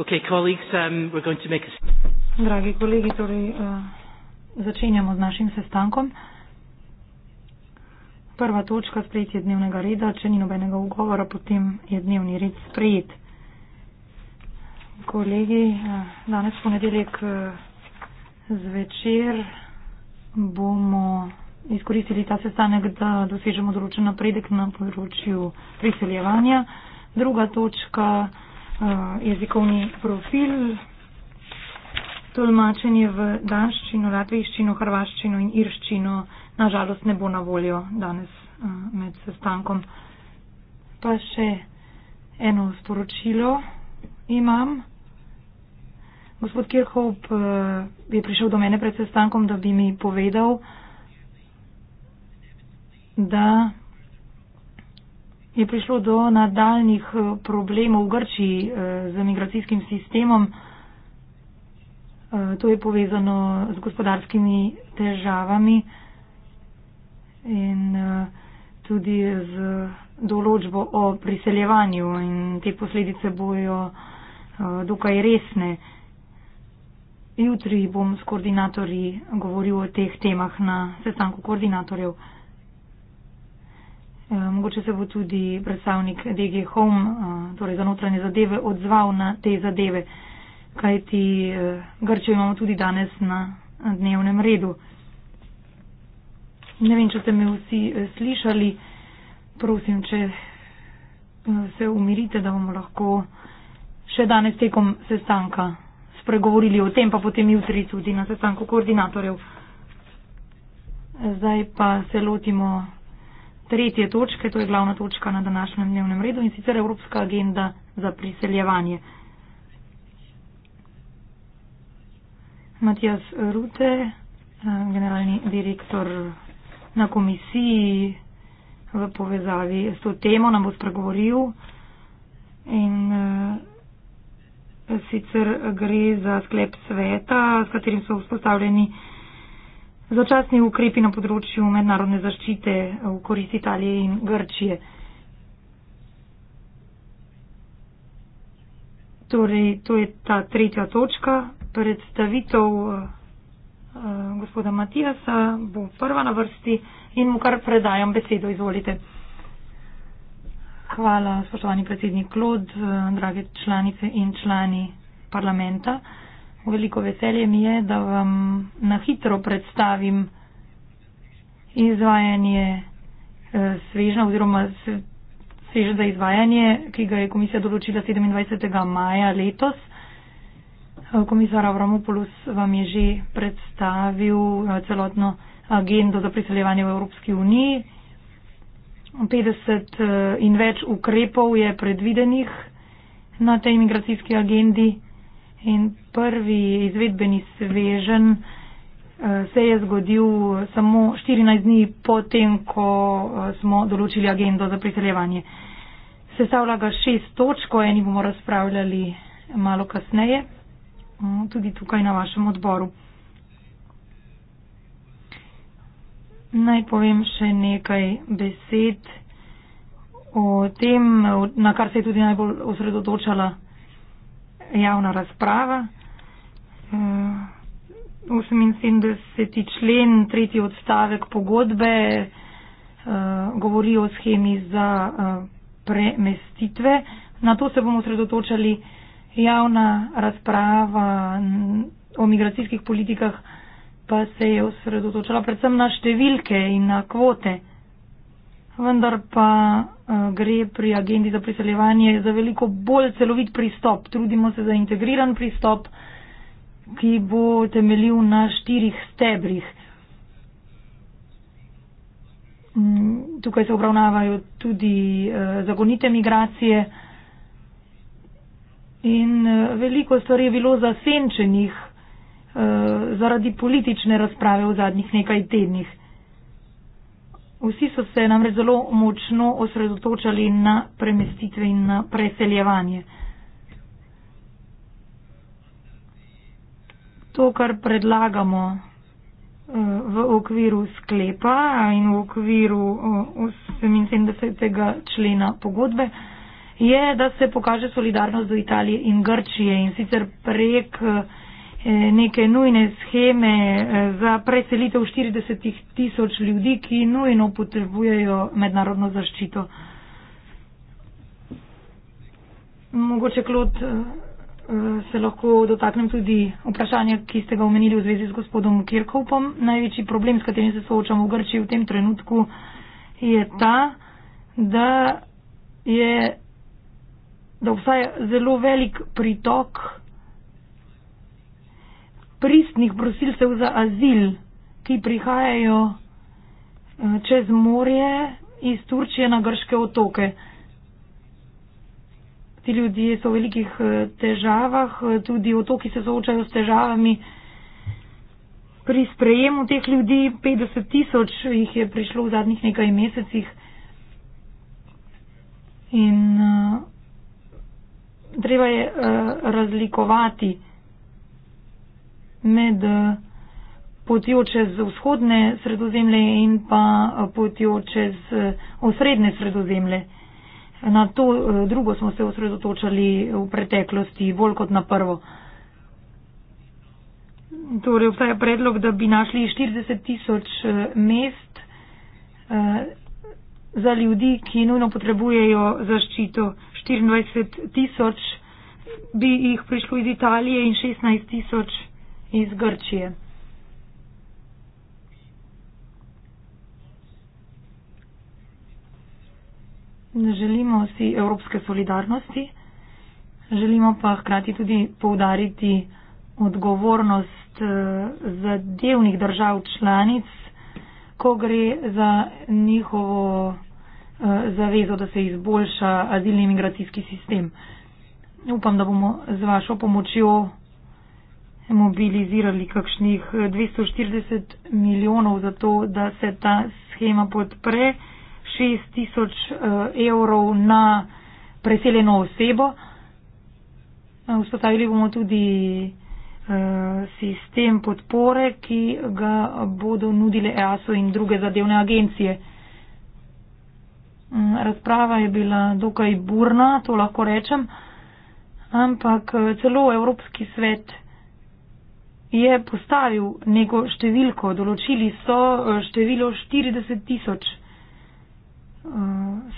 Okay, colleagues, um, we're going to make a... Dragi kolegi, torej, uh, začenjamo z našim sestankom. Prva točka sprejetje dnevnega reda. Če ni nobenega ugovora, potem je dnevni red sprejet. Kolegi, uh, danes ponedeljek uh, zvečer bomo izkoristili ta sestanek, da dosežemo določen napredek na področju priseljevanja. Druga točka jezikovni profil, tolmačenje v danščino, latviščino, hrvaščino in irščino nažalost ne bo na voljo danes med sestankom. Pa še eno sporočilo imam. Gospod Kirchhoff e, je prišel do mene pred sestankom, da bi mi povedal, da je prišlo do nadaljnih eh, problemov v Grčiji eh, z migracijskim sistemom. Eh, to je povezano z gospodarskimi težavami in tudi z določbo o priseljevanju in te posledice bojo dokaj resne. Jutri bom s koordinatorji govoril o teh temah na sestanku koordinatorjev. Eh, mogoče se bo tudi predstavnik DG Home, eh, torej za notranje zadeve, odzval na te zadeve, kajti eh, Grčijo imamo tudi danes na dnevnem redu. Ne vem, če ste me vsi slišali. Prosim, če se umirite, da bomo lahko še danes tekom sestanka spregovorili o tem, pa potem jutri tudi na sestanku koordinatorjev. Zdaj pa se lotimo tretje točke, to je glavna točka na današnjem dnevnem redu in sicer Evropska agenda za priseljevanje. Matjas Rute, eh, generalni direktor na komisiji v povezavi s to temo, nam bo spregovoril. In eh, sicer gre za sklep sveta, s katerim so vzpostavljeni začasni ukrepi na področju mednarodne zaščite v korist Italije in Grčije. Torej, to je ta tretja točka. Predstavitev eh, eh, gospoda Matijasa bo prva na vrsti in mu kar predajam besedo. Izvolite. Hvala, spoštovani predsednik Klod, eh, drage članice in člani parlamenta. Veliko veselje mi je, da vam na hitro predstavim izvajanje eh, svežna oziroma svež za izvajanje, ki ga je komisija določila 27. maja letos. Eh, komisar Avramopoulos vam je že predstavil eh, celotno agendo za priseljevanje v Evropski uniji. 50 in več ukrepov je predvidenih na tej imigracijski agendi. In prvi izvedbeni svežen eh, se je zgodil samo 14 dni potem, ko eh, smo določili agendo za priseljevanje. Sestavlja ga šest točk, o eni bomo razpravljali malo kasneje, mm, tudi tukaj na vašem odboru. Naj povem še nekaj besed o tem, na kar se je tudi najbolj osredotočala javna razprava. 78. Eh, člen, tretji odstavek pogodbe, eh, govori o schemi za eh, premestitve. Na to se bomo sredotočali. Javna razprava o migracijskih politikah pa se je osredotočila predvsem na številke in na kvote vendar pa uh, gre pri agendi za priseljevanje za veliko bolj celovit pristop. Trudimo se za integriran pristop, ki bo temeljil na štirih stebrih. Mm, tukaj se obravnavajo tudi uh, eh, zagonite migracije. In eh, veliko stvari je bilo zasenčenih uh, zaradi politične razprave v zadnjih nekaj tednih. Vsi so se namreč zelo močno osredotočali na premestitve in na preseljevanje. To, kar predlagamo eh, v okviru sklepa in v okviru 78. Eh, člena pogodbe, je, da se pokaže solidarnost do Italije in Grčije in sicer prek eh, Eh, neke nujne scheme eh, za preselitev 40 tisoč ljudi, ki nujno potrebujejo mednarodno zaščito. Mogoče klot eh, se lahko dotaknem tudi vprašanja, ki ste ga omenili v zvezi z gospodom Kirkovom. Največji problem, s katerim se soočamo v Grčiji v tem trenutku, je ta, da je da obstaja zelo velik pritok pristnih prosilcev za azil, ki prihajajo eh, čez morje iz Turčije na grške otoke. Ti ljudje so v velikih eh, težavah, eh, tudi otoki se soočajo s težavami. Pri sprejemu teh ljudi 50 tisoč jih je prišlo v zadnjih nekaj mesecih. In uh, treba je uh, razlikovati med eh, potjo čez vzhodne sredozemlje in pa eh, potjo čez eh, osrednje sredozemlje. Na to drugo smo se osredotočali v preteklosti, bolj kot na prvo. Torej obstaja predlog, da bi našli 40 tisoč mest za ljudi, ki nujno potrebujejo zaščito. 24 tisoč bi jih prišlo iz Italije in 16 tisoč iz Grčije. Ne želimo si evropske solidarnosti, želimo pa hkrati tudi poudariti odgovornost eh, za delnih držav članic, ko gre za njihovo eh, zavezo, da se izboljša azilni imigracijski sistem. Upam, da bomo z vašo pomočjo mobilizirali kakšnih 240 eh, milijonov za to, da se ta schema podpre, 6 tisoč eh, evrov na preseljeno osebo. Eh, vzpostavili bomo tudi sistem podpore, ki ga bodo nudile EASO in druge zadevne agencije. Mm, razprava je bila dokaj burna, to lahko rečem, ampak celo Evropski svet je postavil neko številko, določili so eh, število 40 tisoč. Eh,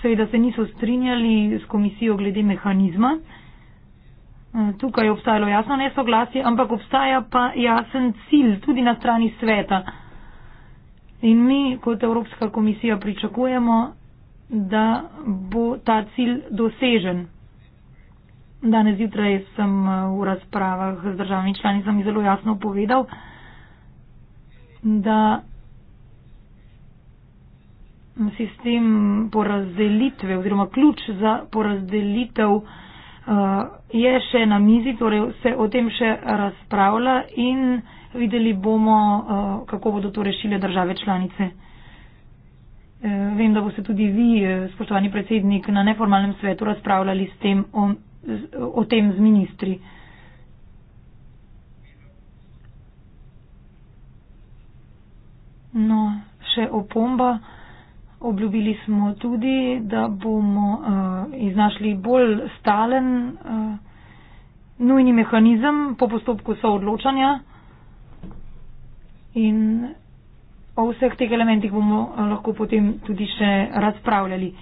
seveda se niso strinjali s komisijo glede mehanizma. Eh, tukaj je obstajalo jasno nesoglasje, ampak obstaja pa jasen cilj tudi na strani sveta. In mi kot Evropska komisija pričakujemo, da bo ta cilj dosežen. Danes zjutraj sem eh, v razpravah z državami članicami zelo jasno povedal, da sistem porazdelitve oziroma ključ za porazdelitev eh, je še na mizi, torej se o tem še razpravlja in videli bomo, eh, kako bodo to rešile države članice. Vem, da boste tudi vi, spoštovani predsednik, na neformalnem svetu razpravljali s tem o z, o tem z ministri. No, še opomba. Obljubili smo tudi, da bomo uh, iznašli bolj stalen uh, nujni mehanizem po postopku soodločanja in o vseh teh elementih bomo uh, lahko potem tudi še razpravljali.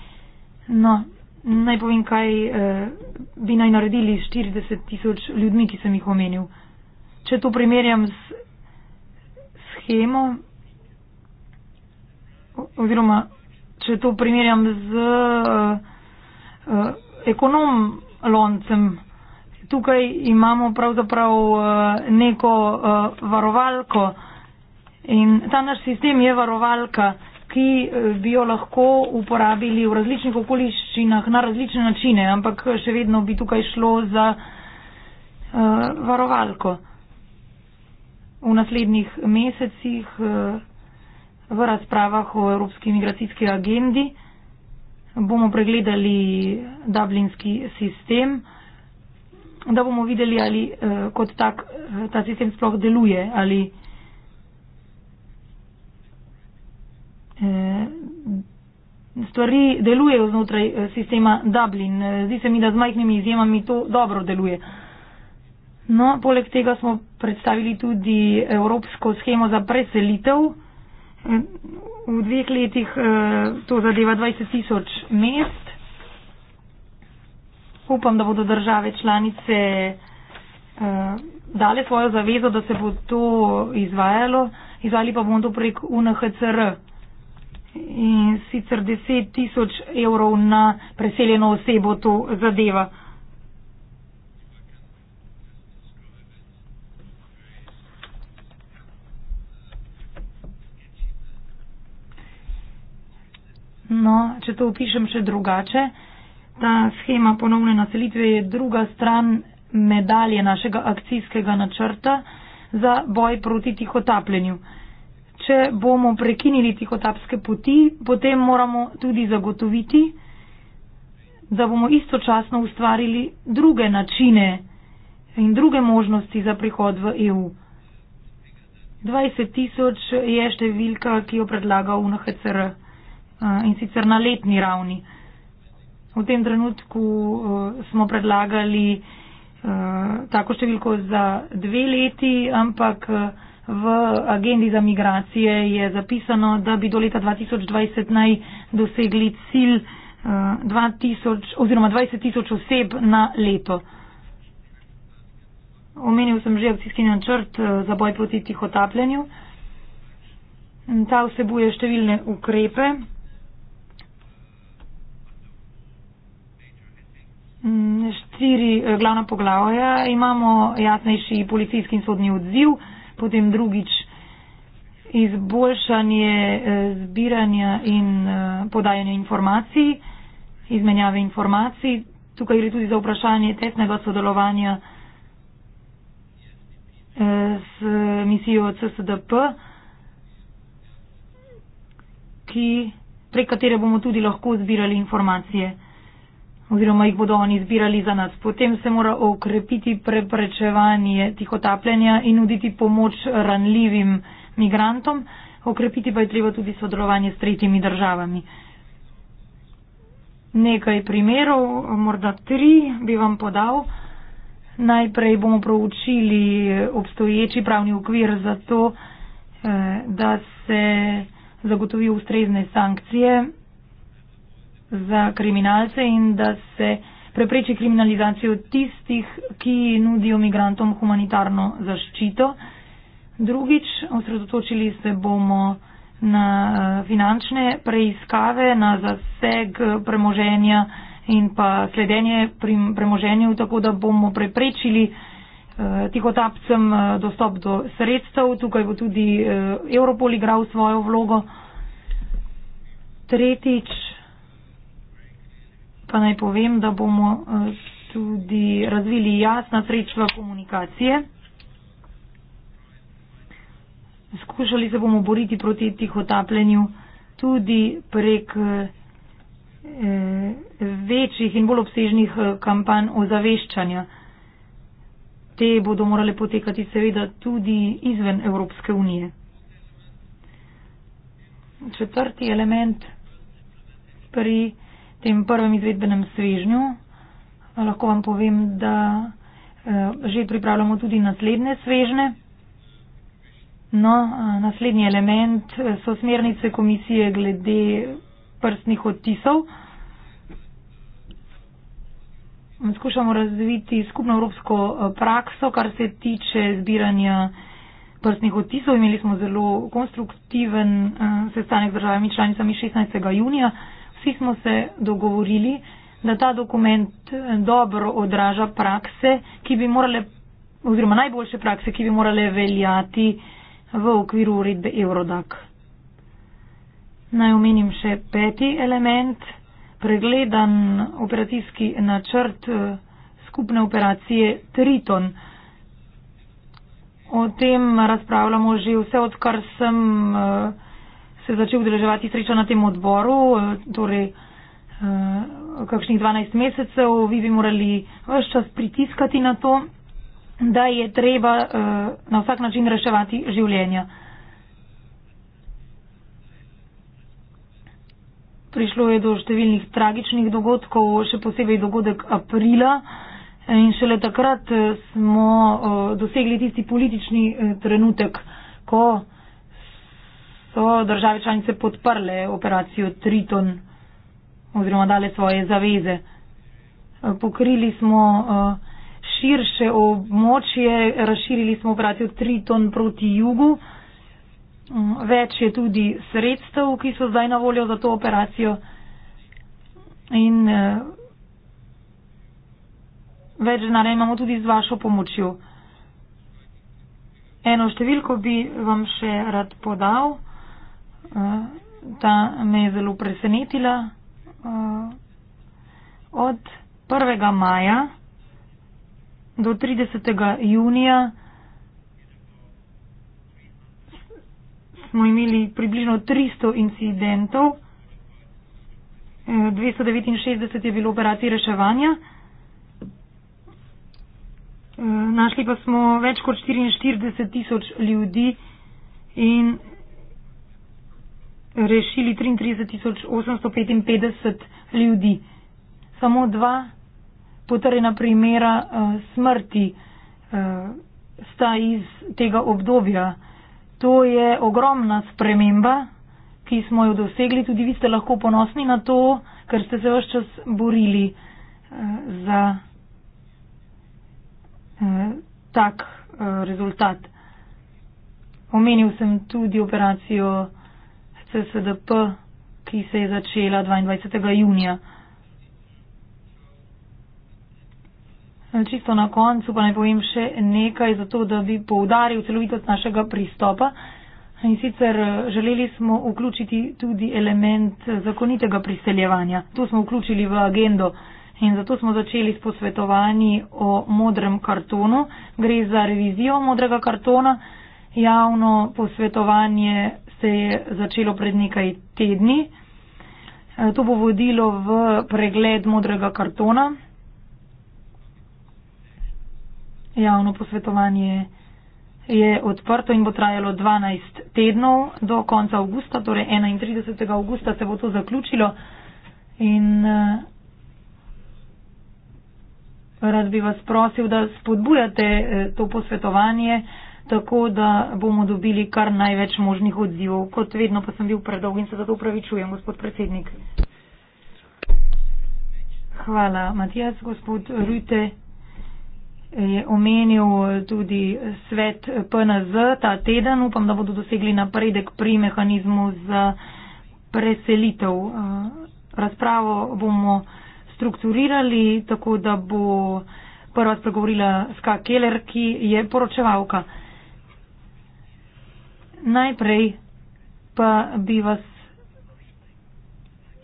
No, Naj povem, kaj eh, bi naj naredili s 40 tisoč ljudmi, ki sem jih omenil. Če to primerjam s schemo, oziroma če to primerjam z eh, eh, ekonom loncem, tukaj imamo pravzaprav eh, neko eh, varovalko in ta naš sistem je varovalka ki eh, bi jo lahko uporabili v različnih okoliščinah na različne načine, ampak še vedno bi tukaj šlo za uh, varovalko. V naslednjih mesecih uh, v razpravah o Evropski migracijski agendi bomo pregledali dublinski sistem, da bomo videli, ali uh, kot tak uh, ta sistem sploh deluje ali. Eh, stvari delujejo znotraj eh, sistema Dublin. Eh, zdi se mi, da z majhnimi izjemami to dobro deluje. No, poleg tega smo predstavili tudi evropsko schemo za preselitev. V dveh letih to zadeva 20 tisoč mest. Upam, da bodo države članice dale svojo zavezo, da se bo to izvajalo. Izvali pa bomo to prek UNHCR in sicer 10 tisoč evrov na preseljeno osebo to zadeva. No, če to opišem še drugače, ta schema ponovne naselitve je druga stran medalje našega akcijskega načrta za boj proti tihotapljenju če bomo prekinili tihotapske poti, potem moramo tudi zagotoviti, da bomo istočasno ustvarili druge načine in druge možnosti za prihod v EU. 20 tisoč je številka, ki jo predlaga UNHCR eh, in sicer na letni ravni. V tem trenutku eh, smo predlagali eh, tako številko za dve leti, ampak v agendi za migracije je zapisano, da bi do leta 2020 naj dosegli cilj 2000, eh, oziroma 20 tisoč oseb na leto. Omenil sem že akcijski načrt eh, za boj proti tihotapljenju. Ta vsebuje številne ukrepe. Mm, štiri eh, glavna poglavja. Imamo jasnejši policijski in sodni odziv potem drugič izboljšanje eh, zbiranja in eh, podajanja informacij, izmenjave informacij. Tukaj gre tudi za vprašanje tesnega sodelovanja z eh, misijo CSDP, ki, prek katere bomo tudi lahko zbirali informacije oziroma jih bodo oni zbirali za nas. Potem se mora okrepiti preprečevanje tihotapljanja in nuditi pomoč ranljivim migrantom, okrepiti pa je treba tudi sodelovanje s tretjimi državami. Nekaj primerov, morda tri bi vam podal. Najprej bomo proučili obstoječi pravni okvir za to, eh, da se zagotovijo ustrezne sankcije za kriminalce in da se prepreči kriminalizacijo tistih, ki nudijo migrantom humanitarno zaščito. Drugič, osredotočili se bomo na eh, finančne preiskave, na zaseg premoženja in pa sledenje premoženju, tako da bomo preprečili eh, tihotapcem eh, dostop do sredstev. Tukaj bo tudi Europol igral svojo vlogo. Tretjič, pa naj povem, da bomo eh, tudi razvili jasna sredstva komunikacije. Skušali se bomo boriti proti tihotapljenju tudi prek eh, večjih in bolj obsežnih eh, kampanj ozaveščanja. Te bodo morale potekati seveda tudi izven Evropske unije. Četrti element pri tem prvem izvedbenem svežnju. Lahko vam povem, da eh, že pripravljamo tudi naslednje svežne. No, eh, naslednji element eh, so smernice komisije glede prstnih odtisov. Skušamo razviti skupno evropsko prakso, kar se tiče zbiranja prstnih odtisov. Imeli smo zelo konstruktiven sestanek z državami članicami 16. junija. Vsi smo se dogovorili, da ta dokument eh, dobro odraža prakse, ki bi morale, oziroma najboljše prakse, ki bi morale veljati v okviru uredbe Eurodak. Naj omenim še peti element, pregledan operacijski načrt eh, skupne operacije Triton. O tem razpravljamo že vse, odkar sem. Uh, se začel udeleževati sreča na tem odboru, eh, torej eh, kakšnih 12 mesecev, vi bi morali vse čas pritiskati na to, da je treba eh, na vsak način reševati življenja. Prišlo je do številnih tragičnih dogodkov, še posebej dogodek aprila in šele takrat smo dosegli tisti politični trenutek, ko so države članice podprle operacijo Triton oziroma dale svoje zaveze. Pokrili smo eh, širše območje, razširili smo operacijo Triton proti jugu. Mm, več je tudi sredstev, ki so zdaj na voljo za to operacijo. In eh, več denarja imamo tudi z vašo pomočjo. Eno številko bi vam še rad podal ta me je zelo presenetila. Od 1. maja do 30. junija smo imeli približno 300 incidentov. 269 e, je bilo operacij reševanja. E, našli pa smo več kot 44 tisoč ljudi in rešili 33.855 ljudi. Samo dva potrjena primera uh, smrti uh, sta iz tega obdobja. To je ogromna sprememba, ki smo jo dosegli. Tudi vi ste lahko ponosni na to, ker ste se vse čas borili uh, za uh, tak uh, rezultat. Omenil sem tudi operacijo. CSDP, ki se je začela 22. junija. Eh, čisto na koncu pa naj povem še nekaj, zato da bi poudaril celovitost našega pristopa. In sicer eh, želeli smo vključiti tudi element eh, zakonitega priseljevanja. To smo vključili v agendo in zato smo začeli s posvetovanji o modrem kartonu. Gre za revizijo modrega kartona. Javno posvetovanje se je začelo pred nekaj tedni. E, to bo vodilo v pregled modrega kartona. Javno posvetovanje je odprto in bo trajalo 12 tednov do konca avgusta, torej 31. avgusta se bo to zaključilo. In e, rad bi vas prosil, da spodbujate e, to posvetovanje tako da bomo dobili kar največ možnih odzivov. Kot vedno pa sem bil predolg in se zato upravičujem, gospod predsednik. Hvala, Matijas. Gospod Rute je omenil tudi svet PNZ ta teden. Upam, da bodo dosegli napredek pri mehanizmu za preselitev. Razpravo bomo strukturirali tako, da bo prva spregovorila Ska Keller, ki je poročevalka. Najprej pa bi vas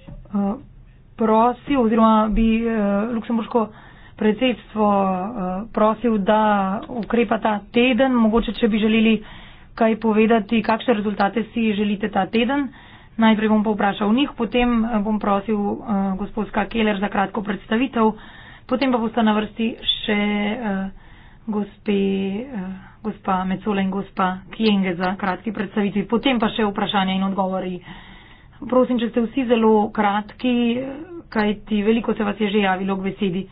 eh, prosil oziroma bi eh, Luksemburško predsedstvo eh, prosil, da ukrepa ta teden, mogoče če bi želeli kaj povedati, kakšne rezultate si želite ta teden. Najprej bom povprašal njih, potem bom prosil uh, gospodska Keller za kratko predstavitev, potem pa boste na vrsti še uh, gospe. Uh, gospa Mecola in gospa Kienge za kratki predstavitvi. Potem pa še vprašanja in odgovori. Prosim, če ste vsi zelo kratki, kajti veliko se vas je že javilo k besedi.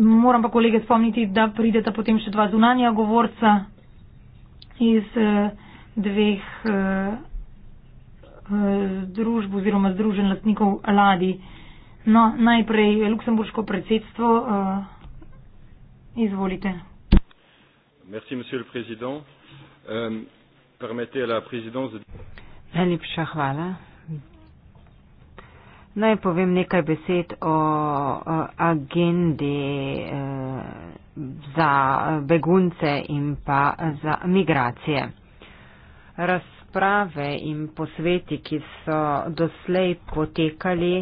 Moram pa kolege spomniti, da prideta potem še dva zunanja govorca iz eh, dveh eh, eh, družb oziroma združen lastnikov ladi. No, najprej Luksemburško predsedstvo. Uh, Izvolite. Merci, monsieur le président. Euh, permettez à la présidence de. Naj povem nekaj besed o, o agendi e, za begunce in pa za migracije. Razprave in posveti, ki so doslej potekali,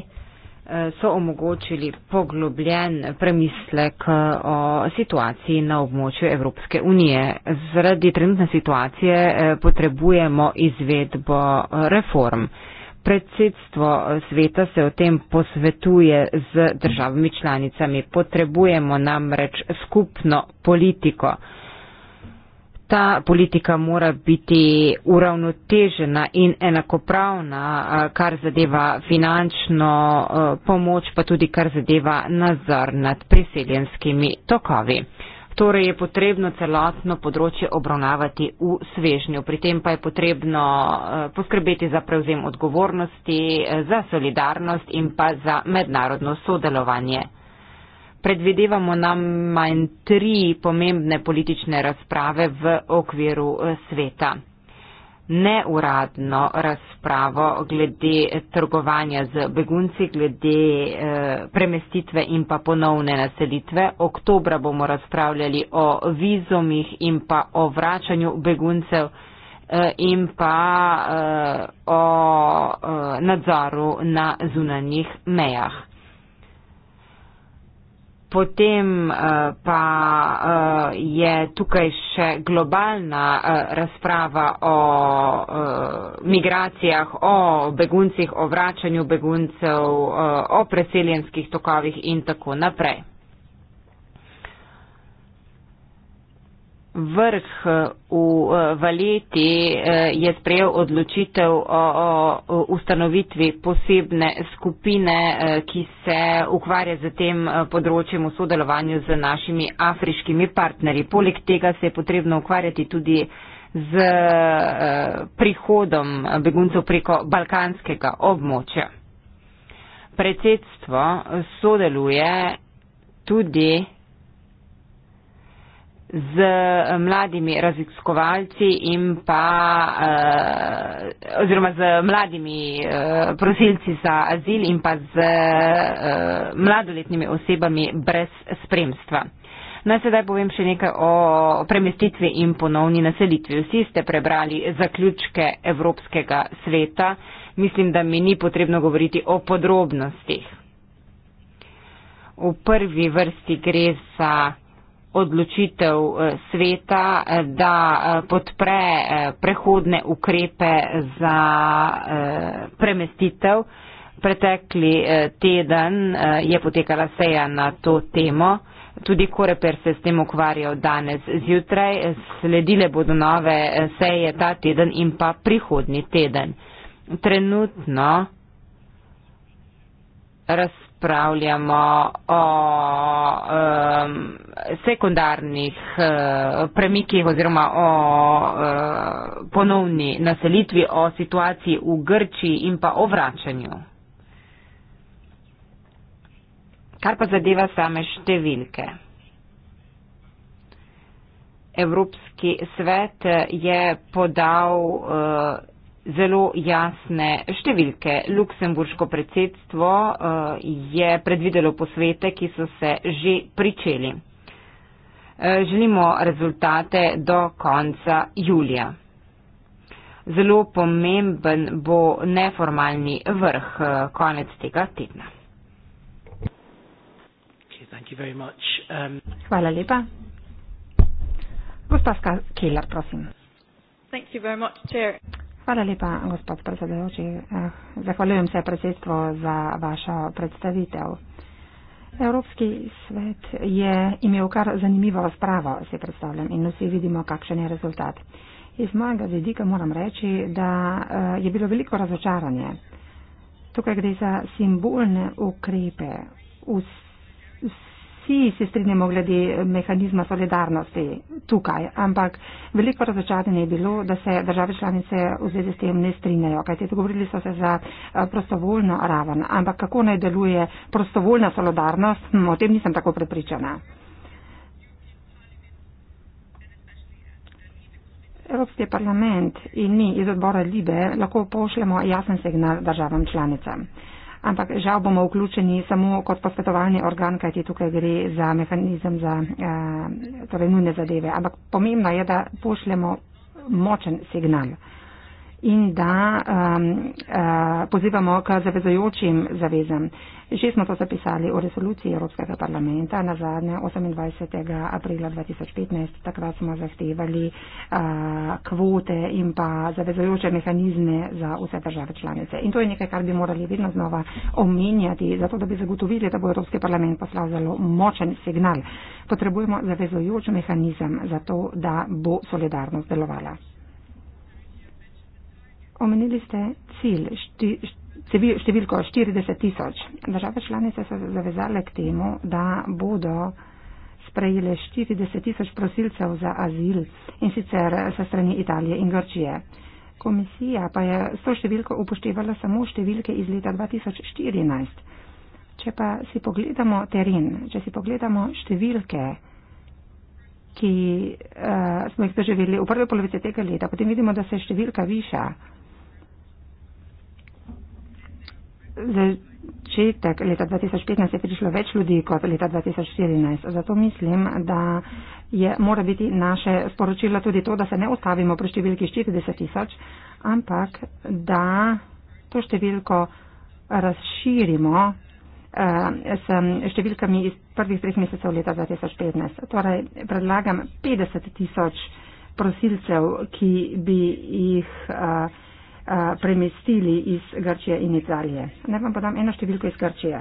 so omogočili poglobljen premislek eh, o situaciji na območju Evropske unije. Zaradi trenutne situacije eh, potrebujemo izvedbo eh, reform. Predsedstvo sveta se o tem posvetuje z državami članicami. Potrebujemo namreč skupno politiko ta politika mora biti uravnotežena in enakopravna, eh, kar zadeva finančno eh, pomoč, pa tudi kar zadeva nazor nad priseljenskimi tokovi. Torej je potrebno celotno področje obravnavati v svežnju. Pri tem pa je potrebno eh, poskrbeti za prevzem odgovornosti, za solidarnost in pa za mednarodno sodelovanje predvidevamo najmanj tri pomembne politične razprave v okviru eh, sveta. Neuradno razpravo glede trgovanja z begunci, glede eh, premestitve in pa ponovne naselitve. Oktobra bomo razpravljali o vizumih in pa o vračanju beguncev eh, in pa o nadzoru na zunanjih mejah. Potem eh, pa eh, je tukaj še globalna eh, razprava o migracijah, o beguncih, o vračanju beguncev, o preseljenskih tokovih in tako naprej. vrh eh, v eh, Valeti eh, je sprejel odločitev o ustanovitvi posebne skupine, ki se ukvarja z tem področjem v sodelovanju z našimi afriškimi partnerji. Poleg tega se je potrebno ukvarjati tudi z prihodom beguncev preko balkanskega območja. Predsedstvo sodeluje tudi z eh, mladimi raziskovalci in pa eh, oziroma z mladimi eh, prosilci za azil in pa z mladoletnimi osebami brez spremstva. Naj sedaj povem še nekaj o premestitvi in ponovni naselitvi. Vsi ste prebrali zaključke Evropskega sveta. Mislim, da mi ni potrebno govoriti o podrobnostih. V prvi vrsti gre za odločitev eh, sveta, eh, da eh, podpre prehodne ukrepe za premestitev. Pretekli teden je potekala seja na to temo. Tudi Koreper se s tem ukvarjal danes zjutraj. Sledile bodo nove seje ta teden in pa prihodni teden. Trenutno raz razpravljamo o um, sekundarnih uh, premikih oziroma o uh, ponovni naselitvi, o situaciji v Grčiji in pa o vračanju. Kar pa zadeva same številke. Evropski svet je podal uh, zelo jasne številke. Luksemburško predsedstvo eh, je predvidelo posvete, ki so se že pričeli. Eh, želimo rezultate do konca julija. Zelo pomemben bo neformalni vrh eh, konec tega tedna. Um, Hvala lepa. Gospa Skalar, prosim. Hvala lepa, gospod predsedujoči. Eh, zahvaljujem se predsedstvo za vašo predstavitev. Evropski svet je imel kar zanimivo razpravo, si predstavljam, in vsi vidimo, kakšen je rezultat. Iz mojega vidika moram reči, da eh, je bilo veliko razočaranje. Tukaj gre za simbolne ukrepe. Vse vsi se strinjamo glede mehanizma solidarnosti tukaj, ampak veliko razočaranje je bilo, da se države članice v zvezi s tem ne strinjajo, kajti dogovorili so se za eh, prostovoljno raven, ampak kako naj deluje prostovoljna solidarnost, hm, o tem nisem tako prepričana. Evropski parlament in mi iz odbora Libe lahko pošljemo jasen signal državam članicam ampak žal bomo vključeni samo kot posvetovalni organ, kajti tukaj gre za mehanizem za eh, torej nujne zadeve. Ampak pomembno je, da pošljemo močen signal in da um, uh, pozivamo k zavezojočim zavezam. Že smo to zapisali v resoluciji Evropskega parlamenta na zadnje 28. aprila 2015. Takrat smo zahtevali uh, kvote in pa zavezojoče mehanizme za vse države članice. In to je nekaj, kar bi morali vedno znova omenjati, zato da bi zagotovili, da bo Evropski parlament poslal zelo močen signal. Potrebujemo zavezojoč mehanizem za to, da bo solidarnost delovala omenili ste cilj, številko 40 tisoč. Države članice so zavezale k temu, da bodo sprejele 40 tisoč prosilcev za azil in sicer sa strani Italije in Grčije. Komisija pa je s to številko upoštevala samo številke iz leta 2014. Če pa si pogledamo teren, če si pogledamo številke, ki uh, smo jih doživeli v prvi polovici tega leta, potem vidimo, da se številka viša. začetek leta 2015 je prišlo več ljudi kot leta 2014. Zato mislim, da je, mora biti naše sporočilo tudi to, da se ne ustavimo pri številki 40 tisoč, ampak da to številko razširimo eh, s številkami iz prvih treh mesecev leta 2015. Torej predlagam 50 tisoč prosilcev, ki bi jih. Eh, premestili iz Grčije in Italije. Naj vam podam eno številko iz Grčije.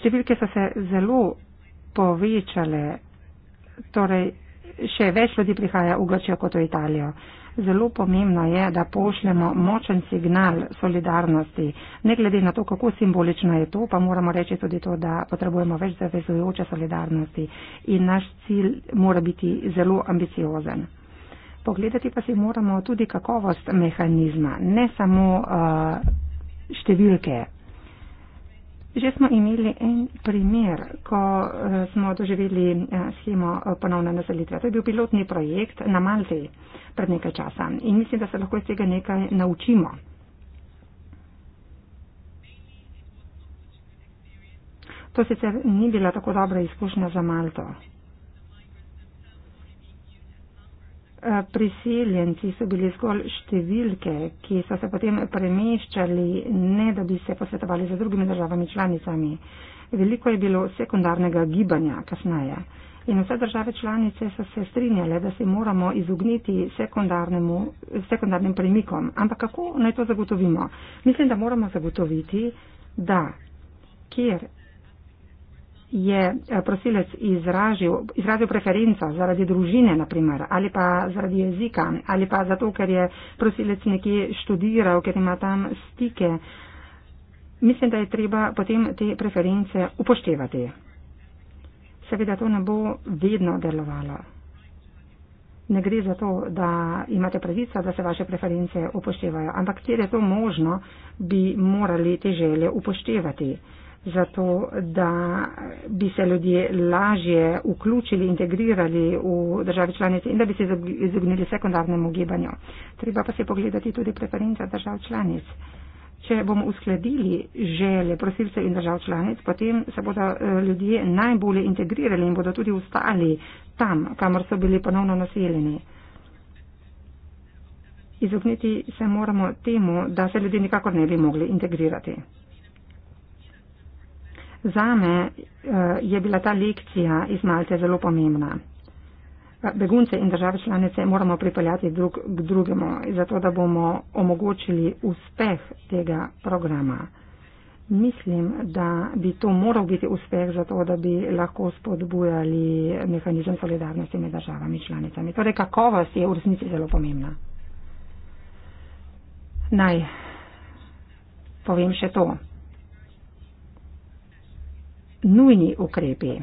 Številke so se zelo povečale, torej še več ljudi prihaja v Grčijo kot v Italijo. Zelo pomembno je, da pošljemo močen signal solidarnosti. Ne glede na to, kako simbolično je to, pa moramo reči tudi to, da potrebujemo več zavezujoče solidarnosti in naš cilj mora biti zelo ambiciozen. Pogledati pa si moramo tudi kakovost mehanizma, ne samo uh, številke, Že smo imeli en primer, ko eh, smo doživeli eh, schemo eh, ponovne naselitve. To je bil pilotni projekt na Malti pred nekaj časa in mislim, da se lahko iz tega nekaj naučimo. To sicer ni bila tako dobra izkušnja za Malto. Eh, priseljenci so bili zgolj številke, ki so se potem premeščali, ne da bi se posvetovali z drugimi državami članicami. Veliko je bilo sekundarnega gibanja kasneje. In vse države članice so se strinjale, da se moramo izogniti sekundarnim premikom. Ampak kako naj to zagotovimo? Mislim, da moramo zagotoviti, da kjer je eh, prosilec izražil, izrazil preferenco zaradi družine, naprimer, ali pa zaradi jezika, ali pa zato, ker je prosilec nekje študiral, ker ima tam stike, mislim, da je treba potem te preference upoštevati. Seveda to ne bo vedno delovalo. Ne gre za to, da imate pravico, da se vaše preference upoštevajo, ampak kjer je to možno, bi morali te želje upoštevati zato da bi se ljudje lažje vključili, integrirali v države članice in da bi se izognili sekundarnemu gibanju. Treba pa se pogledati tudi preferenca držav članic. Če bomo uskladili želje prosilcev in držav članic, potem se bodo eh, ljudje najbolje integrirali in bodo tudi ustali tam, kamor so bili ponovno naseljeni. Izogniti se moramo temu, da se ljudje nikakor ne bi mogli integrirati. Zame eh, je bila ta lekcija iz Malte zelo pomembna. Eh, begunce in države članice moramo pripeljati drug k drugemu, zato da bomo omogočili uspeh tega programa. Mislim, da bi to moral biti uspeh, zato da bi lahko spodbujali mehanizem solidarnosti med državami članicami. Torej, kakovost je v resnici zelo pomembna. Naj povem še to nujni ukrepi.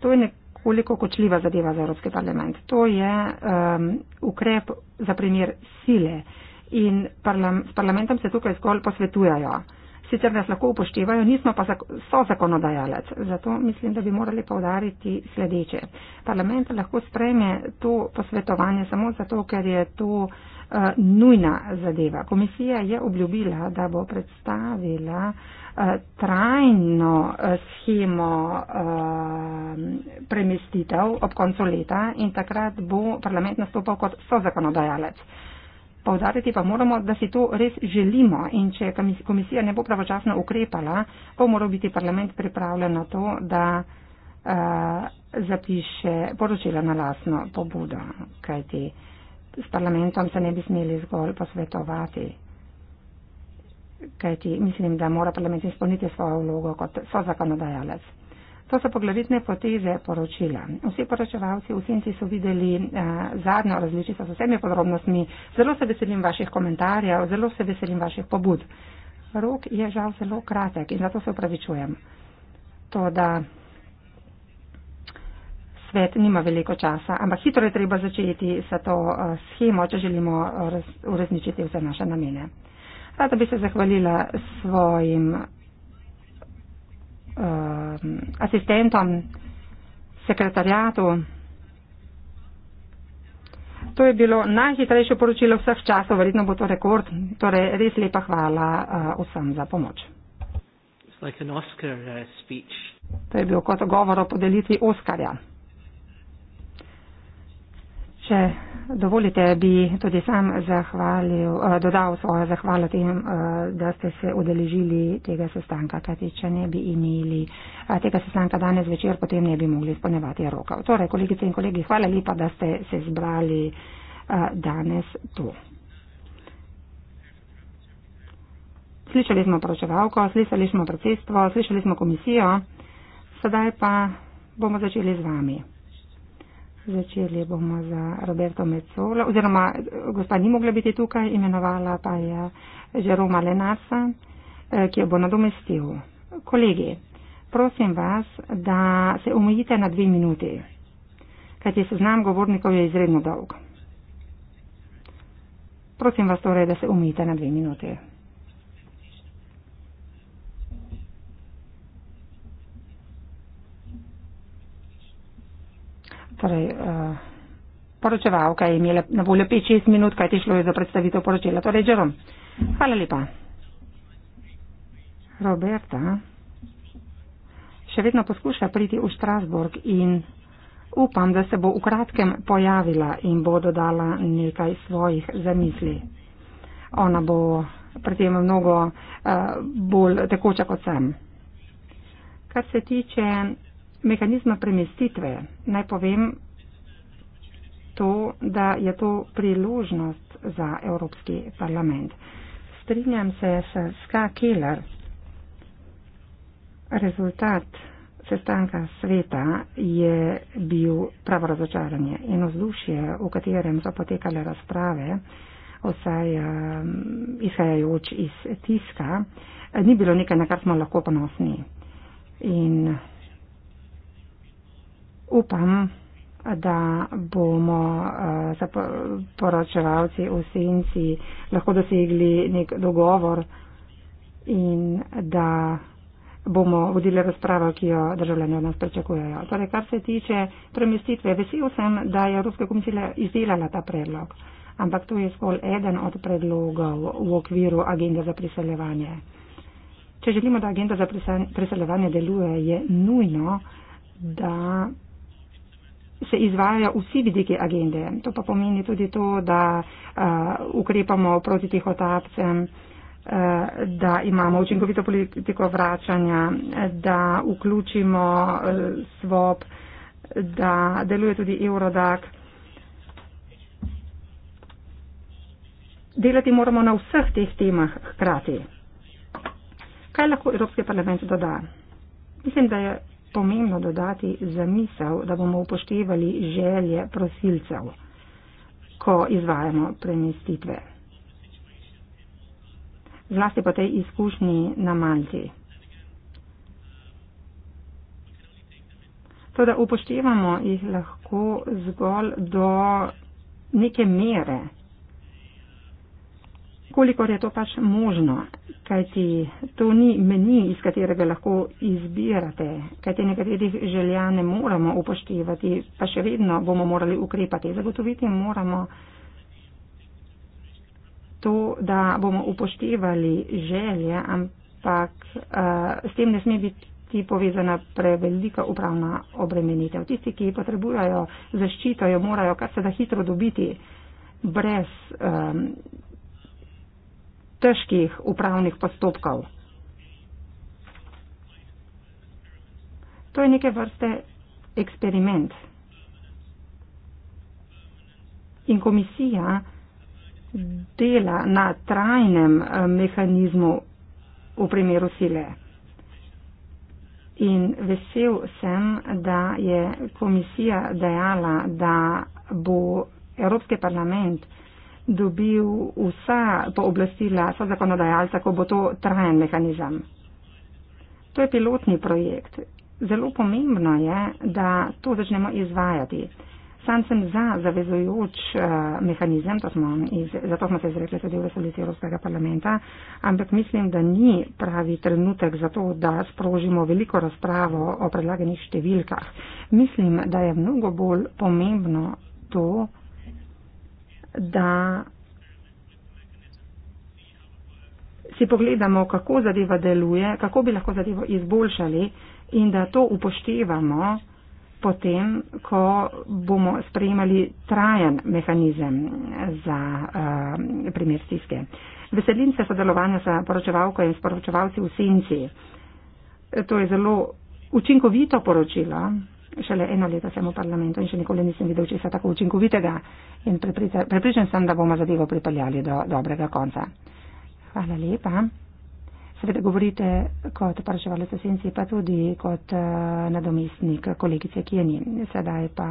To je nekoliko kočljiva zadeva za Evropski parlament. To je um, ukrep za primer sile in parlam, s parlamentom se tukaj zgolj posvetujajo sicer nas lahko upoštevajo, nismo pa zak so zakonodajalec. Zato mislim, da bi morali povdariti sledeče. Parlament lahko sprejme to posvetovanje samo zato, ker je to uh, nujna zadeva. Komisija je obljubila, da bo predstavila eh, trajno eh, schemo premestitev ob koncu leta in takrat bo parlament nastopal kot sozakonodajalec. Povdariti pa moramo, da si to res želimo in če komisija ne bo pravočasno ukrepala, bo moral biti parlament pripravljen na to, da uh, zapiše poročila na lasno pobudo, kajti s parlamentom se ne bi smeli zgolj posvetovati, kajti mislim, da mora parlament izpolniti svojo vlogo kot so zakonodajalec. To so poglavitne poteze poročila. Vsi poročevalci v senci so videli eh, zadnjo različico z vsemi podrobnostmi. Zelo se veselim vaših komentarjev, zelo se veselim vaših pobud. Rok je žal zelo kratek in zato se upravičujem. To, da svet nima veliko časa, ampak hitro je treba začeti s to eh, schemo, če želimo eh, uresničiti vse naše namene. Rada bi se zahvalila svojim Eh, asistentom, sekretarjatu. To je bilo najhitrejše poročilo vseh časov, verjetno bo to rekord. Torej, res lepa hvala uh, vsem za pomoč. Like Oscar, uh, to je bilo kot govor o podelitvi Oskarja. Če dovolite, bi tudi sam zahvalil, eh, dodal svojo zahvalo tem, eh, da ste se udeležili tega sestanka, kajti če ne bi imeli eh, tega sestanka danes večer, potem ne bi mogli izpolnevati rokov. Torej, kolegice in kolegi, hvala lepa, da ste se zbrali danes tu. Slišali smo poročevalko, slišali smo processtvo, slišali smo komisijo, sedaj pa bomo začeli z vami. Začeli bomo z Roberto Mecola, oziroma gospa ni mogla biti tukaj, imenovala pa je Žeroma Lenasa, eh, ki jo bo nadomestil. Kolegi, prosim vas, da se omejite na dve minuti, kajti seznam govornikov je izredno dolg. Prosim vas torej, da se omejite na dve minuti. torej, uh, poročevalka je imela na voljo 5-6 minut, kaj ti šlo je za predstavitev poročila. Torej, Jerome, hvala lepa. Roberta še vedno poskuša priti v Strasburg in upam, da se bo v kratkem pojavila in bo dodala nekaj svojih zamisli. Ona bo pri tem mnogo uh, bolj tekoča kot sem. Kar se tiče mehanizma premestitve. Naj povem to, da je to priložnost za Evropski parlament. Strinjam se s Ska Keller. Rezultat sestanka sveta je bil pravo razočaranje in vzdušje, v katerem so potekale razprave, vsaj um, izhajajoč iz tiska, ni bilo nekaj, na kar smo lahko ponosni. In upam, da bomo uh, poročevalci v senci lahko dosegli nek dogovor in da bomo vodili razpravo, ki jo državljani od nas pričakujejo. Torej, kar se tiče premestitve, vesel sem, da je Evropska komisija izdelala ta predlog, ampak to je skol eden od predlogov v okviru agende za priseljevanje. Če želimo, da agenda za priseljevanje deluje, je nujno, da se izvajajo vsi vidiki agende. To pa pomeni tudi to, da uh, ukrepamo proti tih otapcem, uh, eh, da imamo učinkovito politiko vračanja, da vključimo uh, eh, SWOP, da deluje tudi Eurodak. Delati moramo na vseh teh temah hkrati. Kaj lahko Evropski parlament doda? Mislim, da je pomembno dodati zamisel, da bomo upoštevali želje prosilcev, ko izvajamo premestitve. Zlasti pa tej izkušnji na Malti. Toda upoštevamo jih lahko zgolj do neke mere kolikor je to pač možno, kajti to ni meni, iz katerega lahko izbirate, kajti nekaterih želja ne moramo upoštevati, pa še vedno bomo morali ukrepati. Zagotoviti moramo to, da bomo upoštevali želje, ampak uh, s tem ne sme biti povezana prevelika upravna obremenitev. Tisti, ki potrebujejo zaščito, jo morajo kar se da hitro dobiti brez um, težkih upravnih postopkov. To je neke vrste eksperiment. In komisija dela na trajnem eh, mehanizmu v primeru sile. In vesel sem, da je komisija dejala, da bo Evropski parlament dobil vsa pooblastila so zakonodajalca, ko bo to trajen mehanizem. To je pilotni projekt. Zelo pomembno je, da to začnemo izvajati. Sam sem za zavezujoč uh, mehanizem, smo iz, zato smo se izrekli tudi v resoluciji Evropskega parlamenta, ampak mislim, da ni pravi trenutek za to, da sprožimo veliko razpravo o predlaganih številkah. Mislim, da je mnogo bolj pomembno to, da si pogledamo, kako zadeva deluje, kako bi lahko zadevo izboljšali in da to upoštevamo potem, ko bomo sprejemali trajen mehanizem za uh, primer stiske. Veselim se sodelovanja sa poročevalko in sporočevalci v senci. To je zelo učinkovito poročilo šele eno leto sem v parlamentu in še nikoli nisem videl česa tako učinkovitega in prepričan sem, da bomo zadevo pripeljali do dobrega konca. Hvala lepa. Seveda govorite kot paraševalec esenci, pa tudi kot uh, nadomestnik kolegice Kijeni. Sedaj pa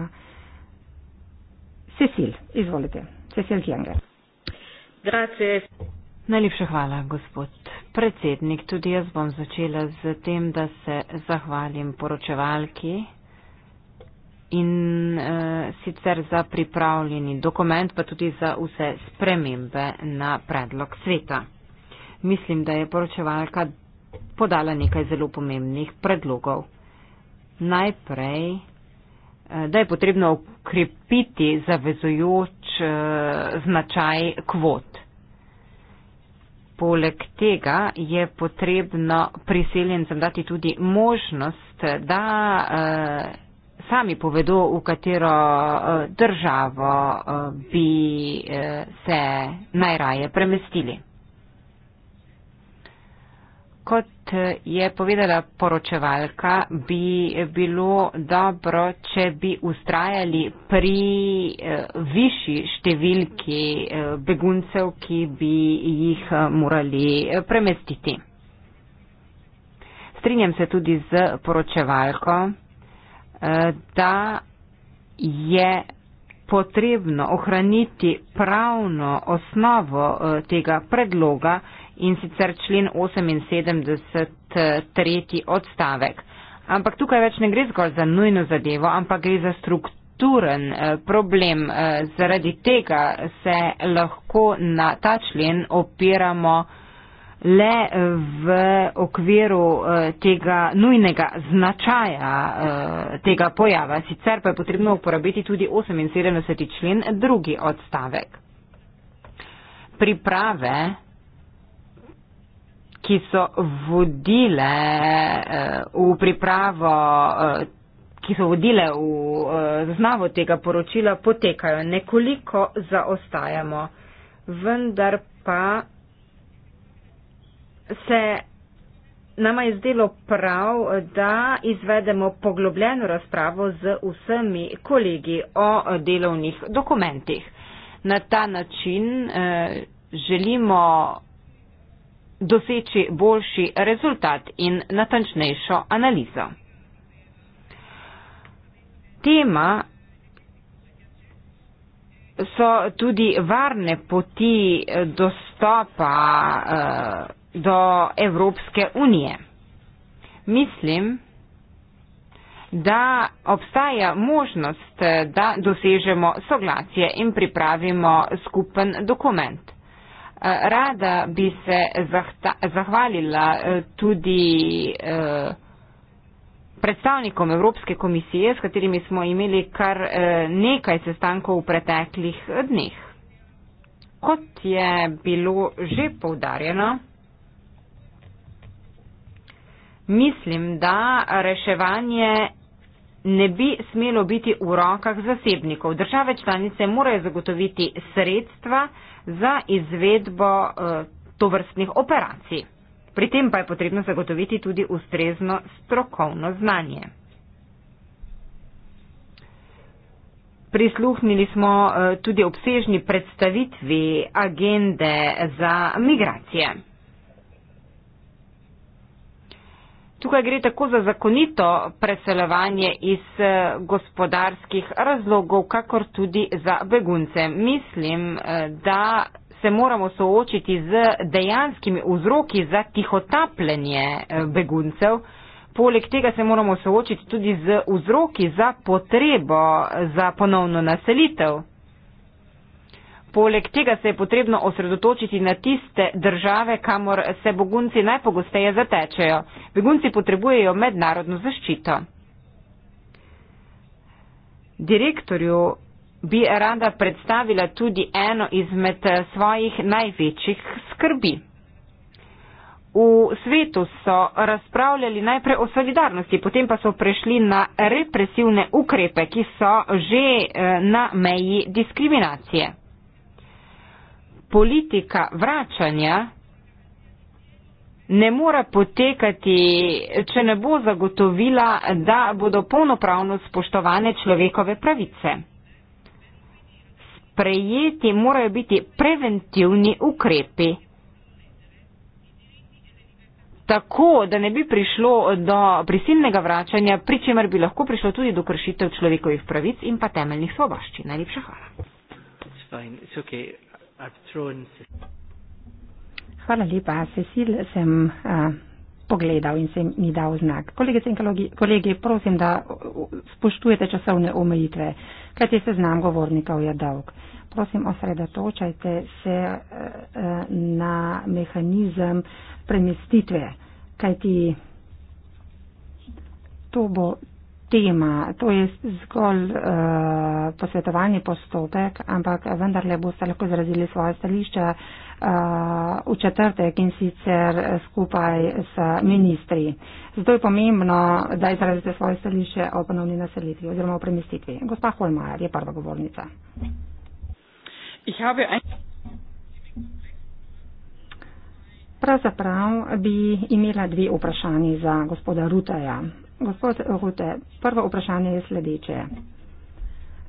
Cecil, izvolite. Cecil Kijenger. Najlepša hvala, gospod predsednik. Tudi jaz bom začela z tem, da se zahvalim poročevalki in e, sicer za pripravljeni dokument, pa tudi za vse spremembe na predlog sveta. Mislim, da je poročevalka podala nekaj zelo pomembnih predlogov. Najprej, eh, da je potrebno ukrepiti zavezujoč eh, značaj kvot. Poleg tega je potrebno priseljencem dati tudi možnost, da sami povedo, v katero eh, državo eh, bi eh, se najraje premestili. Kot je povedala poročevalka, bi bilo dobro, če bi ustrajali pri višji številki beguncev, ki bi jih morali premestiti. Strinjam se tudi z poročevalko. Eh, da je potrebno ohraniti pravno osnovo eh, tega predloga in sicer člen 73. Eh, odstavek. Ampak tukaj več ne gre zgolj za nujno zadevo, ampak gre za strukturen problem. Zaradi tega se lahko na ta člen opiramo le eh, v okviru eh, tega nujnega značaja eh, tega pojava. Sicer pa je potrebno uporabiti tudi 78. člen drugi odstavek. Priprave, ki so vodile v pripravo ki so vodile v znavo tega poročila, potekajo. Nekoliko zaostajamo, vendar pa se nama je zdelo prav, da izvedemo poglobljeno razpravo z vsemi kolegi o delovnih dokumentih. Na ta način eh, želimo doseči boljši rezultat in natančnejšo analizo. Tema so tudi varne poti eh, dostopa. Eh, do Evropske unije. Mislim, da obstaja možnost, da dosežemo soglasje in pripravimo skupen dokument. Rada bi se zahta, zahvalila tudi predstavnikom Evropske komisije, s katerimi smo imeli kar nekaj sestankov v preteklih dneh. Kot je bilo že poudarjeno, Mislim, da reševanje ne bi smelo biti v rokah zasebnikov. Države članice morajo zagotoviti sredstva za izvedbo eh, tovrstnih operacij. Pri tem pa je potrebno zagotoviti tudi ustrezno strokovno znanje. Prisluhnili smo eh, tudi obsežni predstavitvi agende za migracije. Tukaj gre tako za zakonito preseljevanje iz eh, gospodarskih razlogov, kakor tudi za begunce. Mislim, eh, da se moramo soočiti z dejanskimi vzroki za tihotapljenje eh, beguncev. Poleg tega se moramo soočiti tudi z vzroki za potrebo za ponovno naselitev. Poleg tega se je potrebno osredotočiti na tiste države, kamor se begunci najpogosteje zatečejo. Begunci potrebujejo mednarodno zaščito. Direktorju bi rada predstavila tudi eno izmed svojih največjih skrbi. V svetu so razpravljali najprej o solidarnosti, potem pa so prešli na represivne ukrepe, ki so že eh, na meji diskriminacije politika vračanja ne more potekati, če ne bo zagotovila, da bodo polnopravno spoštovane človekove pravice. Sprejeti morajo biti preventivni ukrepi, tako da ne bi prišlo do prisilnega vračanja, pri čemer bi lahko prišlo tudi do kršitev človekovih pravic in pa temeljnih svoboščin. Najlepša hvala. Hvala lepa, Cecil, sem a, pogledal in sem mi dal znak. Kolegice in kolegi, kolegi, prosim, da spoštujete časovne omejitve, kajti se znam govornikov je dolg. Prosim, osredotočajte se a, a, na mehanizem premestitve, kajti to bo tema, to je zgolj uh, eh, posvetovalni postopek, ampak vendarle boste lahko izrazili svoje stališče uh, v četrtek in sicer eh, skupaj s ministri. Zato je pomembno, da izrazite svoje stališče o ponovni naselitvi oziroma o premestitvi. Gospa Holmajer je prva govornica. Pravzaprav bi imela dve vprašanje za gospoda Rutaja. Gospod Rute, prvo vprašanje je sledeče.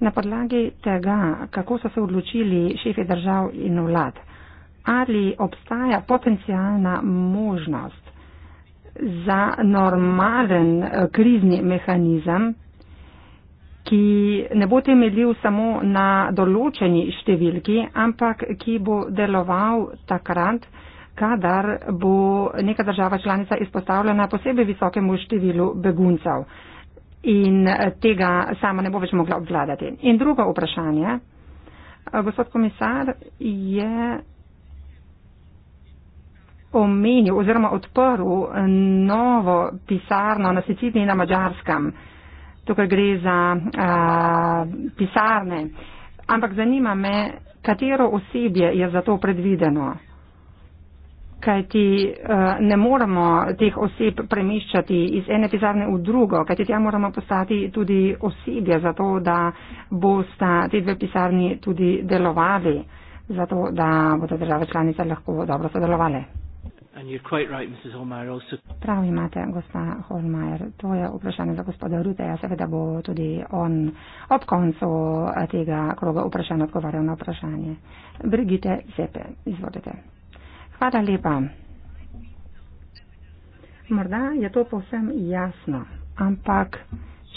Na podlagi tega, kako so se odločili šefi držav in vlad, ali obstaja potencijalna možnost za normalen eh, krizni mehanizem, ki ne bo temeljil samo na določeni številki, ampak ki bo deloval takrat, kadar bo neka država članica izpostavljena posebej visokemu številu beguncev in eh, tega sama ne bo več mogla obvladati. In drugo vprašanje, eh, gospod komisar je omenil oziroma odprl eh, novo pisarno na Siciliji na Mačarskem. Tukaj gre za a, pisarne. Ampak zanima me, katero osebje je za to predvideno kajti eh, ne moremo teh oseb premeščati iz ene pisarne v drugo, kajti tam moramo postati tudi osebje za to, da bosta te dve pisarni tudi delovali, za to, da bodo države članice lahko dobro sodelovali. Right, Prav imate, gospa Holmeier, to je vprašanje za gospoda Ruteja, seveda bo tudi on ob koncu eh, tega kroga vprašanja odgovarjal na vprašanje. Brigite Zepe, izvodite. Hvala lepa. Morda je to povsem jasno, ampak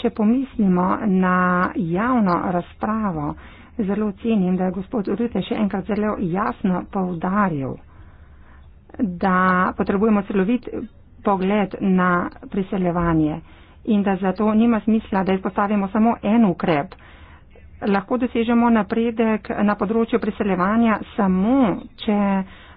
če pomislimo na javno razpravo, zelo cenim, da je gospod Rute še enkrat zelo jasno povdaril, da potrebujemo celovit pogled na priseljevanje in da zato nima smisla, da izpostavimo samo en ukrep. Lahko dosežemo napredek na področju priseljevanja samo, če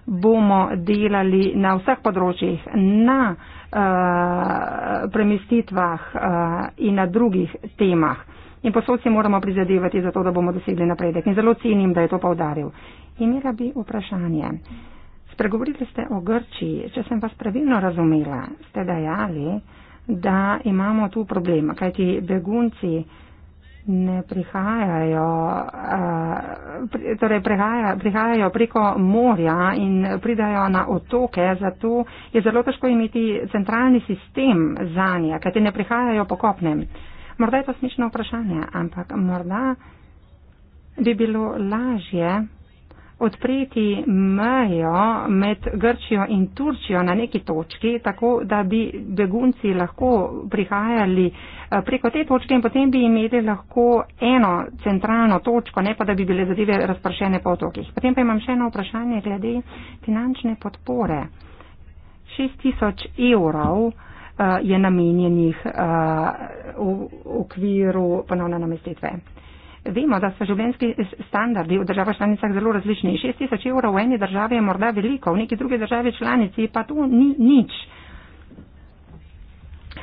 bomo delali na vseh področjih, na uh, premestitvah uh, in na drugih temah. In posod si moramo prizadevati za to, da bomo dosegli napredek. In zelo cenim, da je to povdaril. Imela bi vprašanje. Spregovorili ste o Grčiji. Če sem vas pravilno razumela, ste dejali, da imamo tu problem, kajti begunci ne prihajajo, eh, torej prihajajo, prihajajo preko morja in pridajo na otoke, zato je zelo težko imeti centralni sistem za nje, ker te ne prihajajo po kopnem. Morda je to smešno vprašanje, ampak morda bi bilo lažje odpreti mejo med Grčijo in Turčijo na neki točki, tako da bi begunci lahko prihajali eh, preko te točke in potem bi imeli lahko eno centralno točko, ne pa da bi bile zadeve razpršene po otokih. Potem pa imam še eno vprašanje glede finančne podpore. 6000 evrov eh, je namenjenih eh, v okviru ponovne namestitve vemo, da so življenjski standardi v državah članicah zelo različni. 6 tisoč evrov v eni državi je morda veliko, v neki drugi državi članici pa to ni nič.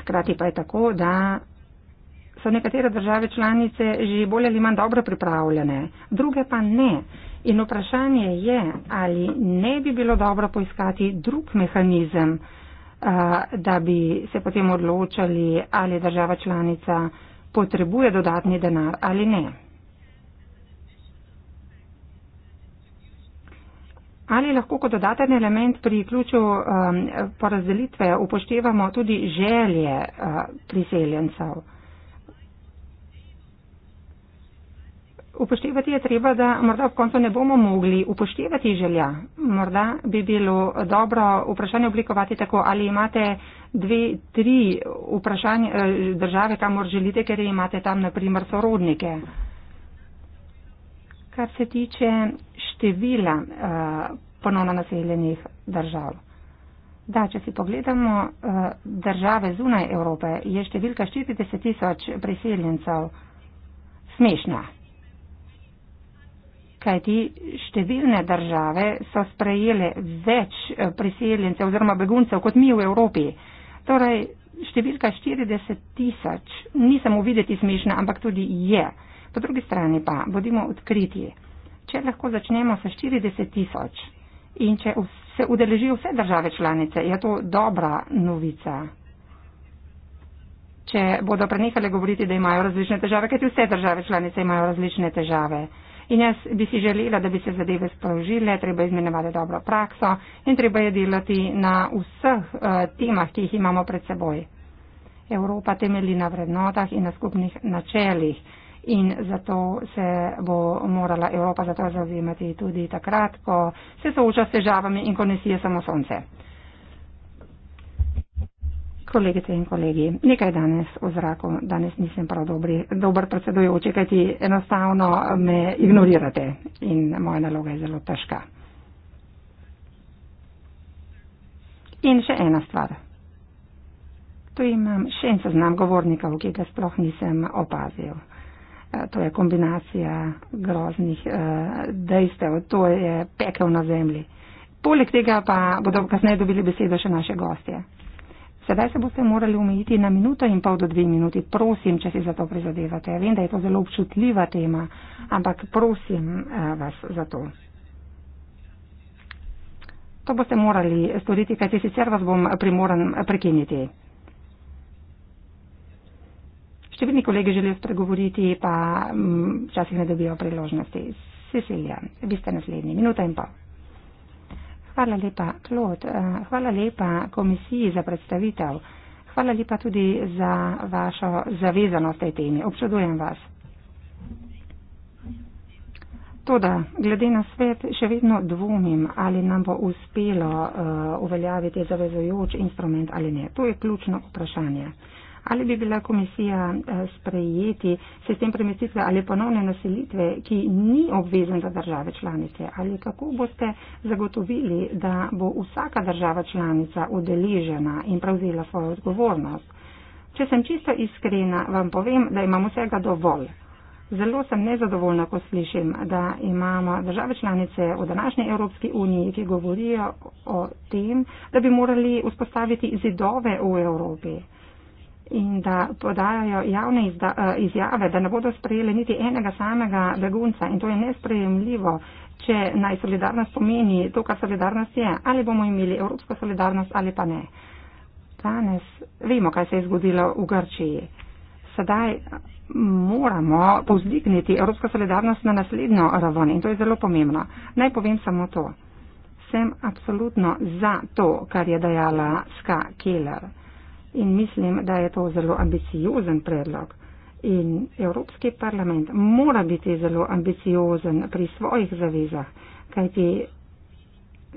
Hkrati pa je tako, da so nekatere države članice že bolj ali manj dobro pripravljene, druge pa ne. In vprašanje je, ali ne bi bilo dobro poiskati drug mehanizem, da bi se potem odločali, ali država članica potrebuje dodatni denar ali ne. Ali lahko kot dodaten element pri ključu um, porazdelitve upoštevamo tudi želje uh, priseljencev? Upoštevati je treba, da morda v koncu ne bomo mogli upoštevati želja. Morda bi bilo dobro vprašanje oblikovati tako, ali imate dve, tri eh, države, kamor želite, ker imate tam naprimer sorodnike kar se tiče števila eh, ponovno naseljenih držav. Da, če si pogledamo eh, države zunaj Evrope, je številka 40 tisoč priseljencev smešna. Kaj ti številne države so sprejele več eh, priseljencev oziroma beguncev kot mi v Evropi. Torej, številka 40 tisoč ni samo videti smešna, ampak tudi je. Uh, Po drugi strani pa bodimo odkriti, če lahko začnemo s 40 tisoč in če se udeležijo vse države članice, je to dobra novica. Če bodo prenehali govoriti, da imajo različne težave, kajti vse države članice imajo različne težave. In jaz bi si želela, da bi se zadeve sprožile, treba je izmenjevati dobro prakso in treba je delati na vseh uh, temah, ki jih imamo pred seboj. Evropa temelji na vrednotah in na skupnih načelih in zato se bo morala Evropa za to zauzimati tudi takrat, ko se sooča s težavami in ko ne sije samo sonce. Kolegice in kolegi, nekaj danes v zraku, danes nisem prav dobri, dober predsedujoči, kajti enostavno me ignorirate in moja naloga je zelo težka. In še ena stvar. Tu imam še en seznam govornikov, ki ga sploh nisem opazil. Eh, to je kombinacija groznih eh, dejstev, to je pekel na zemlji. Poleg tega pa bodo kasneje dobili besedo še naše gostje. Sedaj se boste morali umejiti na minuto in pol do dve minuti. Prosim, če si za to prizadevate. Vem, da je to zelo občutljiva tema, ampak prosim eh, vas za to. To boste morali storiti, kajti sicer vas bom primoran prekiniti. Številni kolegi želijo spregovoriti, pa mm, včasih ne dobijo priložnosti. Cecilija, vi ste naslednji, minuta in pol. Hvala lepa, Klod. Eh, hvala lepa komisiji za predstavitev. Hvala lepa tudi za vašo zavezanost tej temi. Občudujem vas. Toda, glede na svet, še vedno dvomim, ali nam bo uspelo uh, uveljaviti zavezujoč instrument ali ne. To je ključno vprašanje. Uh, ali bi bila komisija eh, sprejeti sistem premestitve ali ponovne naselitve, ki ni obvezen za države članice, ali kako boste zagotovili, da bo vsaka država članica udeležena in prevzela svojo odgovornost. Če sem čisto iskrena, vam povem, da imamo vsega dovolj. Zelo sem nezadovoljna, ko slišim, da imamo države članice v današnji Evropski uniji, ki govorijo o tem, da bi morali vzpostaviti zidove v Evropi in da podajajo javne izda, eh, izjave, da ne bodo sprejeli niti enega samega begunca. In to je nesprejemljivo, če naj solidarnost pomeni to, kar solidarnost je. Ali bomo imeli evropsko solidarnost ali pa ne. Danes vemo, kaj se je zgodilo v Grčiji. Sedaj moramo povzdigniti evropsko solidarnost na naslednjo raven in to je zelo pomembno. Naj povem samo to. Sem absolutno za to, kar je dejala Ska Keller in mislim, da je to zelo ambiciozen predlog. In Evropski parlament mora biti zelo ambiciozen pri svojih zavezah, kajti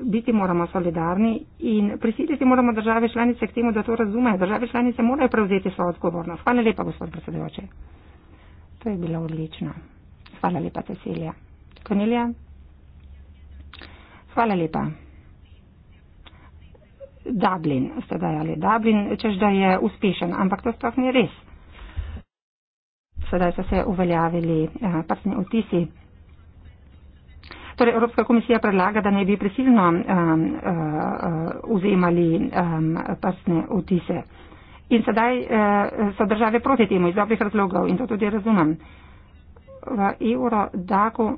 biti moramo solidarni in prisiliti moramo države članice k temu, da to razumejo. Države članice morajo prevzeti svojo odgovornost. Hvala lepa, gospod predsedujoči. To je bilo odlično. Hvala lepa, Cecilija. Konilija? Hvala lepa. Dublin, ste dajali Dublin, čež da je uspešen, ampak to sploh ni res. Sedaj so se uveljavili eh, prstni vtisi. Torej, Evropska komisija predlaga, da ne bi prisilno eh, eh, vzemali um, uh, um, prstne vtise. In sedaj uh, so države proti temu iz dobrih razlogov in to tudi razumem. V Eurodaku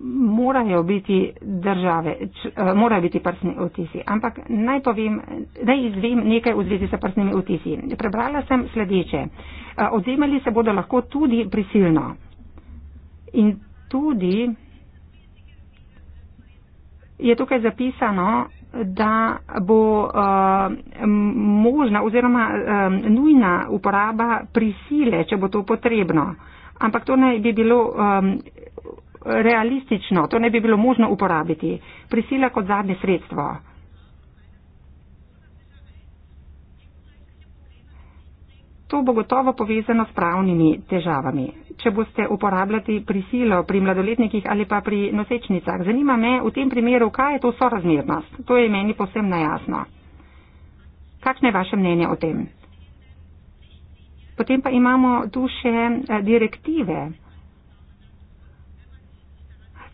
morajo biti države, č, eh, morajo biti prsni otisi. Ampak naj povem, naj izvem nekaj v zvezi s prsnimi otisi. Prebrala sem sledeče. Eh, Odzemali se bodo lahko tudi prisilno. In tudi je tukaj zapisano, da bo uh, možna oziroma um, nujna uporaba prisile, če bo to potrebno. Ampak to naj bi bilo um, realistično, to ne bi bilo možno uporabiti. Prisila kot zadnje sredstvo. To bo gotovo povezano s pravnimi težavami. Če boste uporabljati prisilo pri mladoletnikih ali pa pri nosečnicah, zanima me v tem primeru, kaj je to sorazmernost. To je meni posem najasno. Kakšno je vaše mnenje o tem? Potem pa imamo tu še eh, direktive.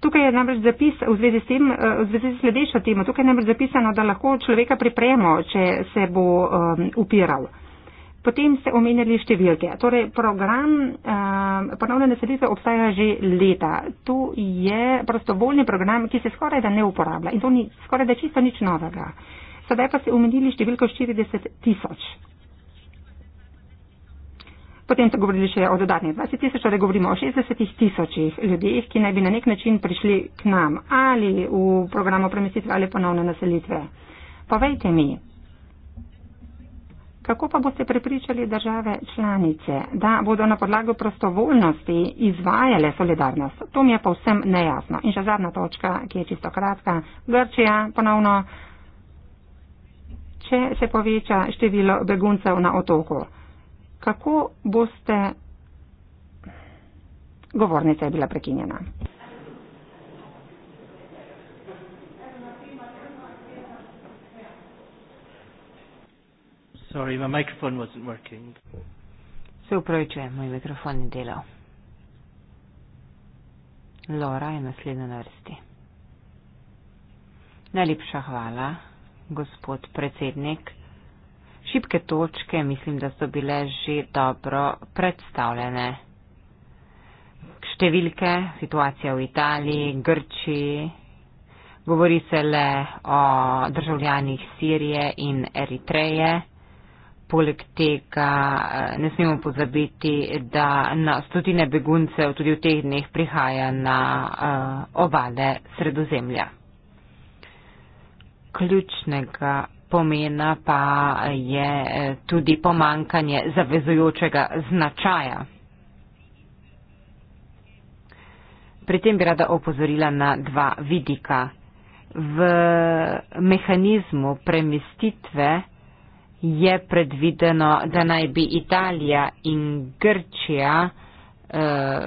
Tukaj je namreč zapis v zvezi s tem, eh, v zvezi s sledečo temo, tukaj je namreč zapisano, da lahko človeka pripremo, če se bo um, upiral. Potem ste omenjali številke. Torej, program um, ponovne naselitve obstaja že leta. Tu je prostovoljni program, ki se skoraj da ne uporablja in to ni skoraj da čisto nič novega. Sedaj pa ste omenili številko 40 tisoč. Potem so govorili še o dodatnih 20 tisoč, torej govorimo o 60 tisočih ljudeh, ki naj bi na nek način prišli k nam ali v programu premestitve ali ponovne naselitve. Povejte mi, kako pa boste prepričali države članice, da bodo na podlagu prostovoljnosti izvajale solidarnost? To mi je povsem nejasno. In še zadnja točka, ki je čisto kratka. Grčija ponovno. Če se poveča število beguncev na otoku kako boste. Govornica je bila prekinjena. Sorry, my microphone wasn't working. Se upravičujem, moj mikrofon ni delal. Lora je naslednja na vrsti. Najlepša hvala, gospod predsednik. Šibke točke mislim, da so bile že dobro predstavljene. Številke, situacija v Italiji, Grčiji, govori se le o državljanih Sirije in Eritreje. Poleg tega eh, ne smemo pozabiti, da na stotine beguncev tudi v teh dneh prihaja na eh, obale Sredozemlja. Ključnega pomena pa je eh, tudi pomankanje zavezujočega značaja. Pri tem bi rada opozorila na dva vidika. V mehanizmu premestitve je predvideno, da naj bi Italija in Grčija eh,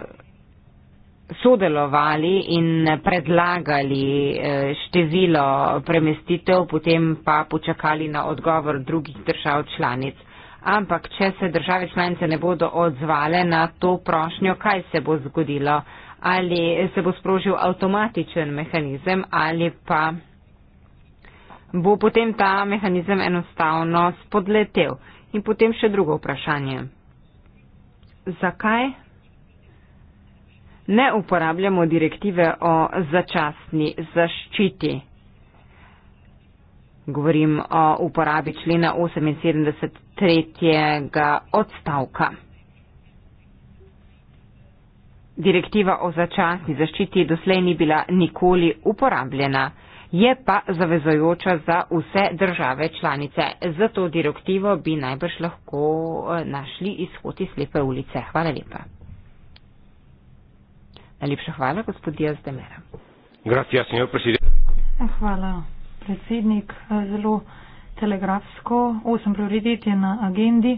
sodelovali in predlagali eh, število premestitev, potem pa počakali na odgovor drugih držav članic. Ampak, če se države članice ne bodo odzvale na to prošnjo, kaj se bo zgodilo? Ali se bo sprožil avtomatičen mehanizem ali pa bo potem ta mehanizem enostavno spodletel? In potem še drugo vprašanje. Zakaj ne uporabljamo direktive o začasni zaščiti. Govorim o uporabi člena 78. tretjega odstavka. Direktiva o začasni zaščiti doslej ni bila nikoli uporabljena, je pa zavezojoča za vse države članice. Za to direktivo bi najbrž lahko eh, našli izhod iz slepe ulice. Hvala lepa. Najlepša hvala, gospod Diaz de Mera. Gracias, señor presidente. Hvala, predsednik. Zelo telegrafsko, osem prioritet je na agendi.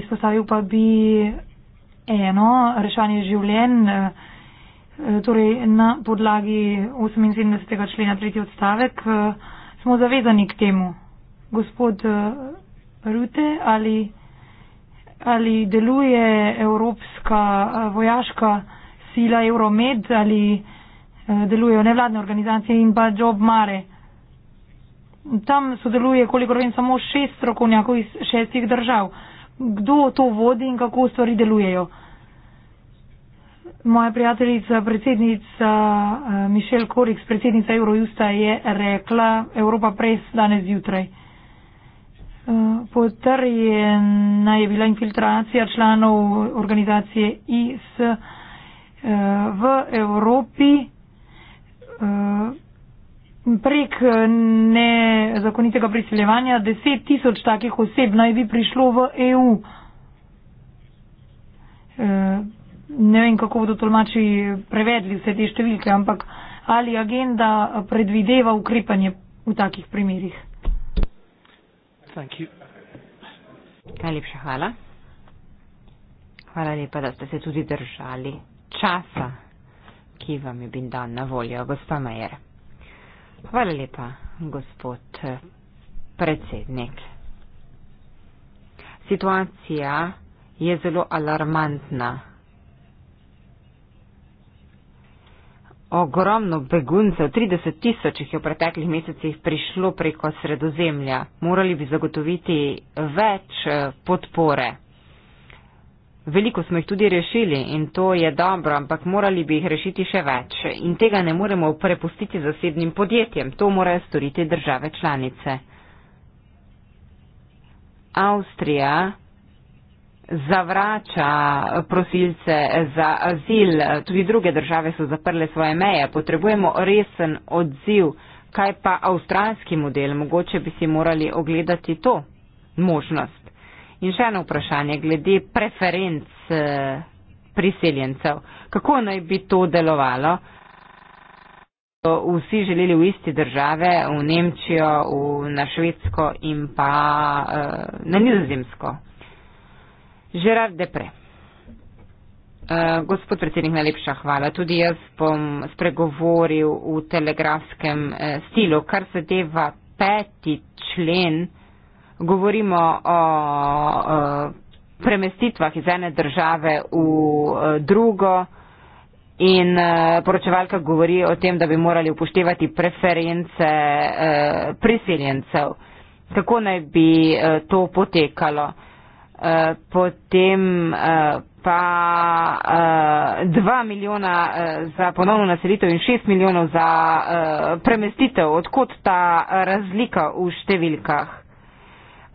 Izpostavil pa bi eno, rešanje življenj. Torej, na podlagi 78. člena tretji odstavek smo zavezani k temu. Gospod Rute, ali, ali deluje evropska vojaška sila Euromed ali eh, delujejo nevladne organizacije in pa Job Mare. Tam sodeluje, koliko vem, samo šest strokovnjakov iz šestih držav. Kdo to vodi in kako stvari delujejo? Moja prijateljica, predsednica eh, Mišel Koriks, predsednica Eurojusta je rekla Evropa pres danes zjutraj. Eh, potrjena je bila infiltracija članov organizacije ISIS v Evropi eh, prek eh, nezakonitega priseljevanja 10 tisoč takih oseb naj bi prišlo v EU. Eh, ne vem, kako bodo tolmači prevedli vse te številke, ampak ali agenda predvideva ukrepanje v takih primerih. Najlepša hvala. Hvala lepa, da ste se tudi držali časa, ki vam je bil dan na voljo, gospa Majer. Hvala lepa, gospod predsednik. Situacija je zelo alarmantna. Ogromno beguncev, 30 tisoč jih je v preteklih mesecih prišlo preko sredozemlja. Morali bi zagotoviti več eh, podpore. Veliko smo jih tudi rešili in to je dobro, ampak morali bi jih rešiti še več in tega ne moremo prepustiti zasebnim podjetjem. To morajo storiti države članice. Avstrija zavrača prosilce za azil, tudi druge države so zaprle svoje meje. Potrebujemo resen odziv. Kaj pa avstralski model? Mogoče bi si morali ogledati to možnost. In še eno vprašanje glede preferenc eh, priseljencev. Kako naj bi to delovalo? Vsi želeli v isti države, v Nemčijo, v, na Švedsko in pa eh, na Nizozemsko. Žerar Depre. Eh, gospod predsednik, najlepša hvala. Tudi jaz bom spregovoril v telegrafskem stilu, kar zadeva peti člen govorimo o premestitvah iz ene države v e, drugo in e, poročevalka govori o tem, da bi morali upoštevati preference e, priseljencev. Kako naj bi to potekalo? Potem pa 2 milijona za ponovno naselitev in 6 milijonov za premestitev. Odkot ta razlika v številkah?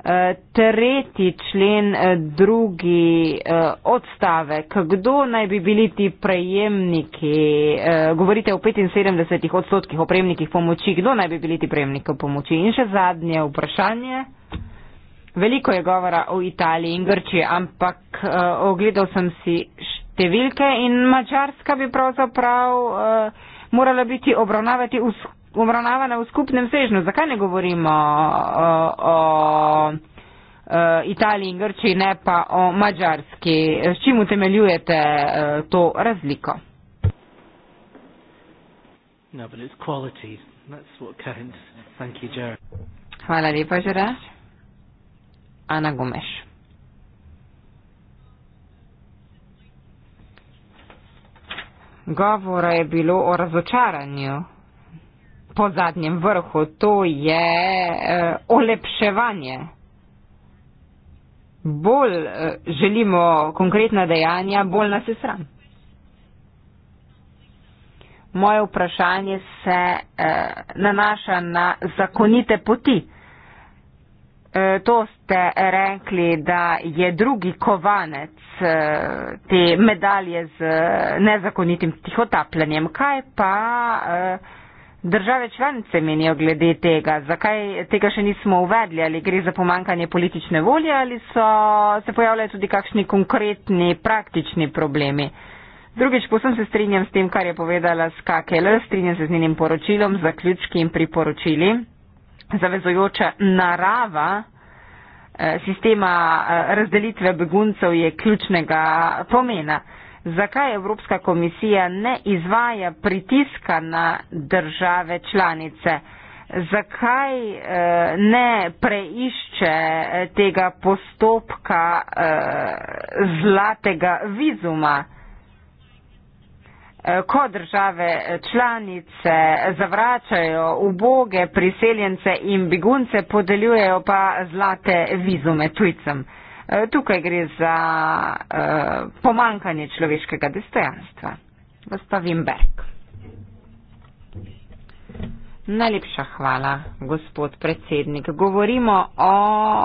Eh, tretji člen, eh, drugi eh, odstavek. Kdo naj bi bili ti prejemniki? Govorite o 75 odstotkih opremnikih pomoči. Kdo naj bi bili ti prejemniki pomoči? In še zadnje vprašanje. Veliko je govora o Italiji in Grčiji, ampak ogledal sem si številke in Mačarska bi pravzaprav morala biti obravnavati v skupaj obravnavana v skupnem sežnju. Zakaj ne govorimo uh, o, o, uh, o Italiji in Grčiji, ne pa o Mačarski? S čim utemeljujete uh, to razliko? No, you, Hvala lepa, Žeraš. Ana Gomeš. Govora je bilo o razočaranju po zadnjem vrhu, to je eh, olepševanje. Bolj eh, želimo konkretna dejanja, bolj nas je sram. Moje vprašanje se eh, nanaša na zakonite poti. To ste rekli, da je drugi kovanec te medalje z nezakonitim tihotapljanjem. Kaj pa eh, Države članice menijo glede tega, zakaj tega še nismo uvedli, ali gre za pomankanje politične volje ali so se pojavljali tudi kakšni konkretni praktični problemi. Drugič, posem se strinjam s tem, kar je povedala Ska Keller, strinjam se z njenim poročilom, zaključki in priporočili. Zavezojoča narava eh, sistema eh, razdelitve beguncev je ključnega pomena zakaj Evropska komisija ne izvaja pritiska na države članice, zakaj eh, ne preišče eh, tega postopka eh, zlatega vizuma. Ko države članice zavračajo uboge priseljence in begunce, podeljujejo pa zlate vizume tujcem. Eh, tukaj gre za eh, pomankanje človeškega dostojanstva. Gospa Wimberg. Najlepša hvala, gospod predsednik. Govorimo o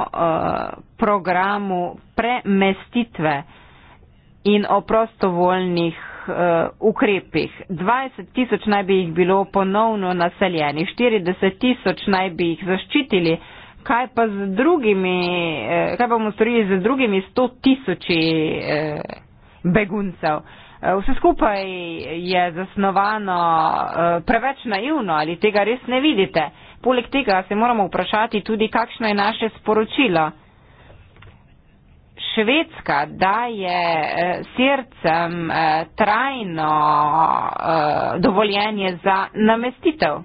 eh, programu premestitve in o prostovoljnih ukrepih. 20 tisoč naj bi jih bilo ponovno naseljenih, 40 tisoč naj bi jih zaščitili, kaj pa z drugimi, eh, kaj bomo storili z drugimi sto tisoči eh, beguncev. Eh, vse skupaj je zasnovano preveč naivno ali tega res ne vidite. Poleg tega se moramo vprašati tudi, kakšno je naše sporočilo. Švedska daje srcem trajno dovoljenje za namestitev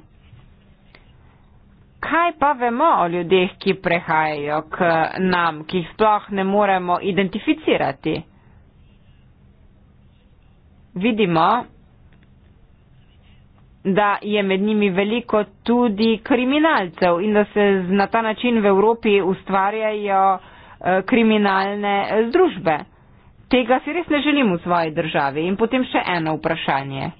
kaj pa vemo o ljudeh, ki prehajajo k nam, ki jih sploh ne moremo identificirati? Vidimo, da je med njimi veliko tudi kriminalcev in da se na ta način v Evropi ustvarjajo eh, kriminalne združbe. Tega si res ne želim v svoji državi. In potem še eno vprašanje.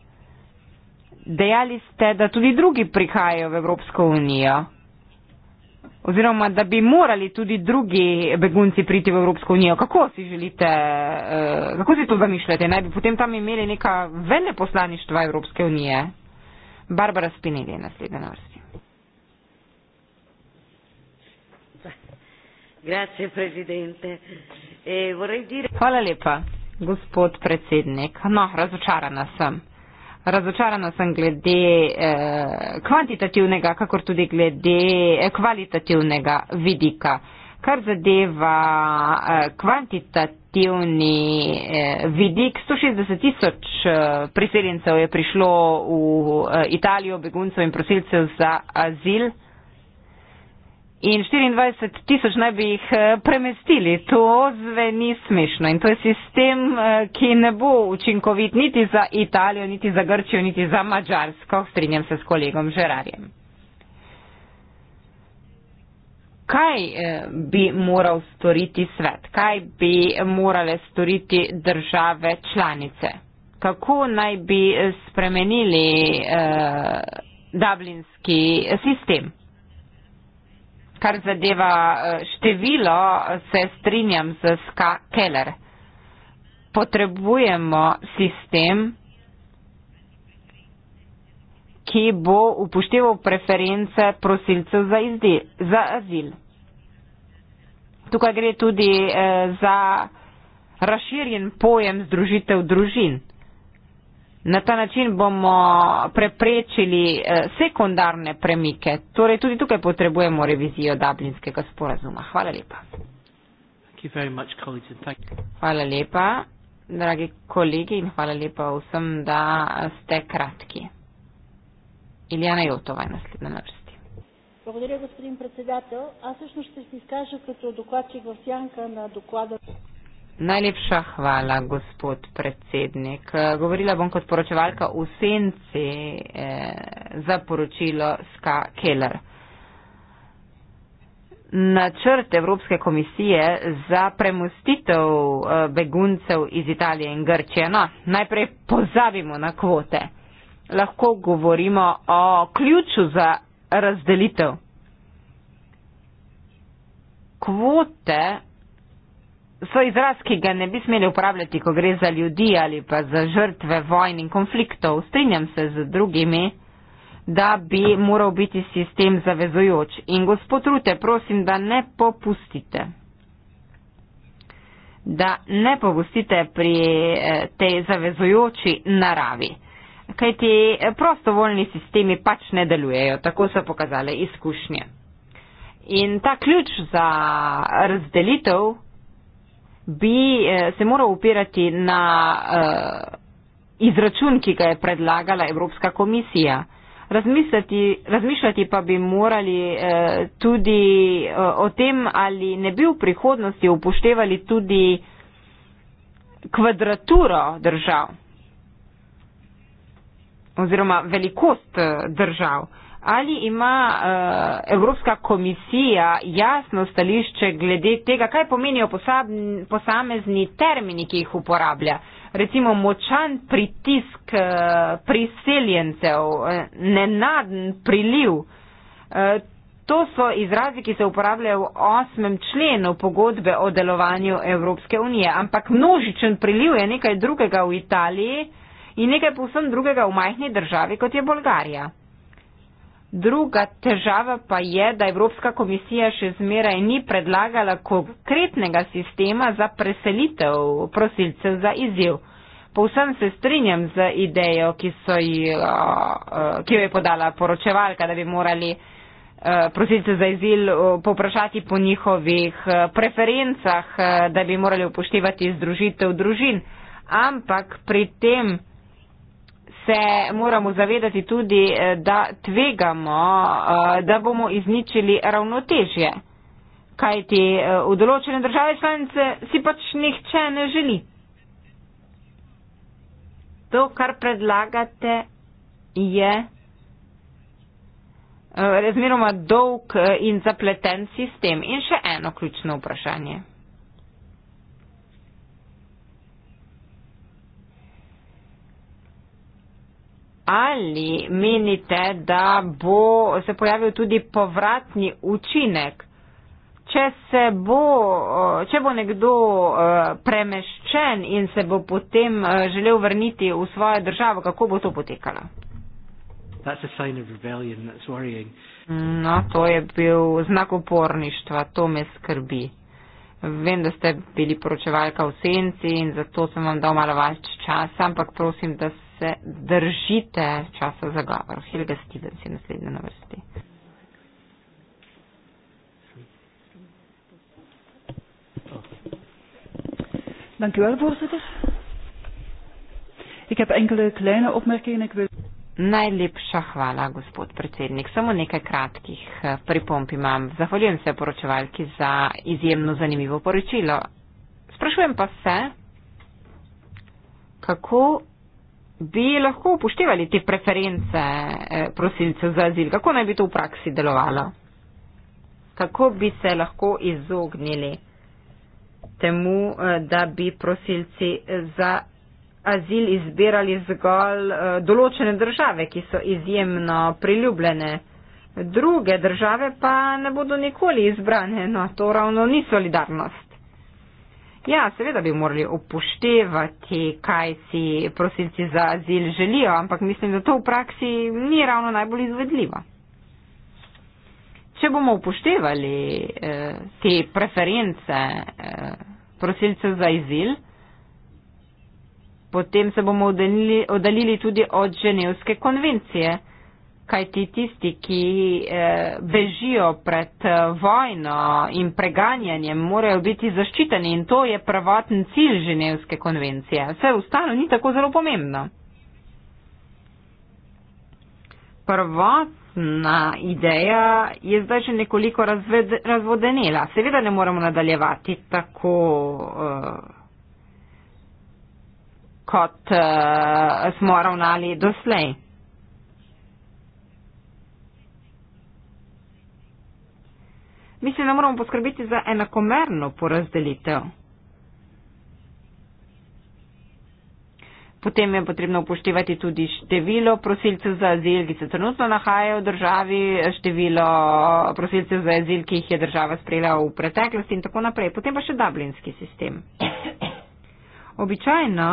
Dejali ste, da tudi drugi prihajajo v Evropsko unijo oziroma da bi morali tudi drugi begunci priti v Evropsko unijo. Kako si želite, eh, kako si to zamišljate? Naj bi potem tam imeli neka vele poslaništva Evropske unije? Barbara Spinelli je naslednja na vrsti. Eh, Hvala lepa, gospod predsednik. No, razočarana sem razočarana sem glede eh, kvantitativnega, kakor tudi glede eh, kvalitativnega vidika. Kar zadeva eh, kvantitativni eh, vidik, 160 tisoč eh, priseljencev je prišlo v eh, Italijo, beguncev in prosilcev za azil. In 24 tisoč naj bi jih eh, premestili. To zveni smešno in to je sistem, eh, ki ne bo učinkovit niti za Italijo, niti za Grčijo, niti za Mačarsko. Strinjam se s kolegom Žerarjem. Kaj eh, bi moral storiti svet? Kaj bi morale storiti države članice? Kako naj bi spremenili eh, dublinski sistem? kar zadeva eh, število, se strinjam z Ska Keller. Potrebujemo sistem, ki bo upošteval preference prosilcev za, izdi, za azil. Tukaj gre tudi eh, za razširjen pojem združitev družin. Na ta način bomo preprečili eh, sekundarne premike. Torej tudi tukaj potrebujemo revizijo Dublinskega sporazuma. Hvala lepa. Hvala lepa, dragi kolegi, in hvala lepa vsem, da ste kratki. Ilijana Jotova je naslednja na vrsti. Благодаря, господин председател. Аз всъщност ще се изкажа като докладчик в сянка на доклада. Najlepša hvala, gospod predsednik. Govorila bom kot poročevalka v senci eh, za poročilo Ska Keller. Načrt Evropske komisije za premustitev eh, beguncev iz Italije in Grčije. No, najprej pozabimo na kvote. Lahko govorimo o ključu za razdelitev. Kvote so izraz, ki ga ne bi smeli uporabljati, ko gre za ljudi ali pa za žrtve vojn in konfliktov. Strinjam se z drugimi, da bi moral biti sistem zavezujoč. In gospod Rute, prosim, da ne popustite. Da ne popustite pri eh, tej zavezujoči naravi. Kaj ti eh, prostovoljni sistemi pač ne delujejo, tako so pokazale izkušnje. In ta ključ za razdelitev bi eh, se moral upirati na eh, izračun, ki ga je predlagala Evropska komisija. Razmišljati pa bi morali eh, tudi o tem, ali ne bi v prihodnosti upoštevali tudi kvadraturo držav oziroma velikost držav ali ima uh, Evropska komisija jasno stališče glede tega, kaj pomenijo posamezni termini, ki jih uporablja. Recimo močan pritisk uh, priseljencev, eh, nenaden priliv. Uh, To so izrazi, ki se uporabljajo v osmem členu pogodbe o delovanju Evropske unije. Ampak množičen priliv je nekaj drugega v Italiji in nekaj povsem drugega v majhni državi, kot je Bolgarija. Druga težava pa je, da Evropska komisija še zmeraj ni predlagala konkretnega sistema za preselitev prosilcev za izjiv. Povsem se strinjam z idejo, ki, ji, ki jo je podala poročevalka, da bi morali prosilce za izil poprašati po njihovih preferencah, da bi morali upoštevati združitev družin. Ampak pri tem se moramo zavedati tudi, eh, da tvegamo, eh, da bomo izničili ravnotežje. Kaj ti eh, v določene države članice si pač nihče ne želi. To, kar predlagate, je razmeroma dolg in zapleten sistem. In še eno ključno vprašanje. ali menite, da bo se pojavil tudi povratni učinek, če, se bo, če bo nekdo premeščen in se bo potem želel vrniti v svojo državo, kako bo to potekalo? No, to je bil znak uporništva, to me skrbi. Vem, da ste bili poročevalka v senci in zato sem vam dal malo več časa, ampak prosim, da se se držite časa za govor. Helga Stevens je naslednja na vrsti. Najlepša hvala, gospod predsednik. Samo nekaj kratkih eh, pripomp imam. Zahvaljujem se poročevalki za izjemno zanimivo poročilo. Sprašujem pa se, kako bi lahko upoštevali te preference eh, prosilcev za azil? Kako naj bi to v praksi delovalo? Kako bi se lahko izognili temu, eh, da bi prosilci eh, za azil izbirali zgolj določene države, ki so izjemno priljubljene, druge države pa ne bodo nikoli izbrane? No, to ravno ni solidarnost. Ja, seveda bi morali upoštevati, kaj si prosilci za azil želijo, ampak mislim, da to v praksi ni ravno najbolj izvedljivo. Če bomo upoštevali eh, te preference eh, prosilcev za azil, potem se bomo oddalili tudi od Ženevske konvencije kajti tisti, ki eh, bežijo pred eh, vojno in preganjanjem, morajo biti zaščiteni in to je pravaten cilj Ženevske konvencije. Vse ostalo ni tako zelo pomembno. Prvotna ideja je zdaj že nekoliko razved, razvodenela. Seveda ne moremo nadaljevati tako. Uh, kot uh, smo ravnali doslej. mislim, da moramo poskrbeti za enakomerno porazdelitev. Potem je potrebno upoštevati tudi število prosilcev za azil, ki se trenutno nahajajo v državi, število prosilcev za azil, ki jih je država sprejela v preteklosti in tako naprej. Potem pa še dublinski sistem. Običajno.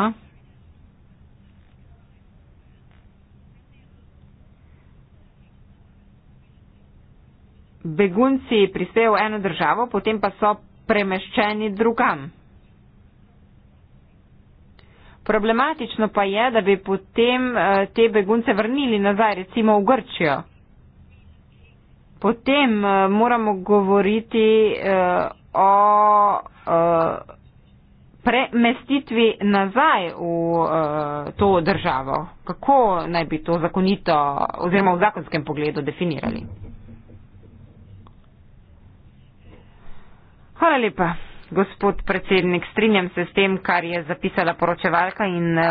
begunci prispejo v eno državo, potem pa so premeščeni drugam. Problematično pa je, da bi potem eh, te begunce vrnili nazaj, recimo v Grčijo. Potem eh, moramo govoriti eh, o premestitvi nazaj v to državo. Kako naj bi to zakonito oziroma v zakonskem pogledu definirali? Hvala lepa. Gospod predsednik, strinjam se s tem, kar je zapisala poročevalka in uh,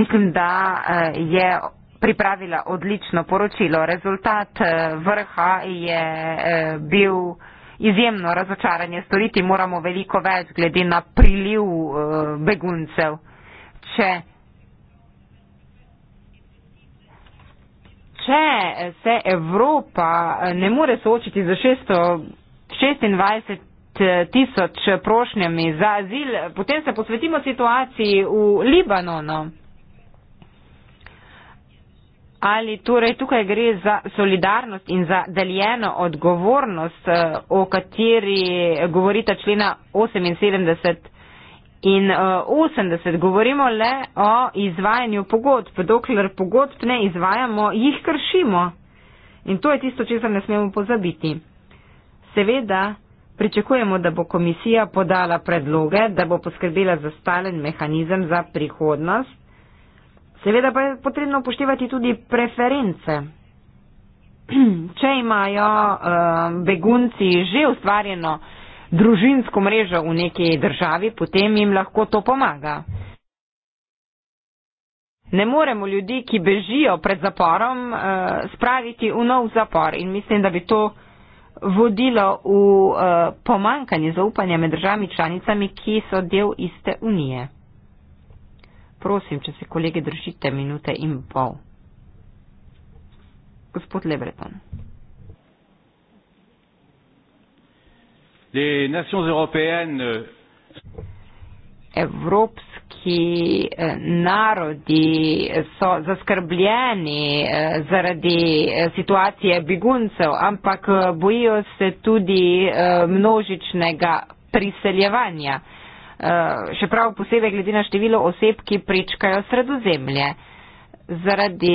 mislim, da uh, je pripravila odlično poročilo. Rezultat uh, vrha je uh, bil izjemno razočaranje. Storiti moramo veliko več glede na priliv uh, beguncev. Če, če se Evropa ne more soočiti za 626 tisoč prošnjami za azil. Potem se posvetimo situaciji v Libanonu. Ali torej tukaj gre za solidarnost in za deljeno odgovornost, eh, o kateri govorita člena 78 in 80. Eh, Govorimo le o izvajanju pogodb. Dokler pogodb ne izvajamo, jih kršimo. In to je tisto, česar ne smemo pozabiti. Seveda, Pričakujemo, da bo komisija podala predloge, da bo poskrbela za stalen mehanizem za prihodnost. Seveda pa je potrebno upoštevati tudi preference. Če imajo uh, begunci že ustvarjeno družinsko mrežo v neki državi, potem jim lahko to pomaga. Ne moremo ljudi, ki bežijo pred zaporom, uh, spraviti v nov zapor in mislim, da bi to vodilo v uh, eh, pomankanje zaupanja med državami članicami, ki so del iste unije. Prosim, če se kolege držite minute in pol. Gospod Lebreton. Evropske ki eh, narodi so zaskrbljeni eh, zaradi eh, situacije beguncev, ampak bojijo se tudi množičnega priseljevanja. Še prav posebej glede na število oseb, ki pričkajo sredozemlje. Zaradi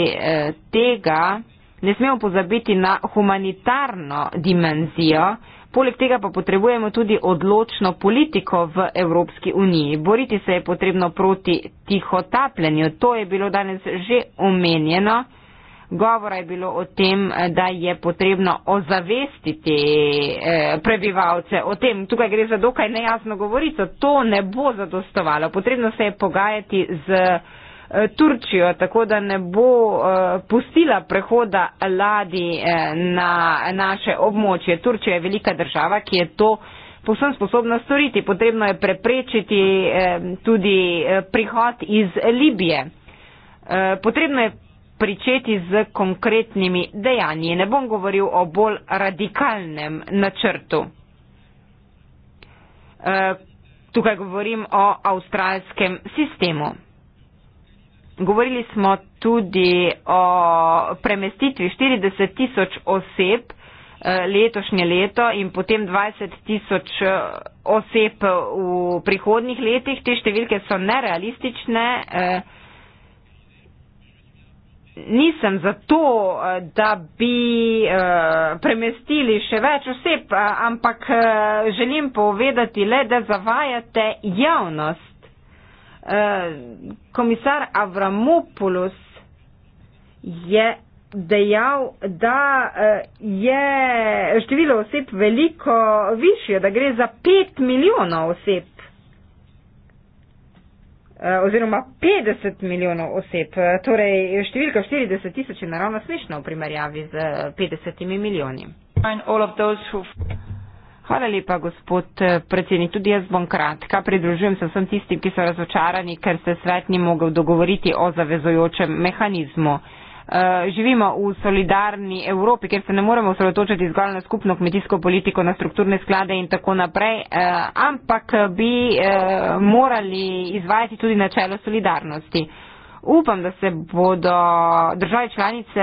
tega ne smemo pozabiti na humanitarno dimenzijo, Poleg tega pa potrebujemo tudi odločno politiko v Evropski uniji. Boriti se je potrebno proti tihotapljenju. To je bilo danes že omenjeno. Govora je bilo o tem, da je potrebno ozavestiti eh, prebivalce o tem. Tukaj gre za dokaj nejasno govorico. To ne bo zadostovalo. Potrebno se je pogajati z. Eh, Turčijo, tako da ne bo eh, pustila prehoda ladi eh, na naše območje. Turčija je velika država, ki je to posebno sposobna storiti. Potrebno je preprečiti tudi prihod iz Libije. Potrebno je pričeti z konkretnimi dejanji. Ne bom govoril o bolj radikalnem načrtu. Tukaj govorim o avstralskem sistemu. Govorili smo tudi o premestitvi 40 tisoč oseb eh, letošnje leto in potem 20 tisoč eh, oseb v prihodnih letih. Te številke so nerealistične. Eh, nisem za to, da bi premestili še več oseb, ampak želim povedati le, da zavajate javnost. Eh, komisar Avramopoulos je dejal, da eh, je število oseb veliko višje, da gre za pet milijonov oseb eh, oziroma 50 milijonov oseb. Torej, številka 40 tisoč je naravno smešna v primerjavi z 50 milijoni. Hvala lepa, gospod eh, predsednik. Tudi jaz bom kratka. Pridružujem se vsem tistim, ki so razočarani, ker se svet ni mogel dogovoriti o zavezojočem mehanizmu. Eh, živimo v solidarni Evropi, kjer se ne moremo osredotočiti zgolj na skupno kmetijsko politiko, na strukturne sklade in tako naprej, eh, ampak bi morali izvajati tudi načelo solidarnosti upam, da se bodo države članice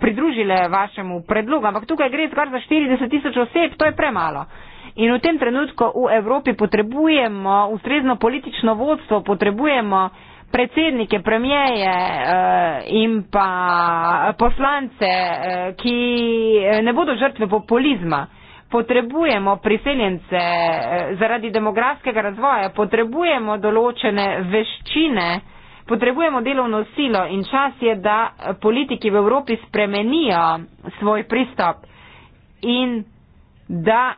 pridružile vašemu predlogu, ampak tukaj gre zgolj za 40 tisoč oseb, to je premalo. In v tem trenutku v Evropi potrebujemo ustrezno politično vodstvo, potrebujemo predsednike, premijeje eh, in pa poslance, eh, ki ne bodo žrtve populizma. Potrebujemo priseljence eh, zaradi demografskega razvoja, potrebujemo določene veščine, Potrebujemo delovno silo in čas je, da politiki v Evropi spremenijo svoj pristop in da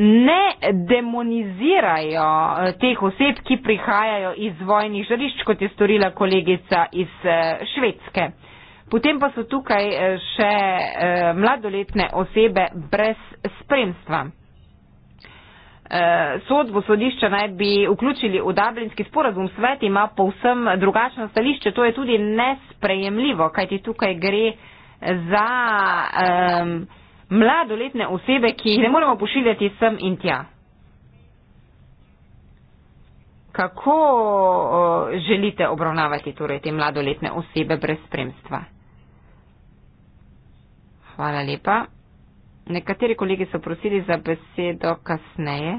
ne demonizirajo eh, teh oseb, ki prihajajo iz vojnih žarišč, kot je storila kolegica iz eh, Švedske. Potem pa so tukaj eh, še mladoletne osebe brez spremstva. Eh, sodbo sodišča naj bi vključili v Dublinski sporazum, svet ima povsem drugačno stališče. To je tudi nesprejemljivo, kajti tukaj gre za um, mladoletne osebe, ki jih ne moremo pošiljati sem in tja. Kako uh, želite obravnavati torej, te mladoletne osebe brez spremstva? Hvala lepa. Nekateri kolegi so prosili za besedo kasneje.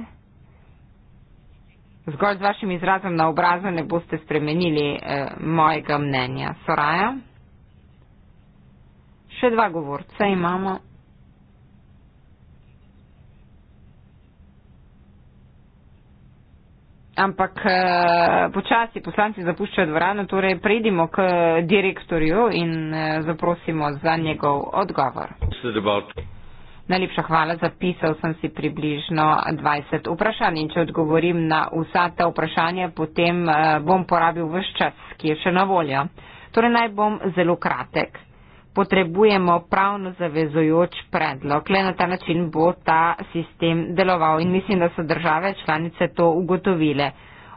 Zgolj z vašim izrazom na obrazu ne boste spremenili eh, mojega mnenja. Soraja. Še dva govorca imamo. Ampak eh, počasi poslanci zapuščajo dvorano, torej pridimo k direktorju in eh, zaprosimo za njegov odgovor. Najlepša hvala, zapisal sem si približno 20 vprašanj in če odgovorim na vsa ta vprašanja, potem eh, bom porabil vse čas, ki je še na voljo. Torej naj bom zelo kratek. Potrebujemo pravno zavezojoč predlog, le na ta način bo ta sistem deloval in mislim, da so države članice to ugotovile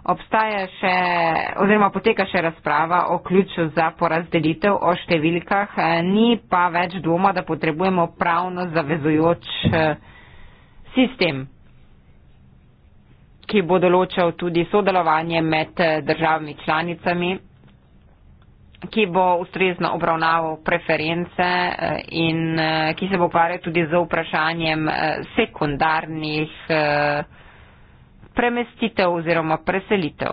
obstaja še oziroma poteka še razprava o ključu za porazdelitev o številkah, eh, ni pa več dvoma, da potrebujemo pravno zavezujoč eh, sistem, ki bo določal tudi sodelovanje med eh, državami članicami, ki bo ustrezno obravnaval preference in ki se bo ukvarjal tudi z vprašanjem sekundarnih premestitev oziroma preselitev.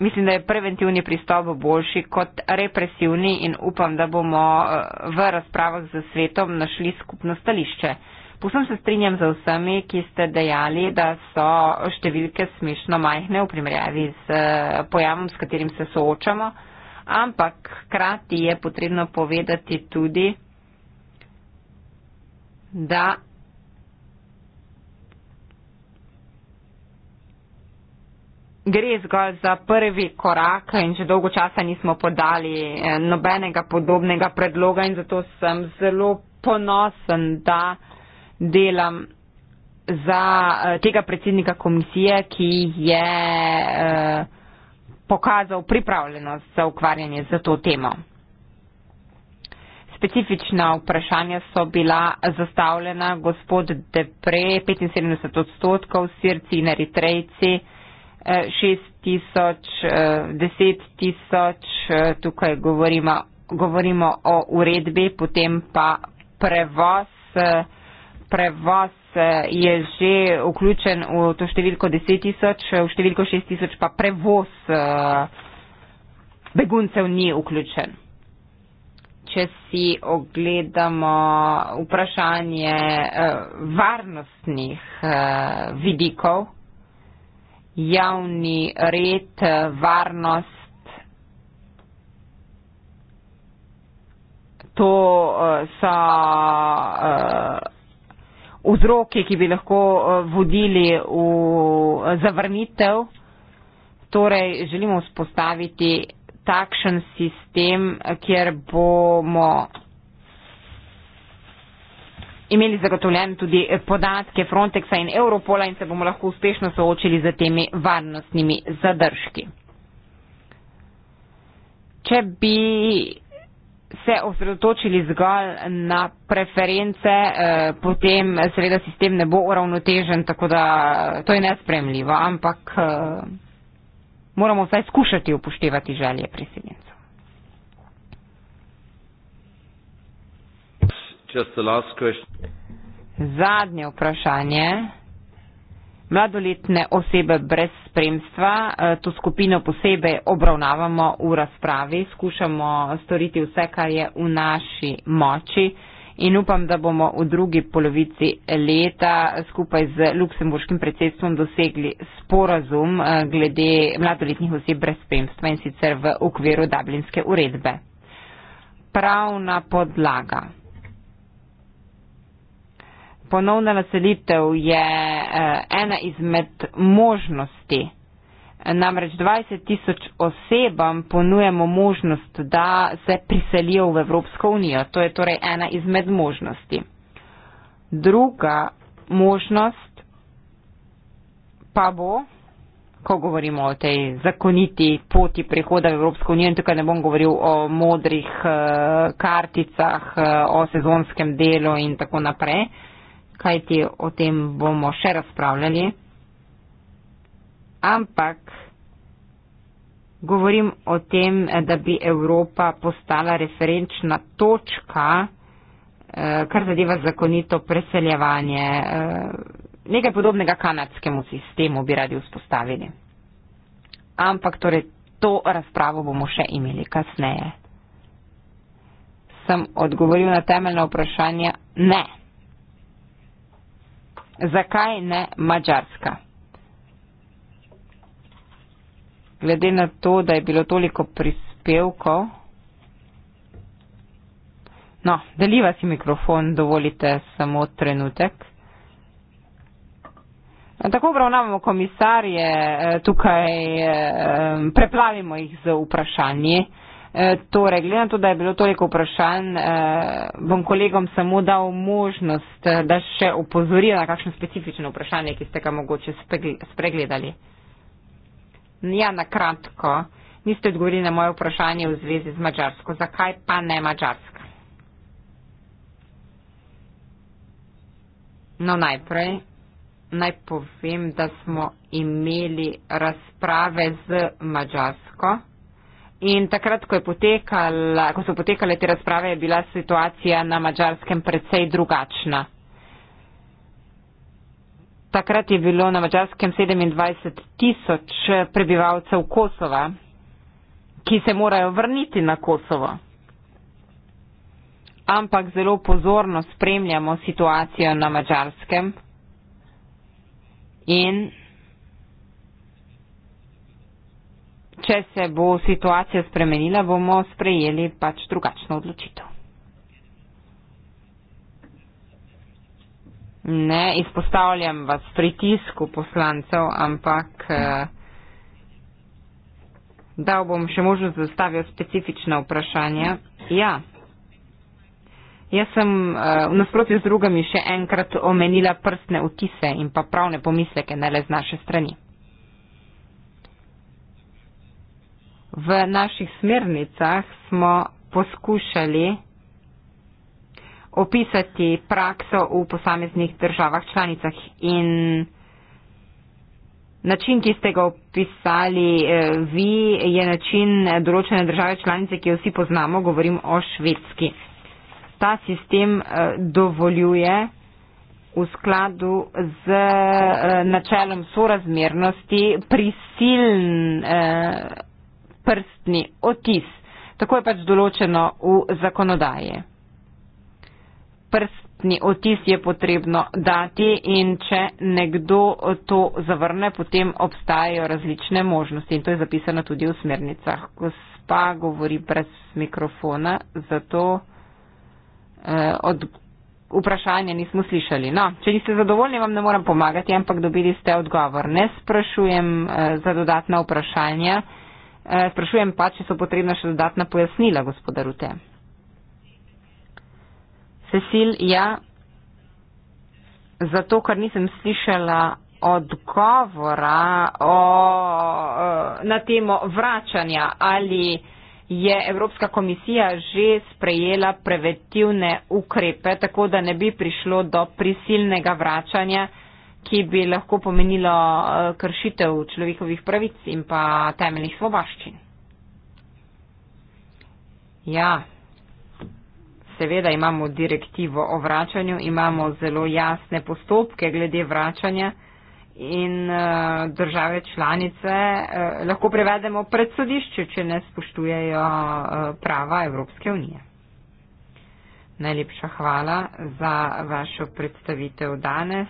Mislim, da je preventivni pristop boljši kot represivni in upam, da bomo eh, v razpravah z svetom našli skupno stališče. Povsem se strinjam za vsemi, ki ste dejali, da so številke smešno majhne v primerjavi z eh, pojavom, s katerim se soočamo, ampak krati je potrebno povedati tudi, da gre zgolj za prvi korak in že dolgo časa nismo podali eh, nobenega podobnega predloga in zato sem zelo ponosen, da delam za eh, tega predsednika komisije, ki je eh, pokazal pripravljenost za ukvarjanje za to temo. Specifična vprašanja so bila zastavljena gospod Depre, 75 odstotkov, Sirci in Eritrejci, 6 tisoč, 10 eh, tisoč, eh, tukaj govorimo, govorimo o uredbi, potem pa prevoz. Eh, prevoz je že vključen v to številko 10 tisoč, v številko 6 tisoč pa prevoz beguncev ni vključen. Če si ogledamo vprašanje varnostnih vidikov, javni red, varnost. To eh, so eh, vzroki, ki bi lahko eh, vodili v zavrnitev. Torej, želimo vzpostaviti takšen sistem, kjer bomo imeli zagotovljene tudi eh, podatke Frontexa in Europola in se bomo lahko uspešno soočili z temi varnostnimi zadržki. Če bi se osredotočili zgolj na preference, eh, potem seveda sistem ne bo uravnotežen, tako da eh, to je nespremljivo, ampak moramo vsaj skušati upoštevati želje priseljencev. Just the last question. Zadnje vprašanje. Mladoletne osebe brez spremstva, e, to skupino posebej obravnavamo v razpravi, skušamo storiti vse, kar je v naši moči in upam, da bomo v drugi polovici leta skupaj z Luksemburškim predsedstvom dosegli sporazum e, glede mladoletnih oseb brez spremstva in sicer v okviru Dublinske uredbe. Pravna podlaga ponovna naselitev je eh, ena izmed možnosti. Namreč 20 tisoč osebam ponujemo možnost, da se priselijo v Evropsko unijo. To je torej ena izmed možnosti. Druga možnost pa bo, ko govorimo o tej zakoniti poti prihoda v Evropsko unijo, in tukaj ne bom govoril o modrih eh, karticah, eh, o sezonskem delu in tako naprej, kajti o tem bomo še razpravljali, ampak govorim o tem, da bi Evropa postala referenčna točka, eh, kar zadeva zakonito preseljevanje, eh, nekaj podobnega kanadskemu sistemu bi radi vzpostavili. Ampak torej to razpravo bomo še imeli kasneje. Sem odgovoril na temeljno vprašanje ne zakaj ne Mačarska? Glede na to, da je bilo toliko prispevkov. No, deliva si mikrofon, dovolite samo trenutek. Tako obravnavamo komisarje, eh, tukaj eh, preplavimo jih z vprašanji. E, torej, glede na to, da je bilo toliko vprašanj, e, bom kolegom samo dal možnost, e, da še upozorijo na kakšno specifično vprašanje, ki ste ga mogoče spregledali. Ja, na kratko, niste odgovorili na moje vprašanje v zvezi z Mačarsko. Zakaj pa ne Mačarska? No, najprej naj povem, da smo imeli razprave z Mačarsko. In takrat, ko, potekala, ko so potekale te razprave, je bila situacija na mačarskem precej drugačna. Takrat je bilo na mačarskem 27 tisoč prebivalcev Kosova, ki se morajo vrniti na Kosovo. Ampak zelo pozorno spremljamo situacijo na mačarskem in če se bo situacija spremenila, bomo sprejeli pač drugačno odločitev. Ne izpostavljam vas pritisku poslancev, ampak eh, dal bom še možnost zastavijo specifična vprašanja. Ja, jaz sem eh, v nasprotju z drugami še enkrat omenila prstne otise in pa pravne pomisleke, ne le z naše strani. v naših smernicah smo poskušali opisati prakso v posameznih državah članicah in način, ki ste ga opisali eh, vi, je način določene države članice, ki jo vsi poznamo, govorim o švedski. Ta sistem eh, dovoljuje v skladu z eh, načelom sorazmernosti prisiln. Eh, prstni otis. Tako je pač določeno v zakonodaji. Prstni otis je potrebno dati in če nekdo to zavrne, potem obstajajo različne možnosti in to je zapisano tudi v smernicah. Gospa govori brez mikrofona, zato eh, od, vprašanje nismo slišali. No, če niste zadovoljni, vam ne moram pomagati, ampak dobili ste odgovor. Ne sprašujem eh, za dodatna vprašanja. Eh, sprašujem pa, če so potrebna še dodatna pojasnila, gospoda Rute. Cecil, ja, zato, ker nisem slišala odgovora o, eh, na temo vračanja, ali je Evropska komisija že sprejela preventivne ukrepe, tako da ne bi prišlo do prisilnega vračanja ki bi lahko pomenilo eh, kršitev človekovih pravic in pa temeljnih svobaščin. Ja, seveda imamo direktivo o vračanju, imamo zelo jasne postopke glede vračanja in eh, države članice eh, lahko prevedemo pred sodišče, če ne spoštujejo prava Evropske unije. Najlepša hvala za vašo predstavitev danes.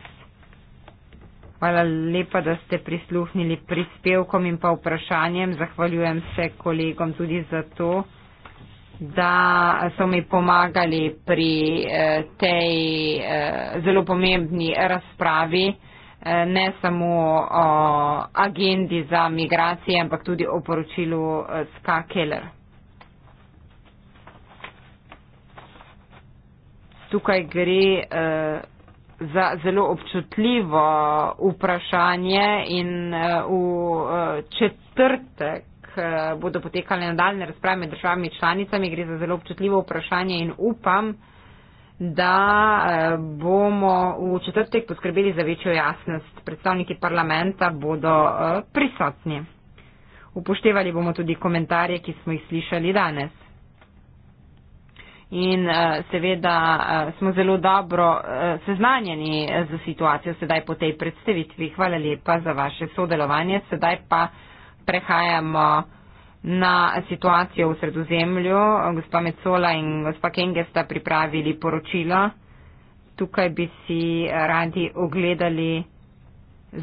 Hvala lepa, da ste prisluhnili prispevkom in pa vprašanjem. Zahvaljujem se kolegom tudi za to, da so mi pomagali pri eh, tej eh, zelo pomembni razpravi, eh, ne samo o agendi za migracije, ampak tudi o poročilu Ska Keller. Tukaj gre. Uh, za zelo občutljivo vprašanje in eh, v eh, četrtek eh, bodo potekale nadaljne razprave med državami članicami. Gre za zelo občutljivo vprašanje in upam, da bomo v četrtek poskrbeli za večjo jasnost. Predstavniki parlamenta bodo prisotni. Upoštevali bomo tudi komentarje, ki smo jih slišali danes in eh, seveda eh, smo zelo dobro eh, seznanjeni z situacijo sedaj po tej predstavitvi. Hvala lepa za vaše sodelovanje. Sedaj pa prehajamo na situacijo v sredozemlju. Gospa Mecola in gospa Kenge sta pripravili poročila. Tukaj bi si radi ogledali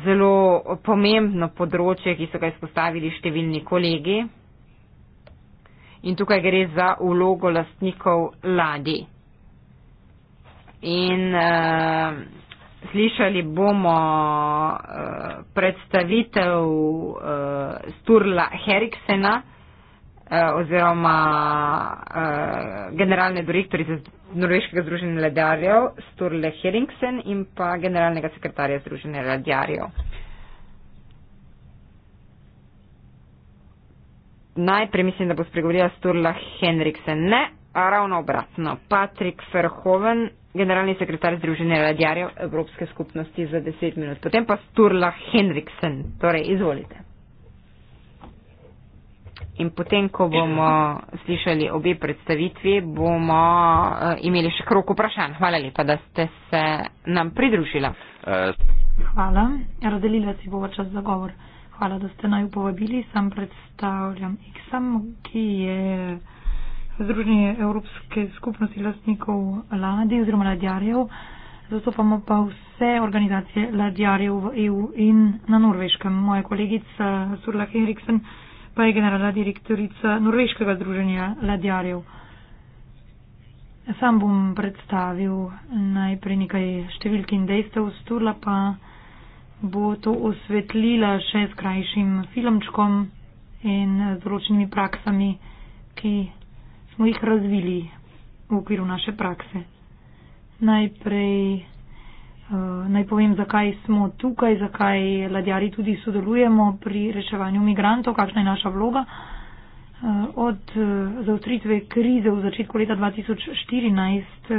zelo pomembno področje, ki so ga izpostavili številni kolegi in tukaj gre za vlogo lastnikov ladi. In uh, slišali bomo uh, predstavitev uh, Sturla Heriksena uh, oziroma uh, generalne direktorice Norveškega združenja ladjarjev Sturle Heriksen in pa generalnega sekretarja združenja ladjarjev. najprej mislim, da bo spregovorila Sturla Henriksen. Ne, ravno obratno. Patrik Verhoven, generalni sekretar Združenja radijarjev Evropske skupnosti za 10 minut. Potem pa Sturla Henriksen. Torej, izvolite. In potem, ko bomo slišali obe predstavitvi, bomo uh, imeli še krok vprašanj. Hvala lepa, da ste se nam pridružila. Eh. Hvala. Razdelila si bova čas za govor. Uh, Hvala, da ste naj povabili. Sam predstavljam XAM, ki je Združenje Evropske skupnosti lastnikov ladij oziroma ladjarjev. Zastopamo pa vse organizacije ladjarjev v EU in na norveškem. Moja kolegica Surla Henriksen pa je generalna direktorica Norveškega združenja ladjarjev. Sam bom predstavil najprej nekaj številk in dejstev, Sturla pa bo to osvetlila še s krajšim filmčkom in z določenimi praksami, ki smo jih razvili v okviru naše prakse. Najprej eh, naj povem, zakaj smo tukaj, zakaj ladjari tudi sodelujemo pri reševanju migrantov, kakšna je naša vloga. Eh, od eh, zaustritve krize v začetku leta 2014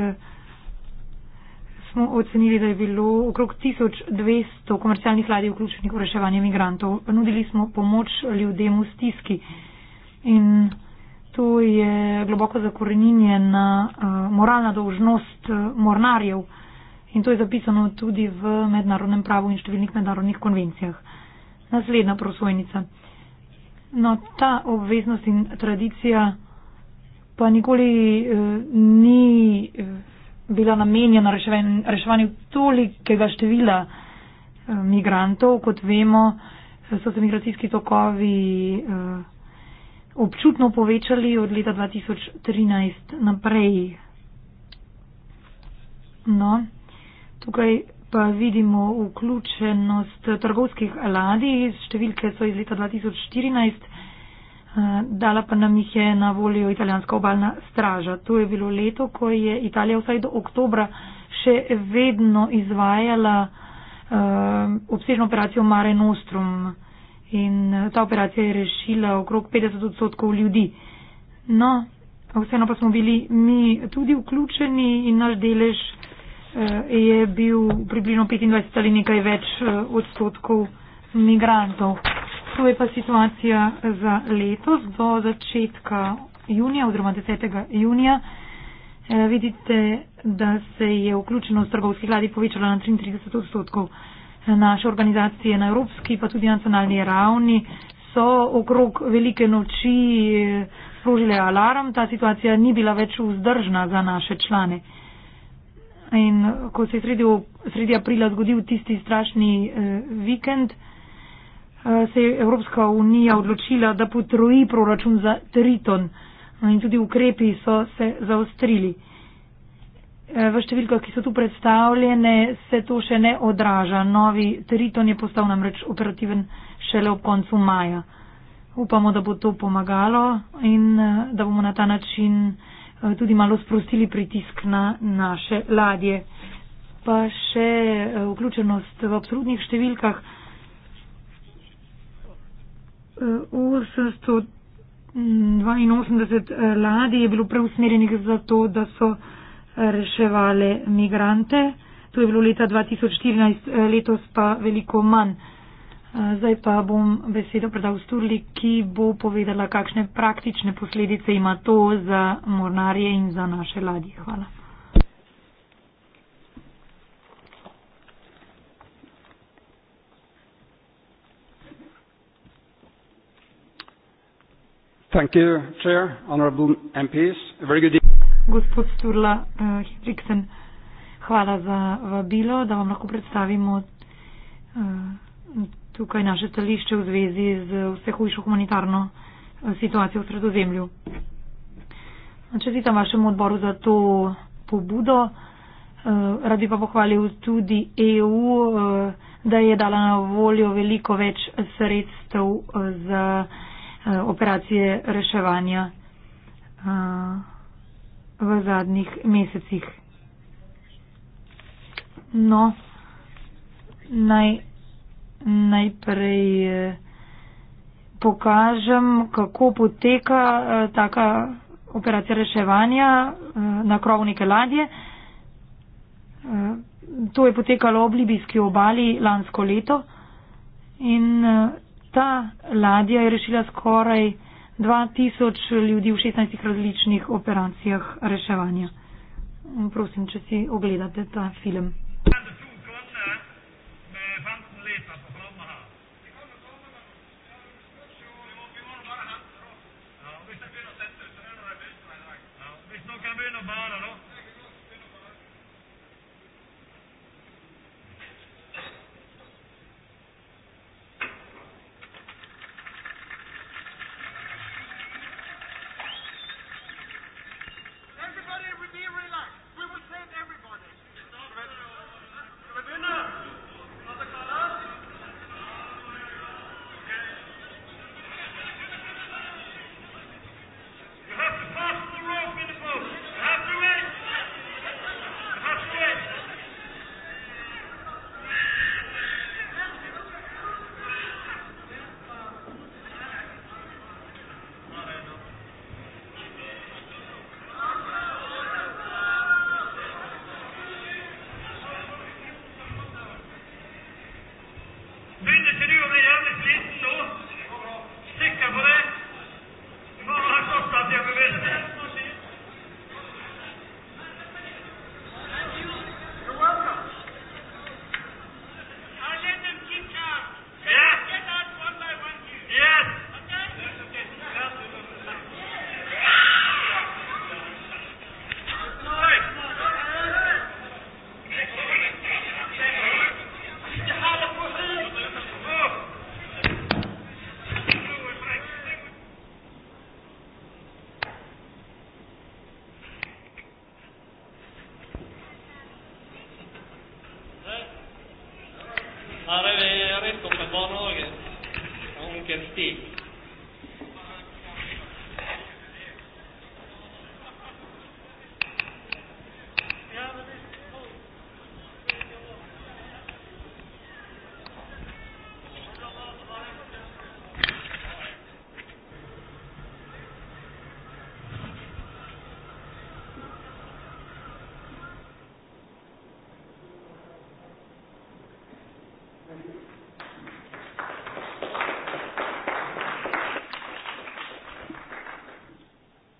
smo ocenili, da je bilo okrog 1200 komercialnih ladij vključenih v reševanje migrantov. Nudili smo pomoč ljudem v stiski. In to je globoko zakoreninjena eh, moralna dolžnost eh, mornarjev in to je zapisano tudi v mednarodnem pravu in številnih mednarodnih konvencijah. Naslednja prosojnica. No, ta obveznost in tradicija pa nikoli eh, ni. Eh, bila namenjena reševanju tolikega števila eh, migrantov, kot vemo, eh, so se migracijski tokovi eh, občutno povečali od leta 2013 naprej. No, tukaj pa vidimo vključenost trgovskih ladij, številke so iz leta 2014 dala pa nam jih je na voljo italijanska obalna straža. To je bilo leto, ko je Italija vsaj do oktobra še vedno izvajala eh, obsežno operacijo Mare Nostrum in eh, ta operacija je rešila okrog 50 odstotkov ljudi. No, vseeno pa smo bili mi tudi vključeni in naš delež eh, je bil približno 25 ali nekaj več odstotkov migrantov. To je pa situacija za letos do začetka junija oziroma 10. junija. E, vidite, da se je vključeno v trgovski vladi povečalo na 33 odstotkov. Naše organizacije na evropski pa tudi nacionalni ravni so okrog velike noči eh, sprožile alarm. Ta situacija ni bila več vzdržna za naše člane. In eh, ko se je sredi, sredi aprila zgodil tisti strašni eh, vikend, eh, Eh, se je Evropska unija odločila, da potroji proračun za triton eh, in tudi ukrepi so se zaostrili. Eh, v številkah, ki so tu predstavljene, se to še ne odraža. Novi triton je postal namreč operativen šele ob koncu maja. Upamo, da bo to pomagalo in da bomo na ta način tudi malo sprostili pritisk na naše ladje. Pa še vključenost v absolutnih številkah. 882 eh, ladij je bilo preusmerjenih za to, da so eh, reševali migrante. To je bilo leta 2014, eh, letos pa veliko manj. Zdaj pa bom besedo predal Sturli, ki bo povedala, kakšne praktične posledice ima to za mornarje in za naše ladje. Hvala. Thank you, Chair. Honorable MPs, a very good evening. Gospod Sturla uh, Hendriksen, hvala za vabilo, da vam lahko predstavimo uh, tukaj naše stališče v zvezi z vse hujšo humanitarno eh, situacijo v sredozemlju. Čestitam vašemu odboru za to pobudo. Uh, radi pa pohvalil tudi EU, uh, da je dala na voljo veliko več sredstev uh, za. Eh, operacije reševanja eh, v zadnjih mesecih. No, naj, najprej eh, pokažem, kako poteka taka operacija reševanja na krovnike ladje. To je potekalo ob libijski obali lansko leto in ta ladja je rešila skoraj 2000 ljudi v 16 različnih operacijah reševanja. Prosim, če si ogledate ta film. Bye.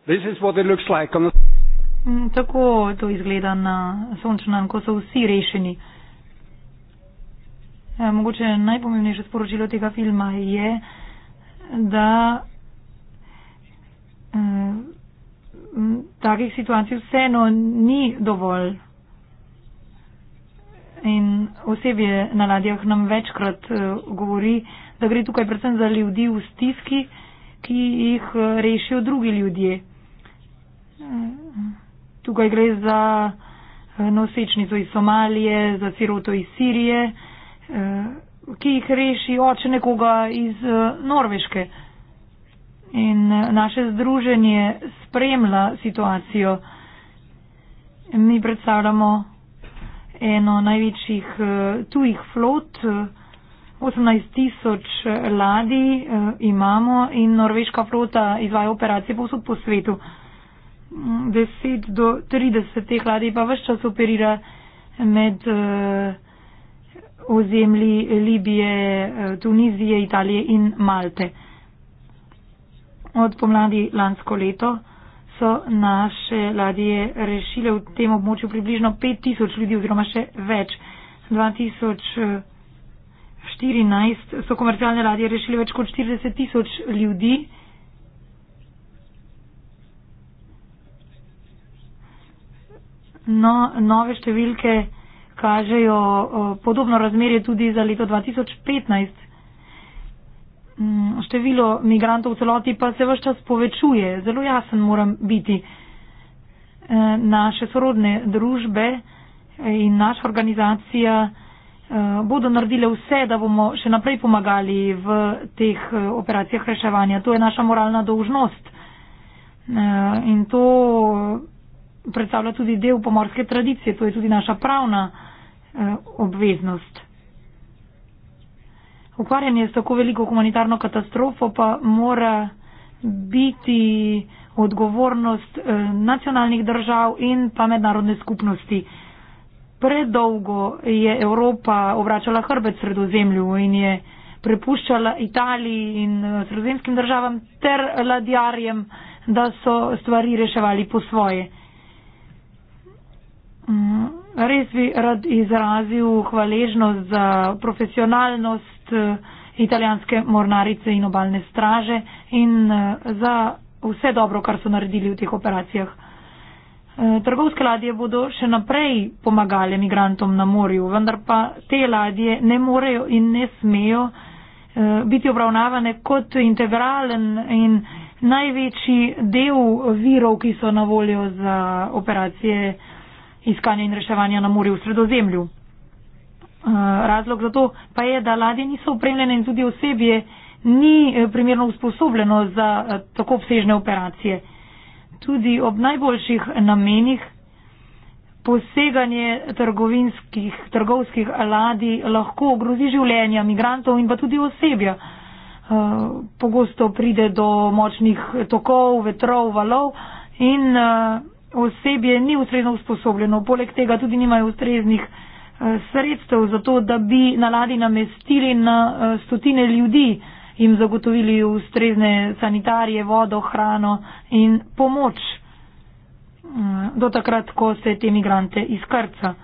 Like a... Mm, tako to izgleda na sončnem, ko so vsi rešeni. Ja, mogoče najpomembnejše sporočilo tega filma je, da eh, takih situacij vseeno ni dovolj. In osebje na ladjah nam večkrat eh, govori, da gre tukaj predvsem za ljudi v stiski, ki jih eh, rešijo drugi ljudje tukaj gre za eh, nosečnico iz Somalije, za siroto iz Sirije, eh, ki jih reši oče nekoga iz eh, Norveške. In naše združenje spremlja situacijo. Mi predstavljamo eno največjih tujih flot, 18 tisoč ladij imamo in norveška flota izvaja operacije posod po svetu. 10 do 30 teh ladij pa vse čas operira med uh, ozemlji Libije, eh, Tunizije, Italije in Malte. Od pomladi lansko leto so naše ladje rešile v tem območju približno 5000 ljudi oziroma še več. 2014 eh, so komercialne ladje rešile več kot 40 tisoč ljudi. No, nove številke kažejo podobno razmerje tudi za leto 2015. Mm, število migrantov v celoti pa se vse čas povečuje. Zelo jasen moram biti. E, naše sorodne družbe in naša organizacija e, bodo naredile vse, da bomo še naprej pomagali v teh e, operacijah reševanja. To je naša moralna dolžnost. In to predstavlja tudi del pomorske tradicije, to je tudi naša pravna eh, obveznost. Ukvarjanje s tako veliko humanitarno katastrofo pa mora biti odgovornost eh, nacionalnih držav in pa mednarodne skupnosti. Predolgo je Evropa obračala hrbet sredozemlju in je prepuščala Italiji in eh, sredozemskim državam ter ladjarjem, da so stvari reševali po svoje. Mm, res bi rad izrazil hvaležnost za profesionalnost eh, italijanske mornarice in obalne straže in eh, za vse dobro, kar so naredili v teh operacijah. Eh, trgovske ladje bodo še naprej pomagale migrantom na morju, vendar pa te ladje ne morejo in ne smejo biti obravnavane kot integralen in največji del virov, ki so na voljo za operacije iskanja in reševanja na morju v sredozemlju. Eh, razlog za to pa je, da ladje niso opremljene in tudi osebje ni eh, primerno usposobljeno za eh, tako obsežne operacije. Tudi ob najboljših namenih poseganje trgovinskih, trgovskih ladij lahko ogrozi življenja migrantov in pa tudi osebja. Pogosto pride do močnih tokov, vetrov, valov in osebje ni ustrezno usposobljeno, poleg tega tudi nimajo ustreznih eh, sredstev za to, da bi na ladi namestili na eh, stotine ljudi, jim zagotovili ustrezne sanitarije, vodo, hrano in pomoč mm, do takrat, ko se te migrante izkrca.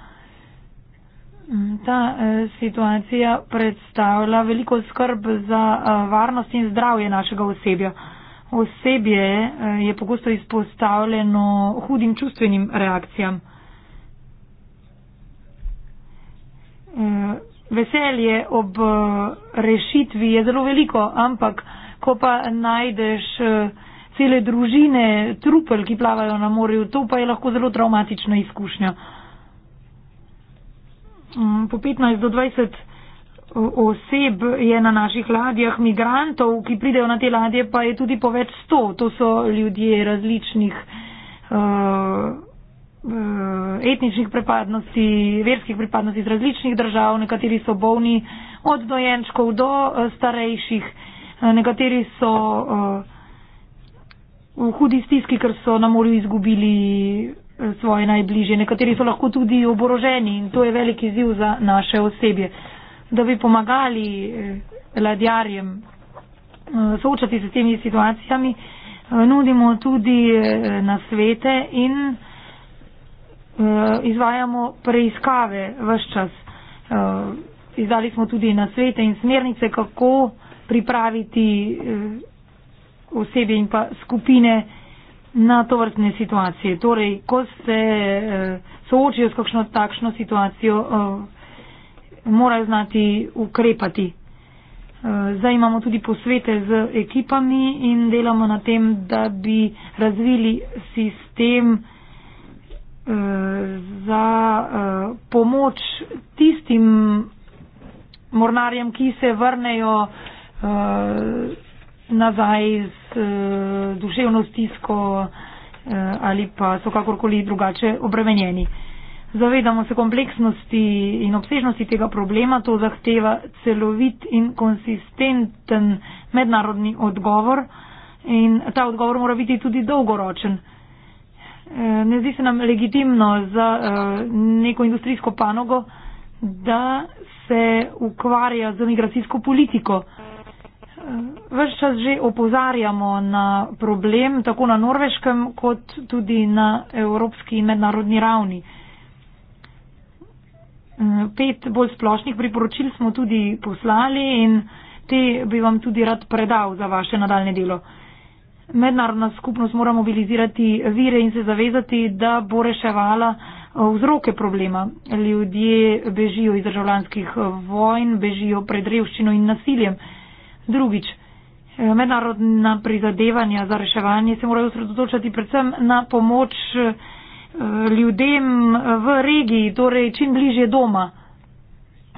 Mm, ta eh, situacija predstavlja veliko skrb za varnost in zdravje našega osebja osebje eh, je pogosto izpostavljeno hudim čustvenim reakcijam. Eh, veselje ob eh, rešitvi je zelo veliko, ampak ko pa najdeš cele družine trupel, ki plavajo na morju, to pa je lahko zelo traumatična izkušnja. Mm, po 15 do 20 oseb je na naših ladjah, migrantov, ki pridejo na te ladje, pa je tudi po več sto. To so ljudje različnih uh, etničnih pripadnosti, verskih pripadnosti iz različnih držav, nekateri so bolni od dojenčkov do uh, starejših, nekateri so uh, v hudi stiski, ker so na morju izgubili svoje najbližje, nekateri so lahko tudi oboroženi in to je veliki ziv za naše osebje da bi pomagali eh, ladjarjem eh, soočati se s temi situacijami, eh, nudimo tudi nasvete in izvajamo preiskave vse čas. Izdali smo tudi nasvete in smernice, kako pripraviti osebe in pa skupine na to vrstne situacije. Torej, ko se soočijo s kakšno takšno situacijo, morajo znati ukrepati. Eh, zdaj imamo tudi posvete z ekipami in delamo na tem, da bi razvili sistem eh, za eh, pomoč tistim mornarjem, ki se vrnejo nazaj z duševno stisko ali pa so kakorkoli drugače obremenjeni. Zavedamo se kompleksnosti in obsežnosti tega problema, to zahteva celovit in konsistenten mednarodni odgovor in ta odgovor mora biti tudi dolgoročen. E, ne zdi se nam legitimno za e, neko industrijsko panogo, da se ukvarja z migracijsko politiko. E, ves čas že opozarjamo na problem tako na norveškem kot tudi na evropski in mednarodni ravni. Eh, pet bolj splošnih priporočil smo tudi poslali in te bi vam tudi rad predal za vaše nadaljne delo. Mednarodna skupnost mora mobilizirati vire in se zavezati, da bo reševala eh, vzroke problema. Ljudje bežijo iz državljanskih eh, vojn, bežijo pred revščino in nasiljem. Drugič, mednarodna prizadevanja za reševanje se morajo osredotočati predvsem na pomoč Eh, ljudem eh, v regiji, torej čim bližje doma,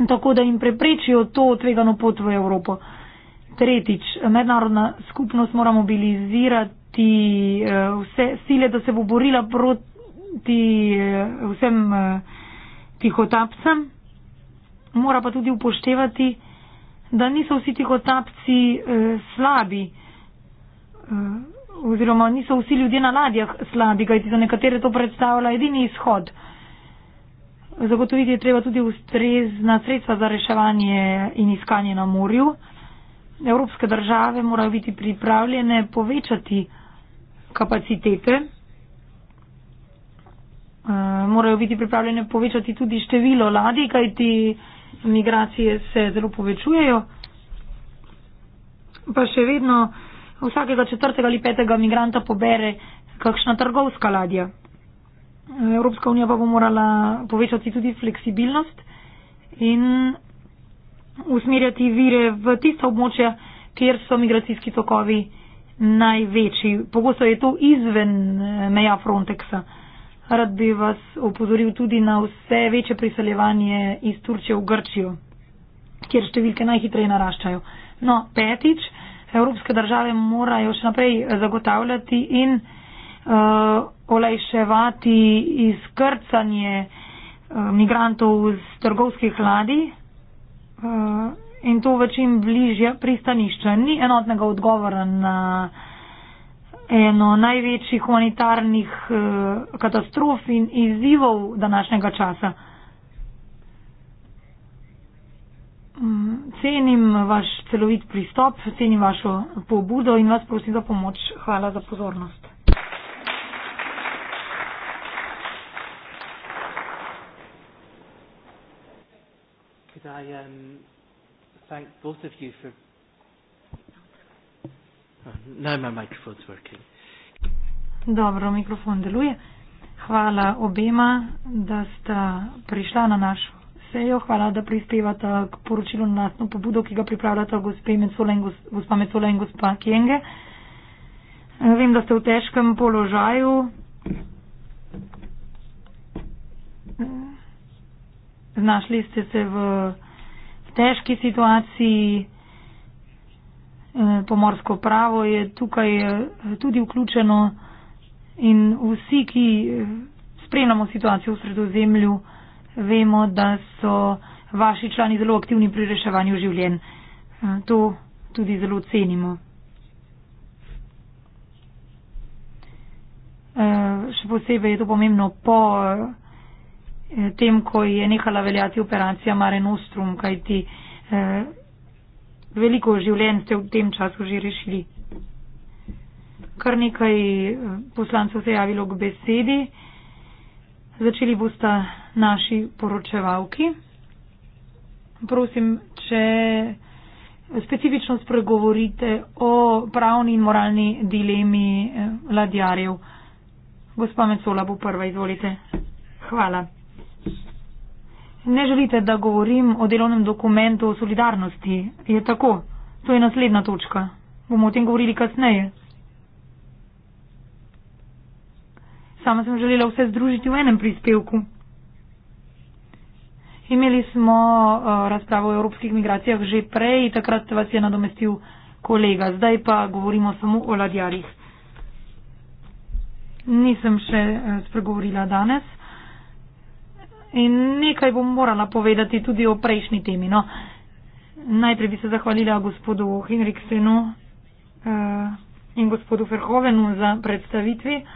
tako da jim preprečijo to tvegano pot v Evropo. Tretjič, mednarodna skupnost mora mobilizirati eh, vse sile, da se bo borila proti vsem tihotapcem, mora pa tudi upoštevati, da niso vsi tihotapci slabi oziroma niso vsi ljudje na ladjah slabi, kajti za nekatere to predstavlja edini izhod. Zagotoviti je treba tudi ustrezna sredstva za reševanje in iskanje na morju. Evropske države morajo biti pripravljene povečati kapacitete, eh, morajo biti pripravljene povečati tudi število ladij, kajti migracije se zelo povečujejo. Pa še vedno vsakega četrtega ali petega migranta pobere kakšna trgovska ladja. Evropska unija pa bo morala povečati tudi fleksibilnost in usmerjati vire v tista območja, kjer so migracijski tokovi največji. Pogosto je to izven eh, meja Frontexa. Rad bi vas opozoril tudi na vse večje priseljevanje iz Turčije v Grčijo, kjer številke najhitreje naraščajo. No, petič, evropske države morajo še naprej eh, zagotavljati in uh, olajševati izkrcanje uh, migrantov z trgovskih ladij uh, in to v čim bližje pristanišče. Ni enotnega odgovora na eno največjih humanitarnih uh, katastrof in izzivov današnjega časa. Uh, Mm, cenim vaš celovit pristop, cenim vašo pobudo in vas prosim za pomoč. Hvala za pozornost. I um, thank both of you for. Oh, now my microphone's working. Dobro, mikrofon deluje. Hvala obema, da sta prišla na našo sejo, hvala, da prispevate k poročilu na nasno pobudo, ki ga pripravljata gospa Mecola in gospa Kjenge. Vem, da ste v težkem položaju. Znašli ste se v, v težki situaciji. E, pomorsko pravo je tukaj e, tudi vključeno in vsi, ki e, spremljamo situacijo v sredozemlju, Vemo, da so vaši člani zelo aktivni pri reševanju življenj. To tudi zelo cenimo. E, še posebej je to pomembno po e, tem, ko je nehala veljati operacija Mare Nostrum, kajti e, veliko življenj ste v tem času že rešili. Kar nekaj poslancev se je javilo k besedi. Začeli bosta naši poročevalki. Prosim, če specifično spregovorite o pravni in moralni dilemi eh, ladjarjev. Gospa Mecola bo prva, izvolite. Hvala. Ne želite, da govorim o delovnem dokumentu o solidarnosti. Je tako. To je naslednja točka. Bomo o tem govorili kasneje. Samo sem želela vse združiti v enem prispevku. Imeli smo uh, razpravo o evropskih migracijah že prej, takrat vas je nadomestil kolega. Zdaj pa govorimo samo o ladjarjih. Nisem še eh, spregovorila danes. In nekaj bom morala povedati tudi o prejšnji temi. No. Najprej bi se zahvalila gospodu Henriksenu uh, in gospodu Ferhovenu za predstavitvi. Uh,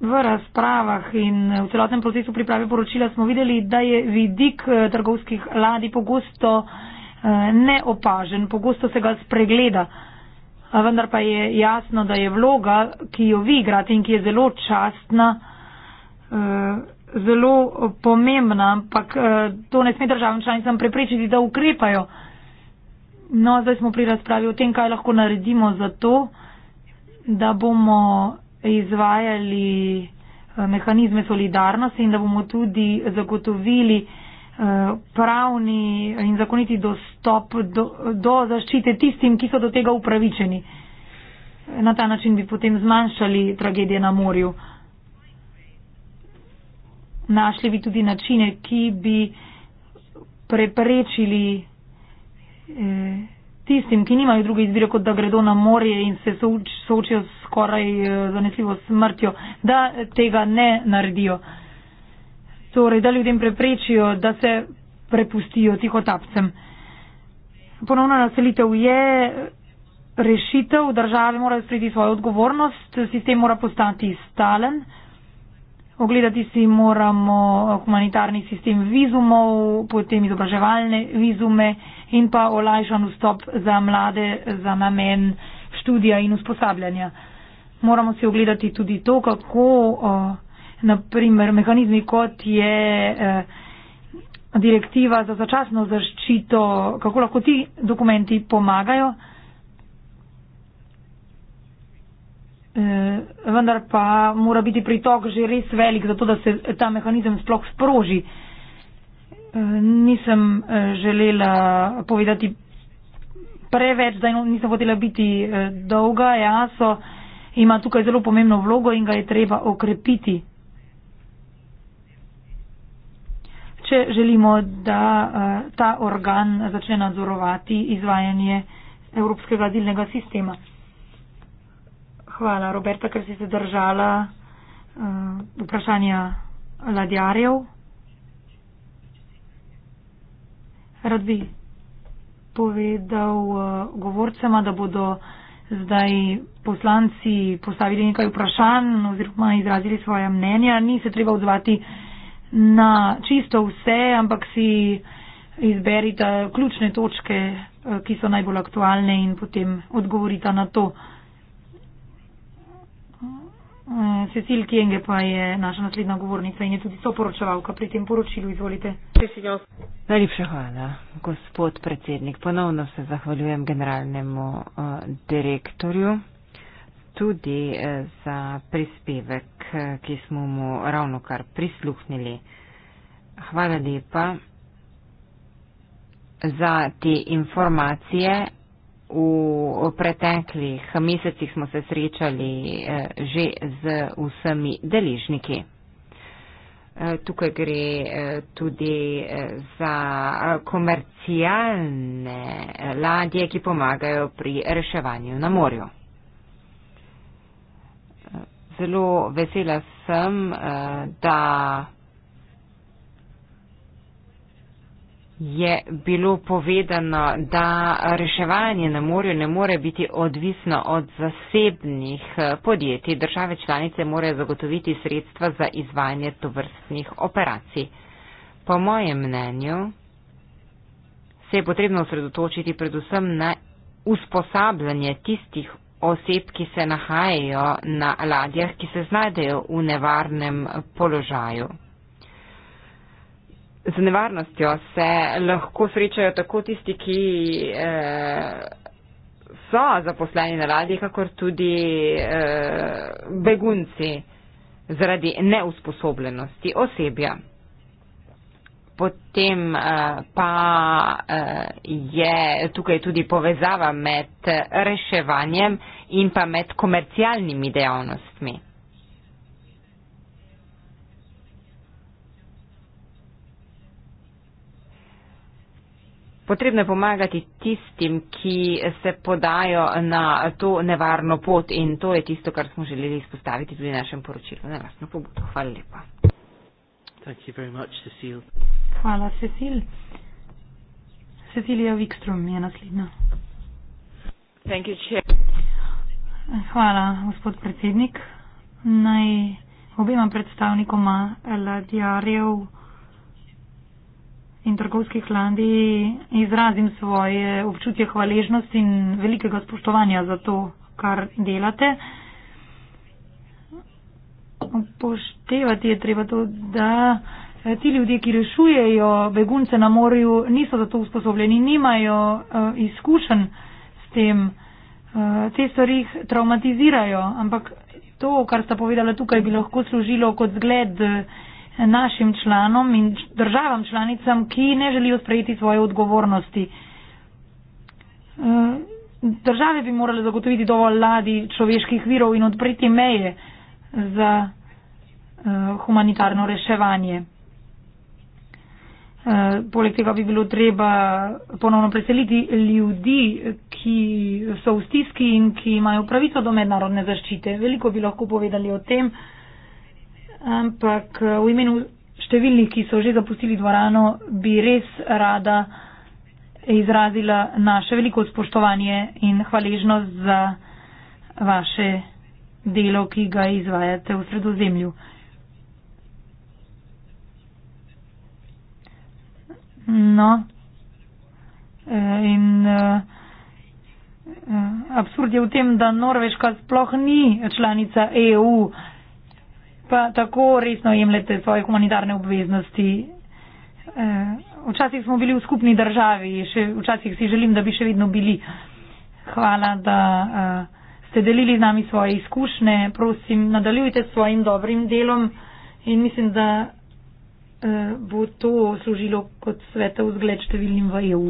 V razpravah in v celotnem procesu priprave poročila smo videli, da je vidik eh, trgovskih ladij pogosto eh, neopažen, pogosto se ga spregleda. Vendar pa je jasno, da je vloga, ki jo vi igrate in ki je zelo častna, eh, zelo pomembna, ampak to ne sme državam članicam preprečiti, da ukrepajo. No, zdaj smo pri razpravi o tem, kaj lahko naredimo za to, da bomo izvajali eh, mehanizme solidarnosti in da bomo tudi zagotovili eh, pravni in zakoniti dostop do, do zaščite tistim, ki so do tega upravičeni. Na ta način bi potem zmanjšali tragedije na morju. Našli bi tudi načine, ki bi preprečili eh, tistim, ki nimajo druge izbire, kot da gredo na morje in se souč, soočijo s skoraj eh, zanesljivo smrtjo, da tega ne naredijo. Torej, da ljudem preprečijo, da se prepustijo tihotapcem. Ponovna naselitev je rešitev, države morajo sprejeti svojo odgovornost, sistem mora postati stalen ogledati si moramo eh, humanitarni sistem vizumov, potem izobraževalne vizume in pa olajšan vstop za mlade za namen študija in usposabljanja. Moramo si ogledati tudi to, kako eh, naprimer mehanizmi, kot je eh, direktiva za začasno zaščito, kako lahko ti dokumenti pomagajo Eh, vendar pa mora biti pritok že res velik, zato da se ta mehanizem sploh sproži. Eh, nisem eh, želela povedati preveč, da nisem hotela biti dolga, jaso ima tukaj zelo pomembno vlogo in ga je treba okrepiti. Če želimo, da ta organ začne nadzorovati izvajanje evropskega delnega sistema. Hvala, Roberta, ker si se držala uh, vprašanja ladjarjev. Rad bi povedal uh, govorcema, da bodo zdaj poslanci postavili nekaj vprašanj oziroma izrazili svoje mnenja. Ni se treba odzvati na čisto vse, ampak si izberita ključne točke, uh, ki so najbolj aktualne in potem odgovorita na to. Eh, Cecil Kienge pa je naša naslednja govornica in je tudi soporočevalka pri tem poročilu. Izvolite. Najlepša hvala, gospod predsednik. Ponovno se zahvaljujem generalnemu eh, direktorju tudi eh, za prispevek, ki smo mu ravno kar prisluhnili. Hvala lepa za te informacije V preteklih mesecih smo se srečali eh, že z vsemi deležniki. Eh, tukaj gre eh, tudi za komercialne ladje, ki pomagajo pri reševanju na morju. Zelo vesela sem, da je bilo povedano, da reševanje na morju ne more biti odvisno od zasebnih eh, podjetij. Države članice morajo zagotoviti sredstva za izvajanje tovrstnih operacij. Po mojem mnenju se je potrebno osredotočiti predvsem na usposabljanje tistih oseb, ki se nahajajo na ladjah, ki se znajdejo v nevarnem položaju. Z nevarnostjo se lahko srečajo tako tisti, ki eh, so zaposleni na ladji, kakor tudi eh, begunci zaradi neusposobljenosti osebja. Potem eh, pa eh, je tukaj tudi povezava med eh, reševanjem in pa med komercialnimi dejavnostmi. Potrebno je pomagati tistim, ki se podajo na to nevarno pot in to je tisto, kar smo želeli izpostaviti tudi v našem poročilu. Na vlastno pobudo. Hvala lepa. Much, Cecil. Hvala, Cecil. Cecilija Wikström je naslednja. Hvala, gospod predsednik. Naj obima predstavnikoma LDR-jev in trgovski hlandi izrazim svoje občutje hvaležnosti in velikega spoštovanja za to, kar delate. Poštevati je treba to, da eh, ti ljudje, ki rešujejo begunce na morju, niso za to usposobljeni, nimajo eh, izkušenj s tem. Eh, te stvari jih traumatizirajo, ampak to, kar sta povedala tukaj, bi lahko služilo kot zgled našim članom in državam članicam, ki ne želijo sprejeti svoje odgovornosti. Eh, države bi morale zagotoviti dovolj ladi človeških virov in odpreti meje za eh, humanitarno reševanje. Eh, poleg tega bi bilo treba ponovno preseliti ljudi, ki so v stiski in ki imajo pravico do mednarodne zaščite. Veliko bi lahko povedali o tem ampak eh, v imenu številnih, ki so že zapustili dvorano, bi res rada izrazila naše veliko spoštovanje in hvaležnost za vaše delo, ki ga izvajate v sredozemlju. No, eh, in eh, absurd je v tem, da Norveška sploh ni članica EU pa tako resno jemljete svoje humanitarne obveznosti? Eh, včasih smo bili v skupni državi, še včasih si želim, da bi še vedno bili. Hvala, da eh, ste delili z nami svoje izkušnje. Prosim, nadaljujte s svojim dobrim delom in mislim, da eh, bo to služilo kot svetov zgled številnim v EU.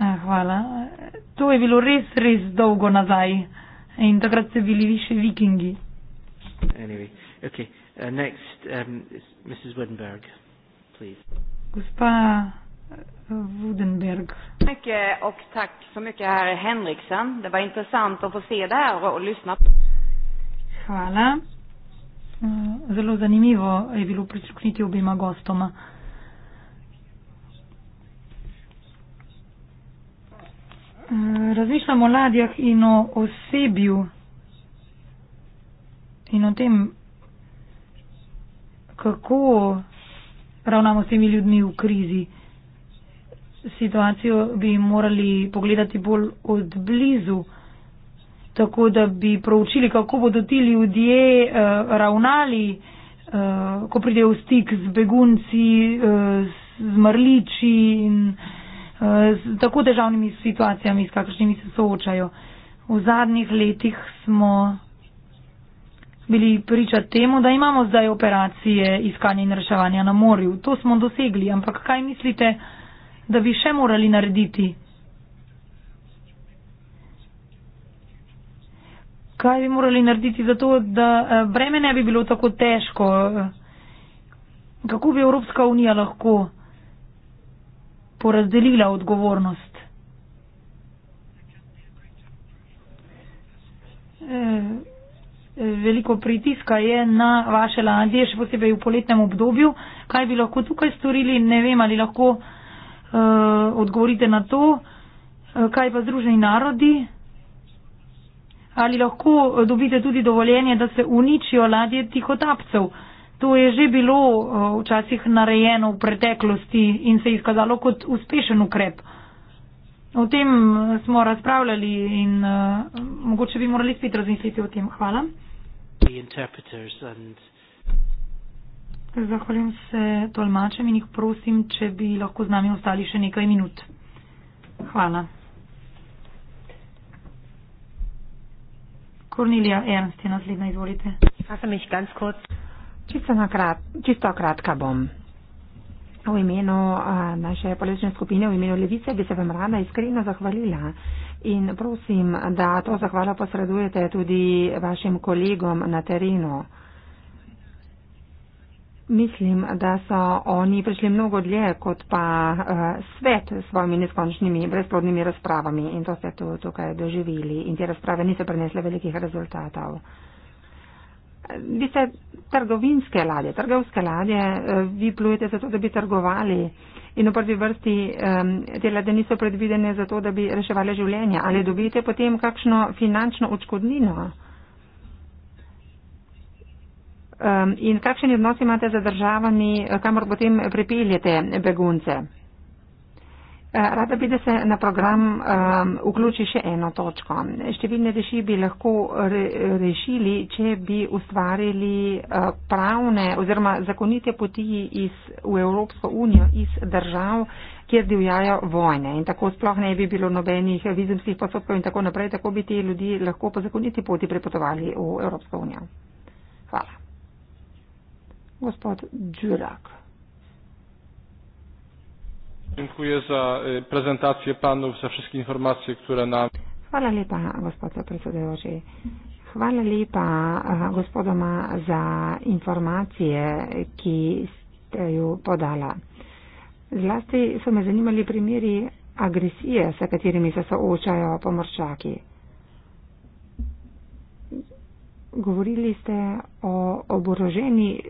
Hvala. To je bilo res, res dolgo nazaj in takrat ste bili više vikingi anyway. Okay. Uh, next, um, Mrs. Woodenberg, please. Gospa uh, Woodenberg. Tack eh, och tack så mycket herr Henriksen. Det var intressant att få se det här och lyssna. Hvala. Mm, zelo zanimivo je bilo prisluhniti obima gostoma. Mm, Razmišljamo o ladjah in o osebju in o tem, kako ravnamo s temi ljudmi v krizi. Situacijo bi morali pogledati bolj od blizu, tako da bi proučili, kako bodo ti ljudje eh, ravnali, eh, ko pridejo v stik z begunci, eh, z mrliči in eh, z tako težavnimi situacijami, s kakršnimi se soočajo. V zadnjih letih smo bili priča temu, da imamo zdaj operacije iskanja in reševanja na morju. To smo dosegli, ampak kaj mislite, da bi še morali narediti? Kaj bi morali narediti za to, da eh, breme ne bi bilo tako težko? Kako bi Evropska unija lahko porazdelila odgovornost? E, veliko pritiska je na vaše ladje, še posebej v poletnem obdobju. Kaj bi lahko tukaj storili? Ne vem, ali lahko uh, odgovorite na to. Eh, kaj pa Združeni narodi? Ali lahko eh, dobite tudi dovoljenje, da se uničijo ladje tihotapcev? To je že bilo včasih narejeno v preteklosti in se je izkazalo kot uspešen ukrep. O tem smo razpravljali in uh, mogoče bi morali spet razmisliti o tem. Hvala the interpreters and Zahvaljujem se tolmačem in jih prosim, če bi lahko z nami ostali še nekaj minut. Hvala. Kornilija Ernst je naslednja, izvolite. Čisto na kratko bom v imenu naše politične skupine, v imenu Levice, bi se vam rada iskreno zahvalila. In prosim, da to zahvalo posredujete tudi vašim kolegom na terenu. Mislim, da so oni prišli mnogo dlje kot pa uh, svet s svojimi neskončnimi brezplodnimi razpravami in to ste tukaj doživeli in te razprave niso prinesle velikih rezultatov. Uh, vi ste trgovinske ladje, trgovske ladje, eh, vi plujete zato, da bi trgovali in v prvi vrsti um, te ladje niso predvidene zato, da bi reševali življenje. Ali dobite potem kakšno finančno odškodnino? Um, in kakšen odnos imate za državami, eh, kamor potem pripeljete begunce? Eh, rada bi, da se na program um, vključi še eno točko. Številne reši bi lahko re, rešili, če bi ustvarili uh, pravne oziroma zakonite poti iz, v Evropsko unijo iz držav, kjer divjajo vojne. In tako sploh ne bi bilo nobenih vizumskih postopkov in tako naprej, tako bi ti ljudi lahko po zakoniti poti prepotovali v Evropsko unijo. Hvala. Gospod Đurak. Dziękuję za prezentację panów, za wszystkie informacje, które nam... Hvala lepa, gospodce predsedujoči. Hvala lepa gospodoma za informacije, ki ste ju podala. Zlasti so me zanimali primeri agresije, s katerimi se soočajo pomorščaki. Govorili ste o oboroženi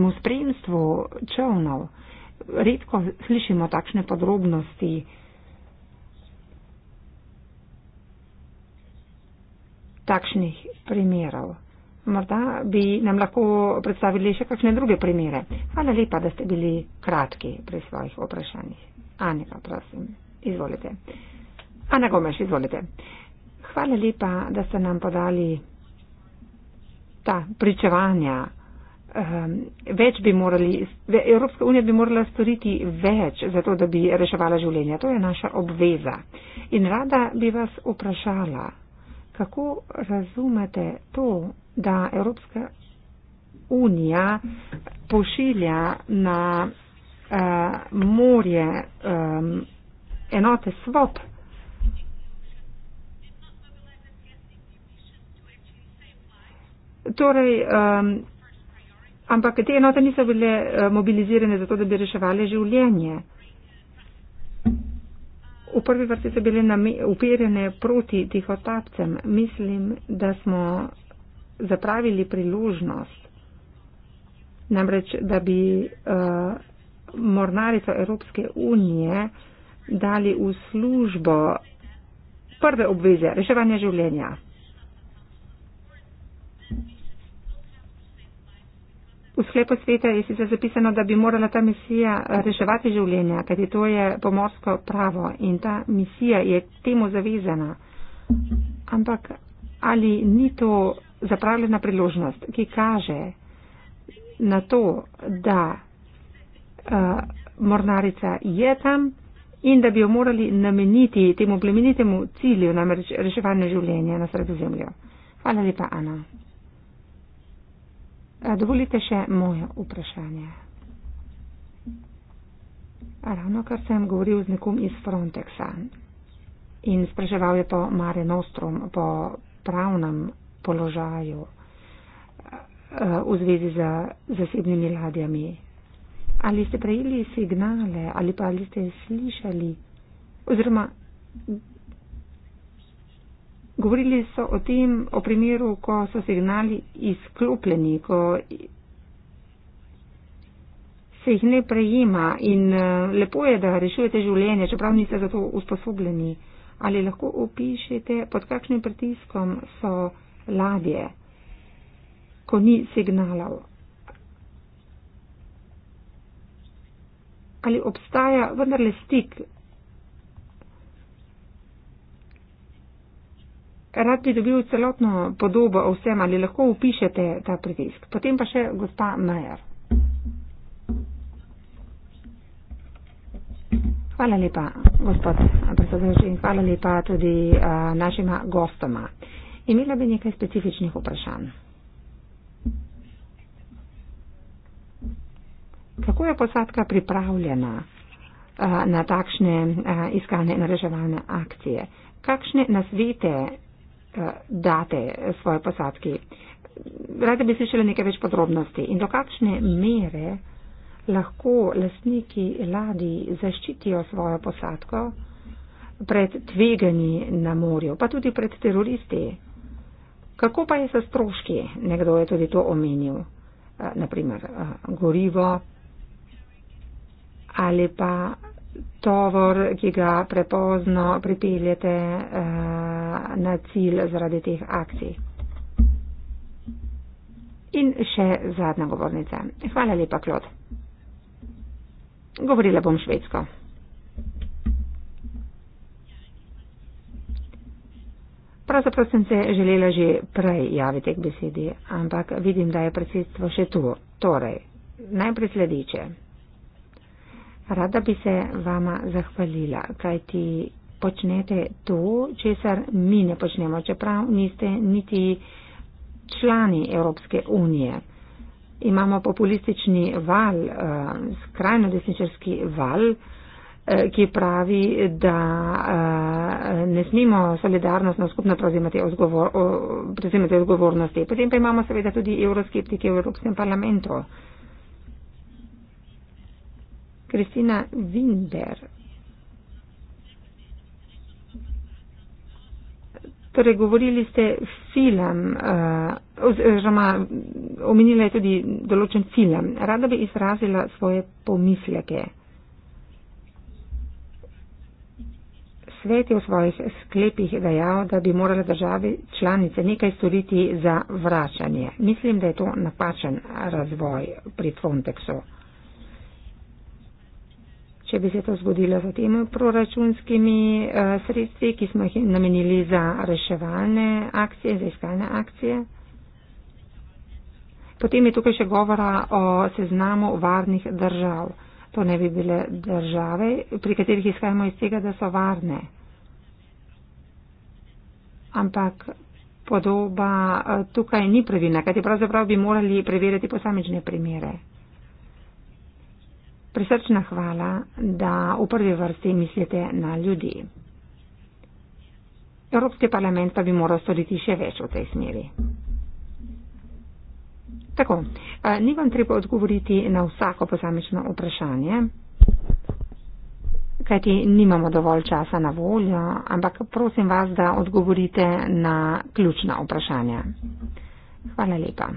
mu spremstvu čovnov redko slišimo takšne podrobnosti. Takšnih primerov. Morda bi nam lahko predstavili še kakšne druge primere. Hvala lepa, da ste bili kratki pri svojih vprašanjih. Anja, prosim, izvolite. Ana Gomeš, izvolite. Hvala lepa, da ste nam podali ta pričevanja um, več bi morali, Evropska unija bi morala storiti več za to, da bi reševala življenja. To je naša obveza. In rada bi vas vprašala, kako razumete to, da Evropska unija pošilja na uh, morje um, enote svob. Torej, um, Ampak te enote niso bile eh, mobilizirane zato, da bi reševali življenje. V prvi vrsti so bile uperjene proti tihotapcem. Mislim, da smo zapravili priložnost, namreč, da bi uh, mornarico Evropske unije dali v službo prve obveze reševanja življenja. v sklepu sveta je sicer zapisano, da bi morala ta misija eh, reševati življenja, kajti to je pomorsko pravo in ta misija je temu zavezana. Ampak ali ni to zapravljena priložnost, ki kaže na to, da uh, mornarica je tam in da bi jo morali nameniti temu plemenitemu cilju, namreč reševanju življenja na sredozemlju. Hvala lepa, Ana. Dovolite še moje vprašanje. Ravno kar sem govoril z nekom iz Frontexa in spraševal je to Mare Nostrum po pravnem položaju eh, v zvezi z zasebnimi ladjami. Ali ste prejeli signale ali pa ali ste slišali oziroma Govorili so o tem, o primeru, ko so signali izklopljeni, ko se jih ne prejema in eh, lepo je, da rešujete življenje, čeprav niste za to usposobljeni. Ali lahko opišete, pod kakšnim pritiskom so ladje, ko ni signalov? Ali obstaja vendarle stik rad bi dobil celotno podobo o vsem, ali lahko upišete ta pritisk. Potem pa še gospa Majer. Hvala lepa, gospod predsedujoči, in hvala lepa tudi uh, našima gostoma. Imela bi nekaj specifičnih vprašanj. Kako je posadka pripravljena uh, na takšne uh, iskalne in reševalne akcije? Kakšne nasvete Eh, date svoje posadki. Rada bi slišala nekaj več podrobnosti. In do kakšne mere lahko lasniki ladi zaščitijo svojo posadko pred tveganji na morju, pa tudi pred teroristi? Kako pa je sa stroški? Nekdo je tudi to omenil. Eh, Naprimer, eh, gorivo ali pa tovor, ki ga prepozno pripeljete uh, na cilj zaradi teh akcij. In še zadnja govornica. Hvala lepa, Klod. Govorila bom švedsko. Pravzaprav sem se želela že prej javiti k besedi, ampak vidim, da je predsedstvo še tu. Torej, najprej sledeče. Rada bi se vama zahvalila, kajti počnete to, česar mi ne počnemo, čeprav niste niti člani Evropske unije. Imamo populistični val, eh, skrajno desničarski val, eh, ki pravi, da eh, ne smemo solidarnost na skupno prevzemati odgovor, odgovornosti. Potem pa imamo seveda tudi evroskeptike v Evropskem parlamentu. Kristina Winder. Torej, govorili ste film, eh, oziroma omenila je tudi določen film. Rada bi izrazila svoje pomisleke. Svet je v svojih sklepih dejal, da bi morale države članice nekaj storiti za vračanje. Mislim, da je to napačen razvoj pri Frontexu če bi se to zgodilo z temi proračunskimi uh, sredstvi, ki smo jih namenili za reševalne akcije, za iskalne akcije. Potem je tukaj še govora o seznamu varnih držav. To ne bi bile države, pri katerih izhajamo iz tega, da so varne. Ampak podoba eh, tukaj ni pravilna, kajti pravzaprav bi morali preveriti posamične primere. Prisrčna hvala, da v prvi vrsti mislite na ljudi. Evropski parlament pa bi moral storiti še več v tej smeri. Tako, ni vam treba odgovoriti na vsako posamečno vprašanje, kajti nimamo dovolj časa na voljo, ampak prosim vas, da odgovorite na ključna vprašanja. Hvala lepa.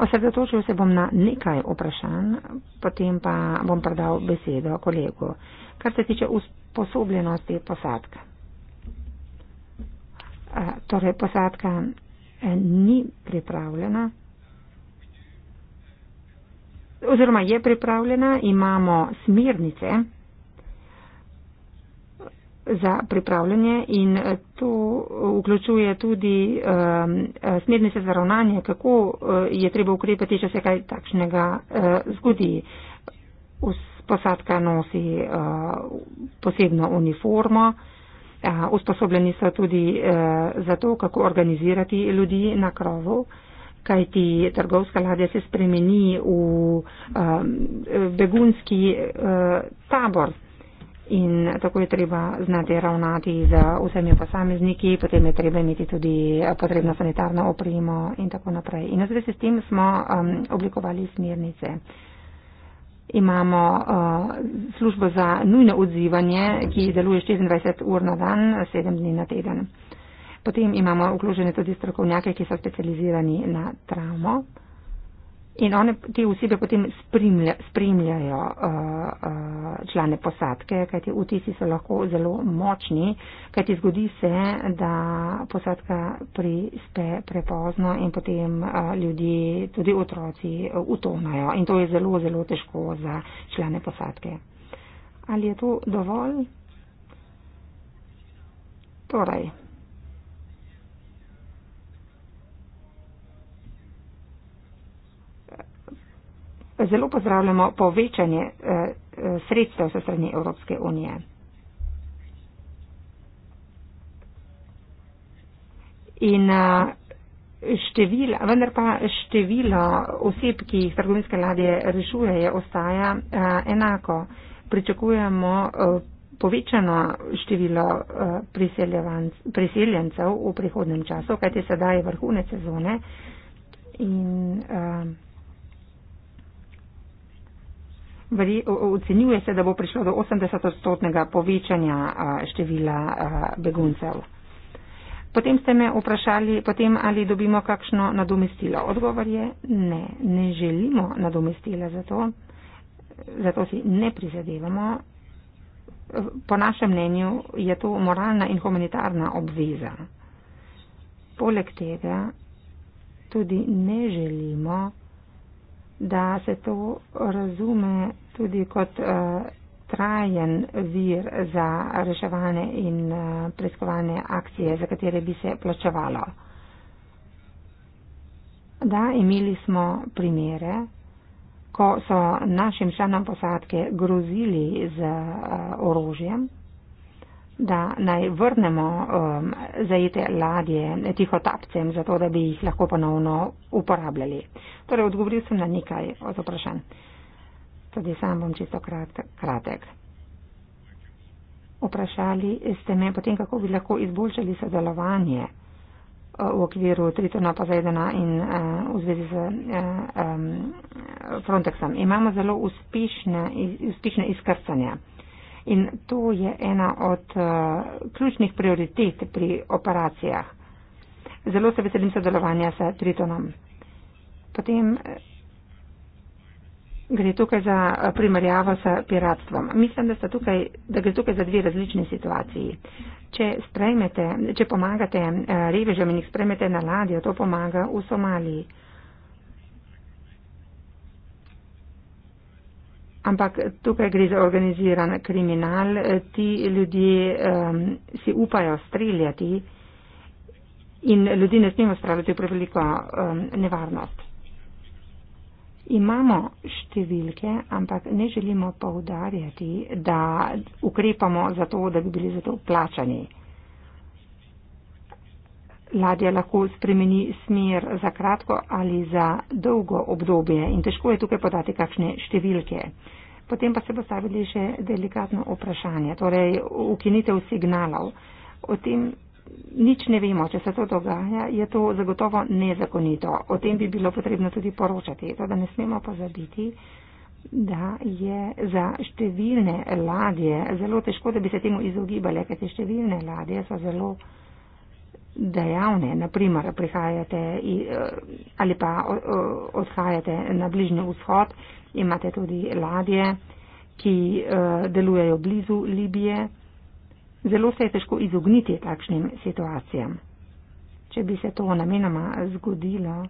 Osredotočil se bom na nekaj vprašanj, potem pa bom predal besedo kolegu, kar se tiče usposobljenosti posadka. Torej, posadka eh, ni pripravljena. Oziroma je pripravljena, imamo smernice za pripravljanje in eh, to eh, vključuje tudi um, smernice za ravnanje, kako je treba ukrepati, če se kaj takšnega uh, zgodi. Posadka nosi uh, posebno uniformo, uh, usposobljeni so tudi uh, za to, kako organizirati ljudi na krovu, kajti trgovska ladja se spremeni v um, begunski uh, tabor. In tako je treba znati ravnati z vsemi posamezniki, potem je treba imeti tudi eh, potrebno sanitarno opremo in tako naprej. In na zvezi s tem smo um, oblikovali smernice. Imamo uh, službo za nujno odzivanje, ki deluje 24 ur na dan, 7 dni na teden. Potem imamo vključene tudi strokovnjake, ki so specializirani na travmo. Uh, In one, te osebe potem spremlja, spremljajo uh, uh, člane posadke, kajti vtisi so lahko zelo močni, kajti zgodi se, da posadka prispe prepozno in potem uh, ljudje, tudi otroci, uh, utonajo. In to je zelo, zelo težko za člane posadke. Ali je to dovolj? Torej. zelo pozdravljamo povečanje eh, eh, sredstev so strani Evropske unije. In eh, števila, vendar pa število oseb, ki jih trgovinske ladje rešujejo, ostaja enako. Pričakujemo povečano število priseljencev v prihodnem času, kajte sedaj je vrhunec sezone. In, uh, ocenjuje se, da bo prišlo do 80-odstotnega povečanja števila beguncev. Potem ste me vprašali, potem ali dobimo kakšno nadomestilo. Odgovor je ne, ne želimo nadomestila za to, zato si ne prizadevamo. Po našem mnenju je to moralna in humanitarna obveza. Poleg tega tudi ne želimo, da se to razume tudi kot uh, trajen vir za reševanje in uh, preiskovanje akcije, za katere bi se plačevalo. Da, imeli smo primere, ko so našim članom posadke grozili z uh, orožjem, da naj vrnemo um, zajete ladje tiho tapcem, zato da bi jih lahko ponovno uporabljali. Torej, odgovoril sem na nekaj od vprašanj. Tudi sam bom čisto krat, kratek. Vprašali ste me potem, kako bi lahko izboljšali sodelovanje eh, v okviru Tritona Pozajdena in uh, v zvezi z uh, um, Frontexom. Imamo zelo uspešne, uspešne izkrcanja in to je ena od uh, ključnih prioritet pri operacijah. Zelo se veselim sodelovanja s Tritonom. Potem Gre tukaj za eh, primerjavo s piratstvom. Mislim, da, tukaj, da gre tukaj za dve različne situaciji. Če, spremete, če pomagate eh, revežem in jih spremete na ladjo, to pomaga v Somaliji. Ampak tukaj gre za organiziran kriminal, eh, ti ljudje um, si upajo streljati in ljudi ne smemo spraviti v preveliko um, nevarnost. Imamo številke, ampak ne želimo poudarjati, da ukrepamo za to, da bi bili za to plačani. Ladja lahko spremeni smer za kratko ali za dolgo obdobje in težko je tukaj podati kakšne številke. Potem pa se bo stavili še delikatno vprašanje, torej ukinitev signalov. O tem nič ne vemo, če se to dogaja, je to zagotovo nezakonito. O tem bi bilo potrebno tudi poročati. To, da ne smemo pozabiti, da je za številne ladje zelo težko, da bi se temu izogibale, ker te številne ladje so zelo dejavne. Naprimer, prihajate eh, ali pa odhajate na bližnji vzhod, imate tudi ladje, ki eh, delujejo blizu Libije. Zelo se je težko izogniti takšnim situacijam. Če bi se to namenoma zgodilo,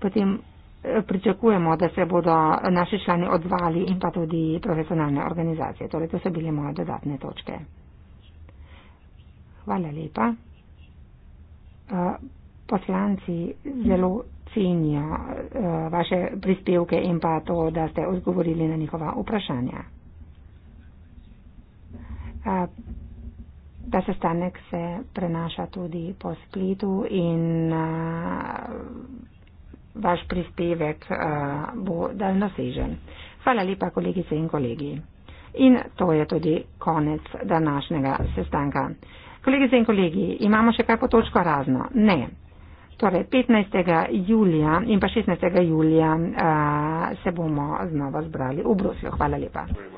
potem eh, pričakujemo, da se bodo naši člani odzvali in pa tudi profesionalne organizacije. Torej, to so bile moje dodatne točke. Hvala lepa. Eh, poslanci zelo cenijo eh, vaše prispevke in pa to, da ste odgovorili na njihova vprašanja. Ta sestanek se prenaša tudi po splitu in uh, vaš prispevek uh, bo daljnosežen. Hvala lepa, kolegice in kolegi. In to je tudi konec današnjega sestanka. Kolegice in kolegi, imamo še kakšno točko razno? Ne. Torej, 15. julija in pa 16. julija uh, se bomo znova zbrali v Bruslju. Hvala lepa. Hvala.